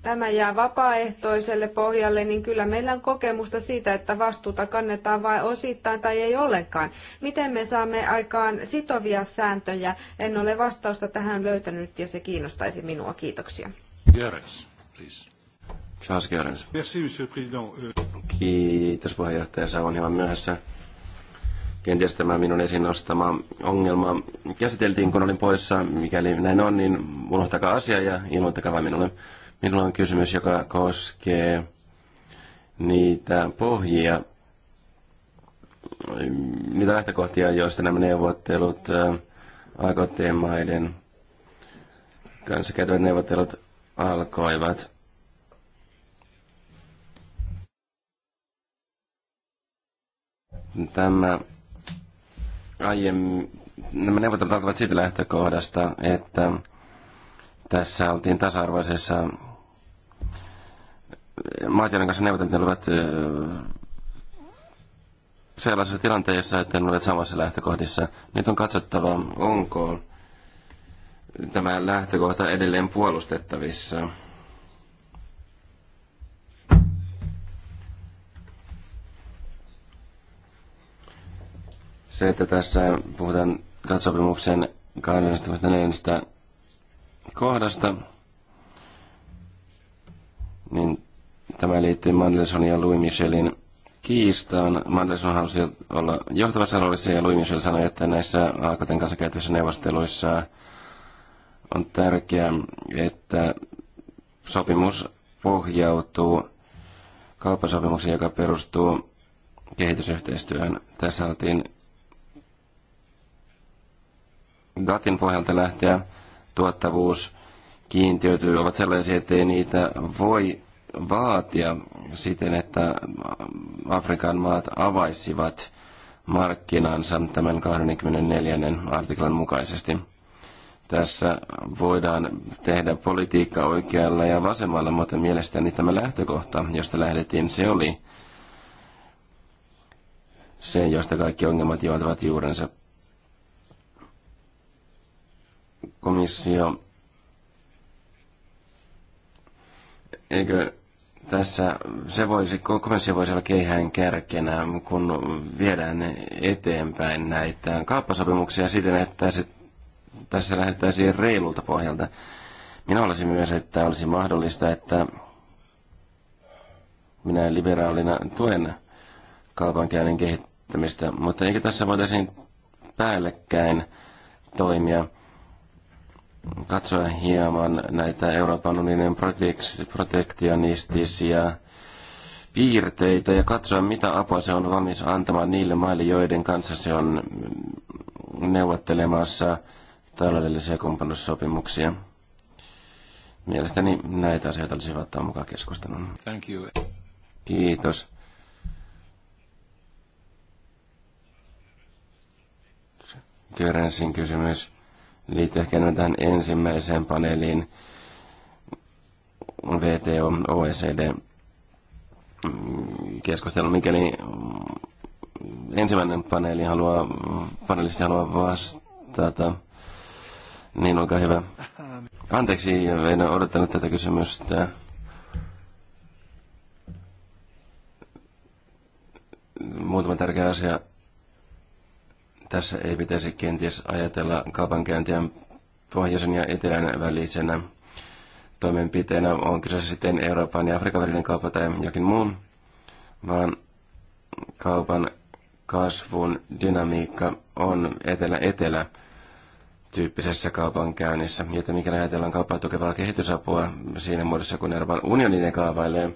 tämä jää vapaaehtoiselle pohjalle, niin kyllä meillä on kokemusta siitä, että vastuuta kannetaan vain osittain tai ei ollenkaan. Miten me saamme aikaan sitovia sääntöjä? En ole vastausta tähän löytänyt ja se kiinnostaisi minua. Kiitoksia. please. Charles Görens. Merci, monsieur président. Euh, Kiitos puheenjohtaja, Savon hieman myöhässä. Kenties tämä minun esiin nostama ongelma käsiteltiin, kun olin poissa. Mikäli näin on, niin unohtakaa asia ja ilmoittakaa vain minulle. Minulla on kysymys, joka koskee niitä pohjia, niitä lähtökohtia, joista nämä neuvottelut äh, aikoitteen maiden kanssa käytävät neuvottelut alkoivat. Tämä aiemmin, nämä neuvottelut alkoivat siitä lähtökohdasta, että tässä oltiin tasa-arvoisessa maat, joiden kanssa neuvoteltiin, olivat sellaisessa tilanteessa, että ne olivat samassa lähtökohdissa. Nyt on katsottava, onko tämä lähtökohta edelleen puolustettavissa. Se, että tässä puhutaan katsopimuksen 24. kohdasta, niin tämä liittyy Mandelsonin ja Louis Michelin kiistaan. Mandelson halusi olla johtavassa roolissa ja Louis Michel sanoi, että näissä AKTn kanssa käytävissä neuvosteluissa on tärkeää, että sopimus pohjautuu kauppasopimukseen, joka perustuu kehitysyhteistyöhön. Tässä haluttiin GATin pohjalta lähteä tuottavuus kiintiöt ovat sellaisia, ei niitä voi vaatia siten, että Afrikan maat avaisivat markkinansa tämän 24. artiklan mukaisesti. Tässä voidaan tehdä politiikka oikealla ja vasemmalla, mutta mielestäni tämä lähtökohta, josta lähdettiin, se oli se, josta kaikki ongelmat juontavat juurensa komissio, eikö tässä se voisi, komissio voisi olla keihään kärkenä, kun viedään eteenpäin näitä kauppasopimuksia siten, että se, tässä lähdettäisiin reilulta pohjalta. Minä olisin myös, että olisi mahdollista, että minä liberaalina tuen kaupankäynnin kehittämistä, mutta eikö tässä voitaisiin päällekkäin toimia – katsoa hieman näitä Euroopan unionin protektionistisia piirteitä ja katsoa, mitä apua se on valmis antamaan niille maille, joiden kanssa se on neuvottelemassa taloudellisia kumppanuussopimuksia. Mielestäni näitä asioita olisi hyvä ottaa mukaan keskustelun. Thank you. Kiitos. Körensin kysymys liittyy ehkä enemmän tähän ensimmäiseen paneeliin VTO, OECD keskustelu, mikäli ensimmäinen paneeli haluaa, paneelisti haluaa vastata, niin olkaa hyvä. Anteeksi, en odottanut tätä kysymystä. Muutama tärkeä asia tässä ei pitäisi kenties ajatella kaupankäyntiä pohjoisen ja etelän välisenä toimenpiteenä, on kyseessä sitten Euroopan ja Afrikan välinen kauppa tai jokin muu, vaan kaupan kasvun dynamiikka on etelä-etelä tyyppisessä kaupankäynnissä. Joten mikä ajatellaan kauppaa tukevaa kehitysapua siinä muodossa, kun Euroopan unionin kaavailee,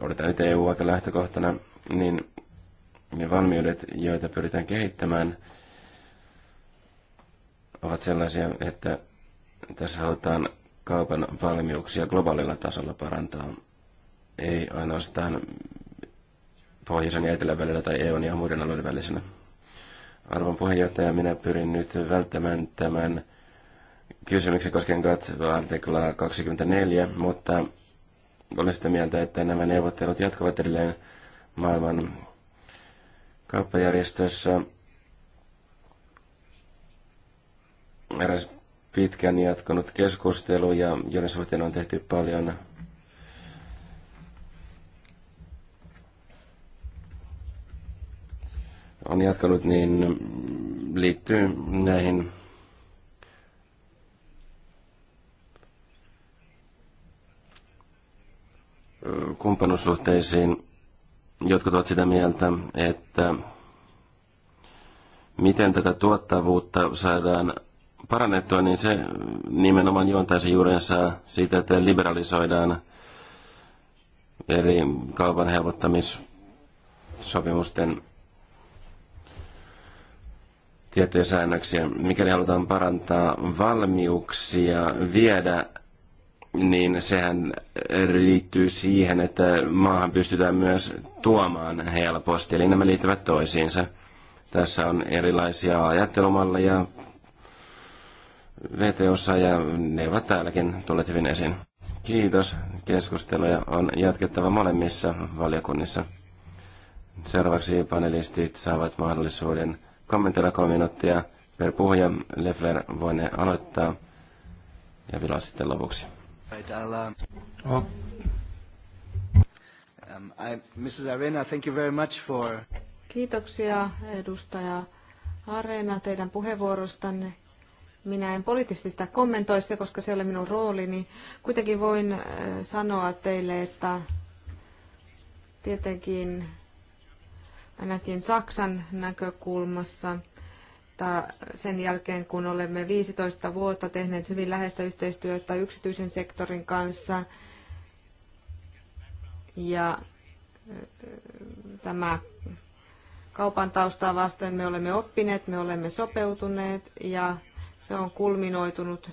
odotetaan nyt EU aika lähtökohtana, niin ne valmiudet, joita pyritään kehittämään, ovat sellaisia, että tässä halutaan kaupan valmiuksia globaalilla tasolla parantaa. Ei ainoastaan pohjoisen ja etelän välillä tai EUn ja muiden alueiden välisenä. Arvon puheenjohtaja, minä pyrin nyt välttämään tämän kysymyksen koskien artiklaa 24, mutta olen sitä mieltä, että nämä neuvottelut jatkuvat edelleen maailman Kauppajärjestössä eräs pitkän jatkunut keskustelu ja joiden suhteen on tehty paljon on jatkanut, niin liittyy näihin kumppanussuhteisiin Jotkut ovat sitä mieltä, että miten tätä tuottavuutta saadaan parannettua, niin se nimenomaan juontaisi juurensa siitä, että liberalisoidaan eri kaupan helpottamissopimusten tiettyjä säännöksiä. Mikäli halutaan parantaa valmiuksia viedä niin sehän liittyy siihen, että maahan pystytään myös tuomaan helposti, eli nämä liittyvät toisiinsa. Tässä on erilaisia ajattelumalleja VTOssa ja ne ovat täälläkin tulleet hyvin esiin. Kiitos. Keskusteluja on jatkettava molemmissa valiokunnissa. Seuraavaksi panelistit saavat mahdollisuuden kommentoida kolme minuuttia per puhuja. Leffler voi ne aloittaa ja vilaa sitten lopuksi. Right, I'll, um... Oh. Um, I, Mrs. Arena, thank you very much for... Kiitoksia edustaja Arena, teidän puheenvuorostanne. Minä en poliittisesti sitä kommentoi koska se ei ole minun roolini. Kuitenkin voin äh, sanoa teille, että tietenkin ainakin Saksan näkökulmassa – mutta sen jälkeen kun olemme 15 vuotta tehneet hyvin läheistä yhteistyötä yksityisen sektorin kanssa ja tämä kaupan taustaa vasten me olemme oppineet, me olemme sopeutuneet ja se on kulminoitunut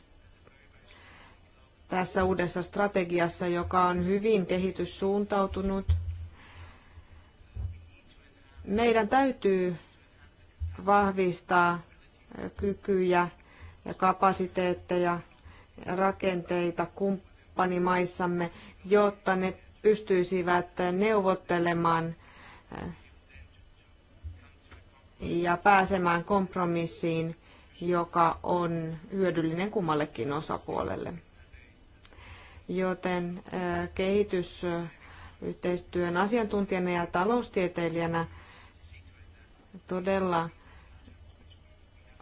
tässä uudessa strategiassa, joka on hyvin kehityssuuntautunut. Meidän täytyy vahvistaa kykyjä ja kapasiteetteja ja rakenteita kumppanimaissamme, jotta ne pystyisivät neuvottelemaan eh, ja pääsemään kompromissiin, joka on hyödyllinen kummallekin osapuolelle. Joten eh, kehitysyhteistyön asiantuntijana ja taloustieteilijänä todella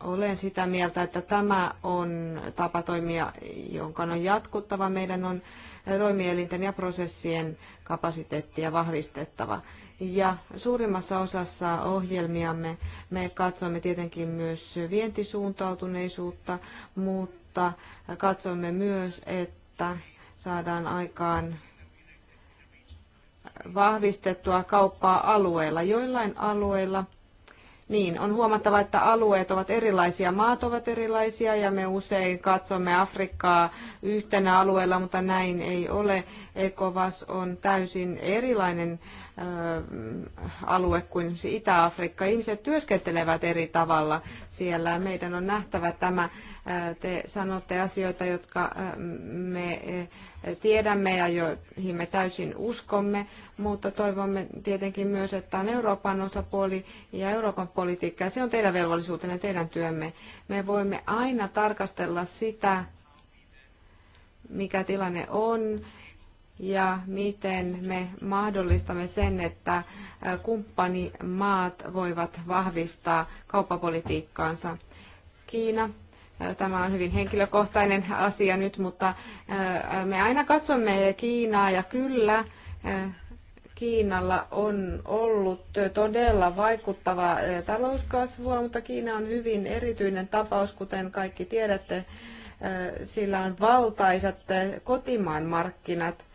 olen sitä mieltä, että tämä on tapa toimia, jonka on jatkuttava. Meidän on toimielinten ja prosessien kapasiteettia vahvistettava. Ja suurimmassa osassa ohjelmiamme me katsomme tietenkin myös vientisuuntautuneisuutta, mutta katsomme myös, että saadaan aikaan vahvistettua kauppaa alueilla. Joillain alueilla niin, on huomattava, että alueet ovat erilaisia, maat ovat erilaisia ja me usein katsomme Afrikkaa yhtenä alueella, mutta näin ei ole. ECOWAS on täysin erilainen alue kuin Itä-Afrikka. Ihmiset työskentelevät eri tavalla siellä. Meidän on nähtävä tämä. Te sanotte asioita, jotka me tiedämme ja joihin me täysin uskomme, mutta toivomme tietenkin myös, että on Euroopan osapuoli ja Euroopan politiikka, ja se on teidän velvollisuutenne, teidän työmme. Me voimme aina tarkastella sitä, mikä tilanne on, ja miten me mahdollistamme sen, että kumppanimaat voivat vahvistaa kauppapolitiikkaansa. Kiina Tämä on hyvin henkilökohtainen asia nyt, mutta äh, me aina katsomme Kiinaa ja kyllä äh, Kiinalla on ollut todella vaikuttava äh, talouskasvua, mutta Kiina on hyvin erityinen tapaus, kuten kaikki tiedätte. Sillä on valtaisat kotimaan markkinat.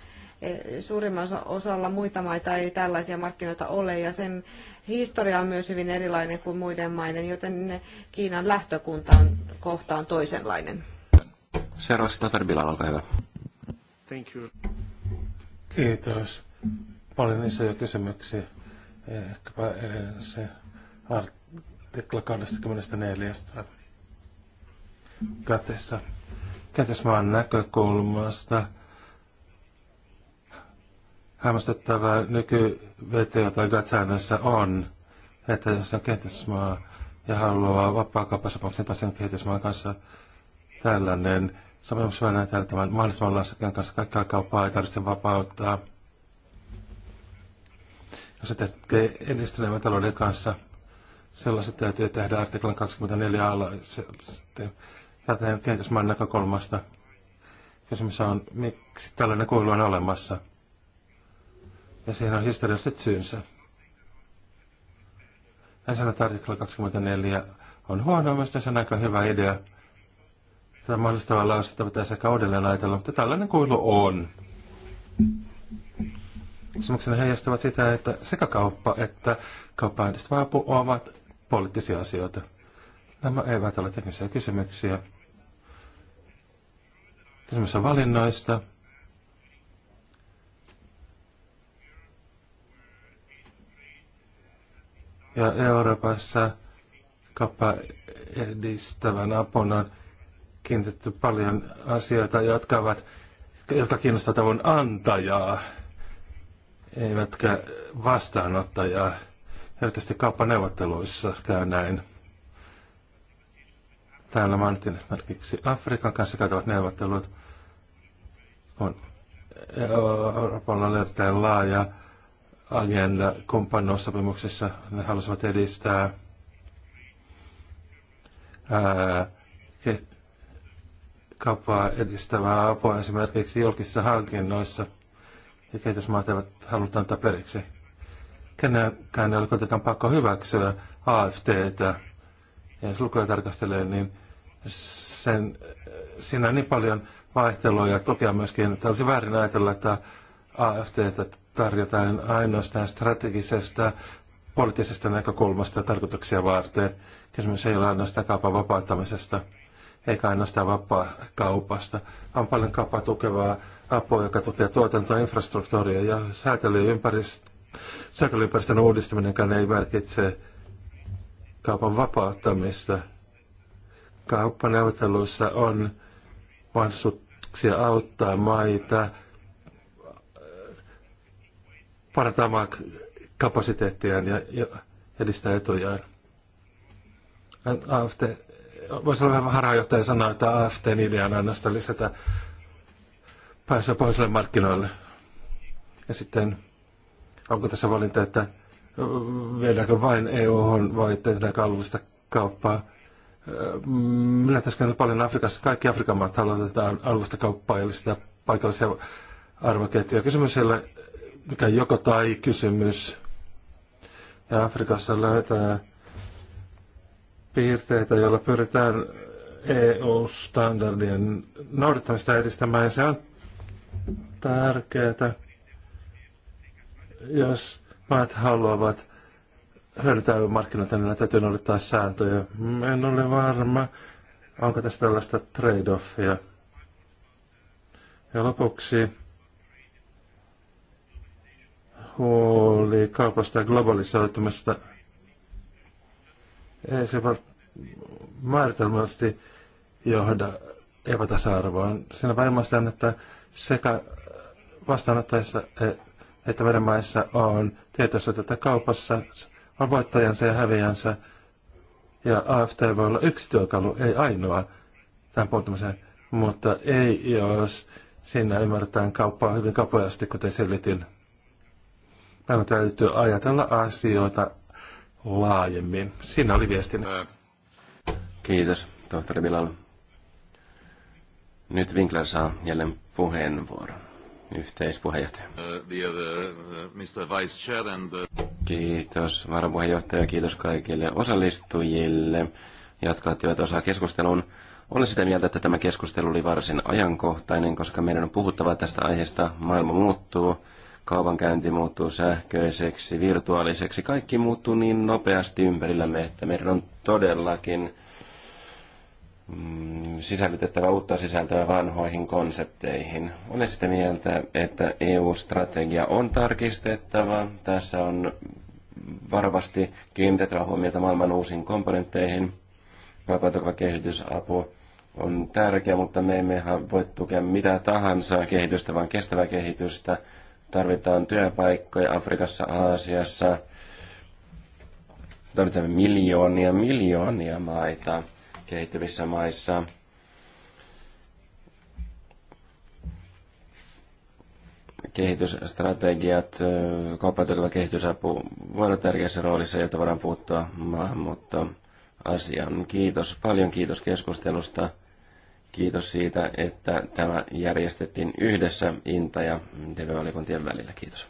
Suurimman osalla muita maita ei tällaisia markkinoita ole ja sen historia on myös hyvin erilainen kuin muiden maiden, joten Kiinan lähtökunta on, kohtaan toisenlainen. Seuraavaksi Tatar Bilal, olkaa hyvä. Thank you. Kiitos. Paljon isoja kysymyksiä. Ehkäpä eh, se artikla 24. Katessa. Kätesmaan näkökulmasta hämmästyttävää nyky VTO tai GATT-säännössä on, että jos on kehitysmaa ja haluaa vapaakauppasopimuksen toisen kehitysmaan kanssa tällainen sopimus näyttää tämän mahdollisimman lasten kanssa kaikkea kauppaa ei tarvitse vapauttaa. Jos se tekee edistyneemmän talouden kanssa, sellaiset täytyy tehdä artiklan 24 alla joten kehitysmaan näkökulmasta. Kysymys on, miksi tällainen kuilu on olemassa. Ja siihen on historialliset syynsä. Hän sanoi, että artikla 24 on huono, minusta se on aika hyvä idea. Tätä mahdollistavaa lausetta pitäisi ehkä uudelleen ajatella, mutta tällainen kuilu on. Kysymykseni heijastavat sitä, että sekä kauppa että kauppaan apu ovat poliittisia asioita. Nämä eivät ole teknisiä kysymyksiä. Kysymys on valinnoista, ja Euroopassa kappa edistävän apun on kiinnitetty paljon asioita, jotka, ovat, jotka kiinnostavat avun antajaa, eivätkä vastaanottajaa. Erityisesti kauppaneuvotteluissa käy näin. Täällä mainittiin esimerkiksi Afrikan kanssa käytävät neuvottelut, On Euroopalla on erittäin laaja agenda kumppanuussopimuksessa. Ne halusivat edistää ää, ke, kauppaa edistävää apua esimerkiksi julkisissa hankinnoissa. Ja kehitysmaat eivät halunnut antaa periksi. Kenenkään ei ole kuitenkaan pakko hyväksyä AFTtä. Ja jos lukuja tarkastelee, niin sen, siinä on niin paljon vaihtelua ja tukea myöskin, että olisi väärin ajatella, että AFTtä tarjotaan ainoastaan strategisesta poliittisesta näkökulmasta tarkoituksia varten. Kysymys ei ole ainoastaan kaupan vapauttamisesta, eikä ainoastaan vapaa-kaupasta. On paljon kauppaa tukevaa apua, joka tukee tuotantoa, infrastruktuuria ja säätelyympäristön uudistaminen, joka ei merkitse kaupan vapauttamista. Kauppaneuvotteluissa on mahdollisuuksia auttaa maita parantamaan kapasiteettiaan ja, ja edistää etujaan. AFT, voisi olla vähän harhaanjohtaja sanoa, että AFTn idea on ainoastaan lisätä pääsyä pohjoisille markkinoille. Ja sitten onko tässä valinta, että viedäänkö vain EU vai tehdäänkö alueellista kauppaa. Minä tässä paljon Afrikassa. Kaikki Afrikan maat haluavat alueellista kauppaa ja sitä paikallisia arvoketjuja. Kysymys siellä mikä joko tai kysymys. Ja Afrikassa löytää piirteitä, joilla pyritään EU-standardien noudattamista edistämään. Ja se on tärkeää, jos maat haluavat hyödyntää e markkinoita, niin täytyy noudattaa sääntöjä. En ole varma, onko tässä tällaista trade-offia. Ja lopuksi huoli kaupasta ja globalisoitumista. Ei se määritelmästi johda epätasa-arvoon. Siinä varmaistaan, että sekä vastaanottaessa että meidän maissa on tietoisuutta, että kaupassa on voittajansa ja häviänsä. Ja AFT voi olla yksi työkalu, ei ainoa tämän puuttumiseen, mutta ei jos siinä ymmärretään kauppaa hyvin kapojasti, kuten selitin. Meidän täytyy ajatella asioita laajemmin. Siinä oli viestini. Kiitos, tohtori Bilal. Nyt Winkler saa jälleen puheenvuoron. Yhteispuheenjohtaja. Kiitos varapuheenjohtaja, kiitos kaikille osallistujille, jotka ottivat osaa keskusteluun. Olen sitä mieltä, että tämä keskustelu oli varsin ajankohtainen, koska meidän on puhuttava tästä aiheesta. Maailma muuttuu kaupankäynti muuttuu sähköiseksi, virtuaaliseksi. Kaikki muuttuu niin nopeasti ympärillämme, että meidän on todellakin mm, sisällytettävä uutta sisältöä vanhoihin konsepteihin. Olen sitä mieltä, että EU-strategia on tarkistettava. Tässä on varovasti kiinnitettävä huomiota maailman uusiin komponentteihin. Vapautuva kehitysapu on tärkeä, mutta me emme voi tukea mitä tahansa kehitystä, vaan kestävää kehitystä – Tarvitaan työpaikkoja Afrikassa, Aasiassa. Tarvitsemme miljoonia, miljoonia maita kehittyvissä maissa. kehitysstrategiat, kauppatuleva kehitysapu voi olla tärkeässä roolissa, jotta voidaan puuttua maahanmuuttoasiaan. Kiitos paljon, kiitos keskustelusta. Kiitos siitä, että tämä järjestettiin yhdessä Inta- ja Devevalikuntien välillä. Kiitos.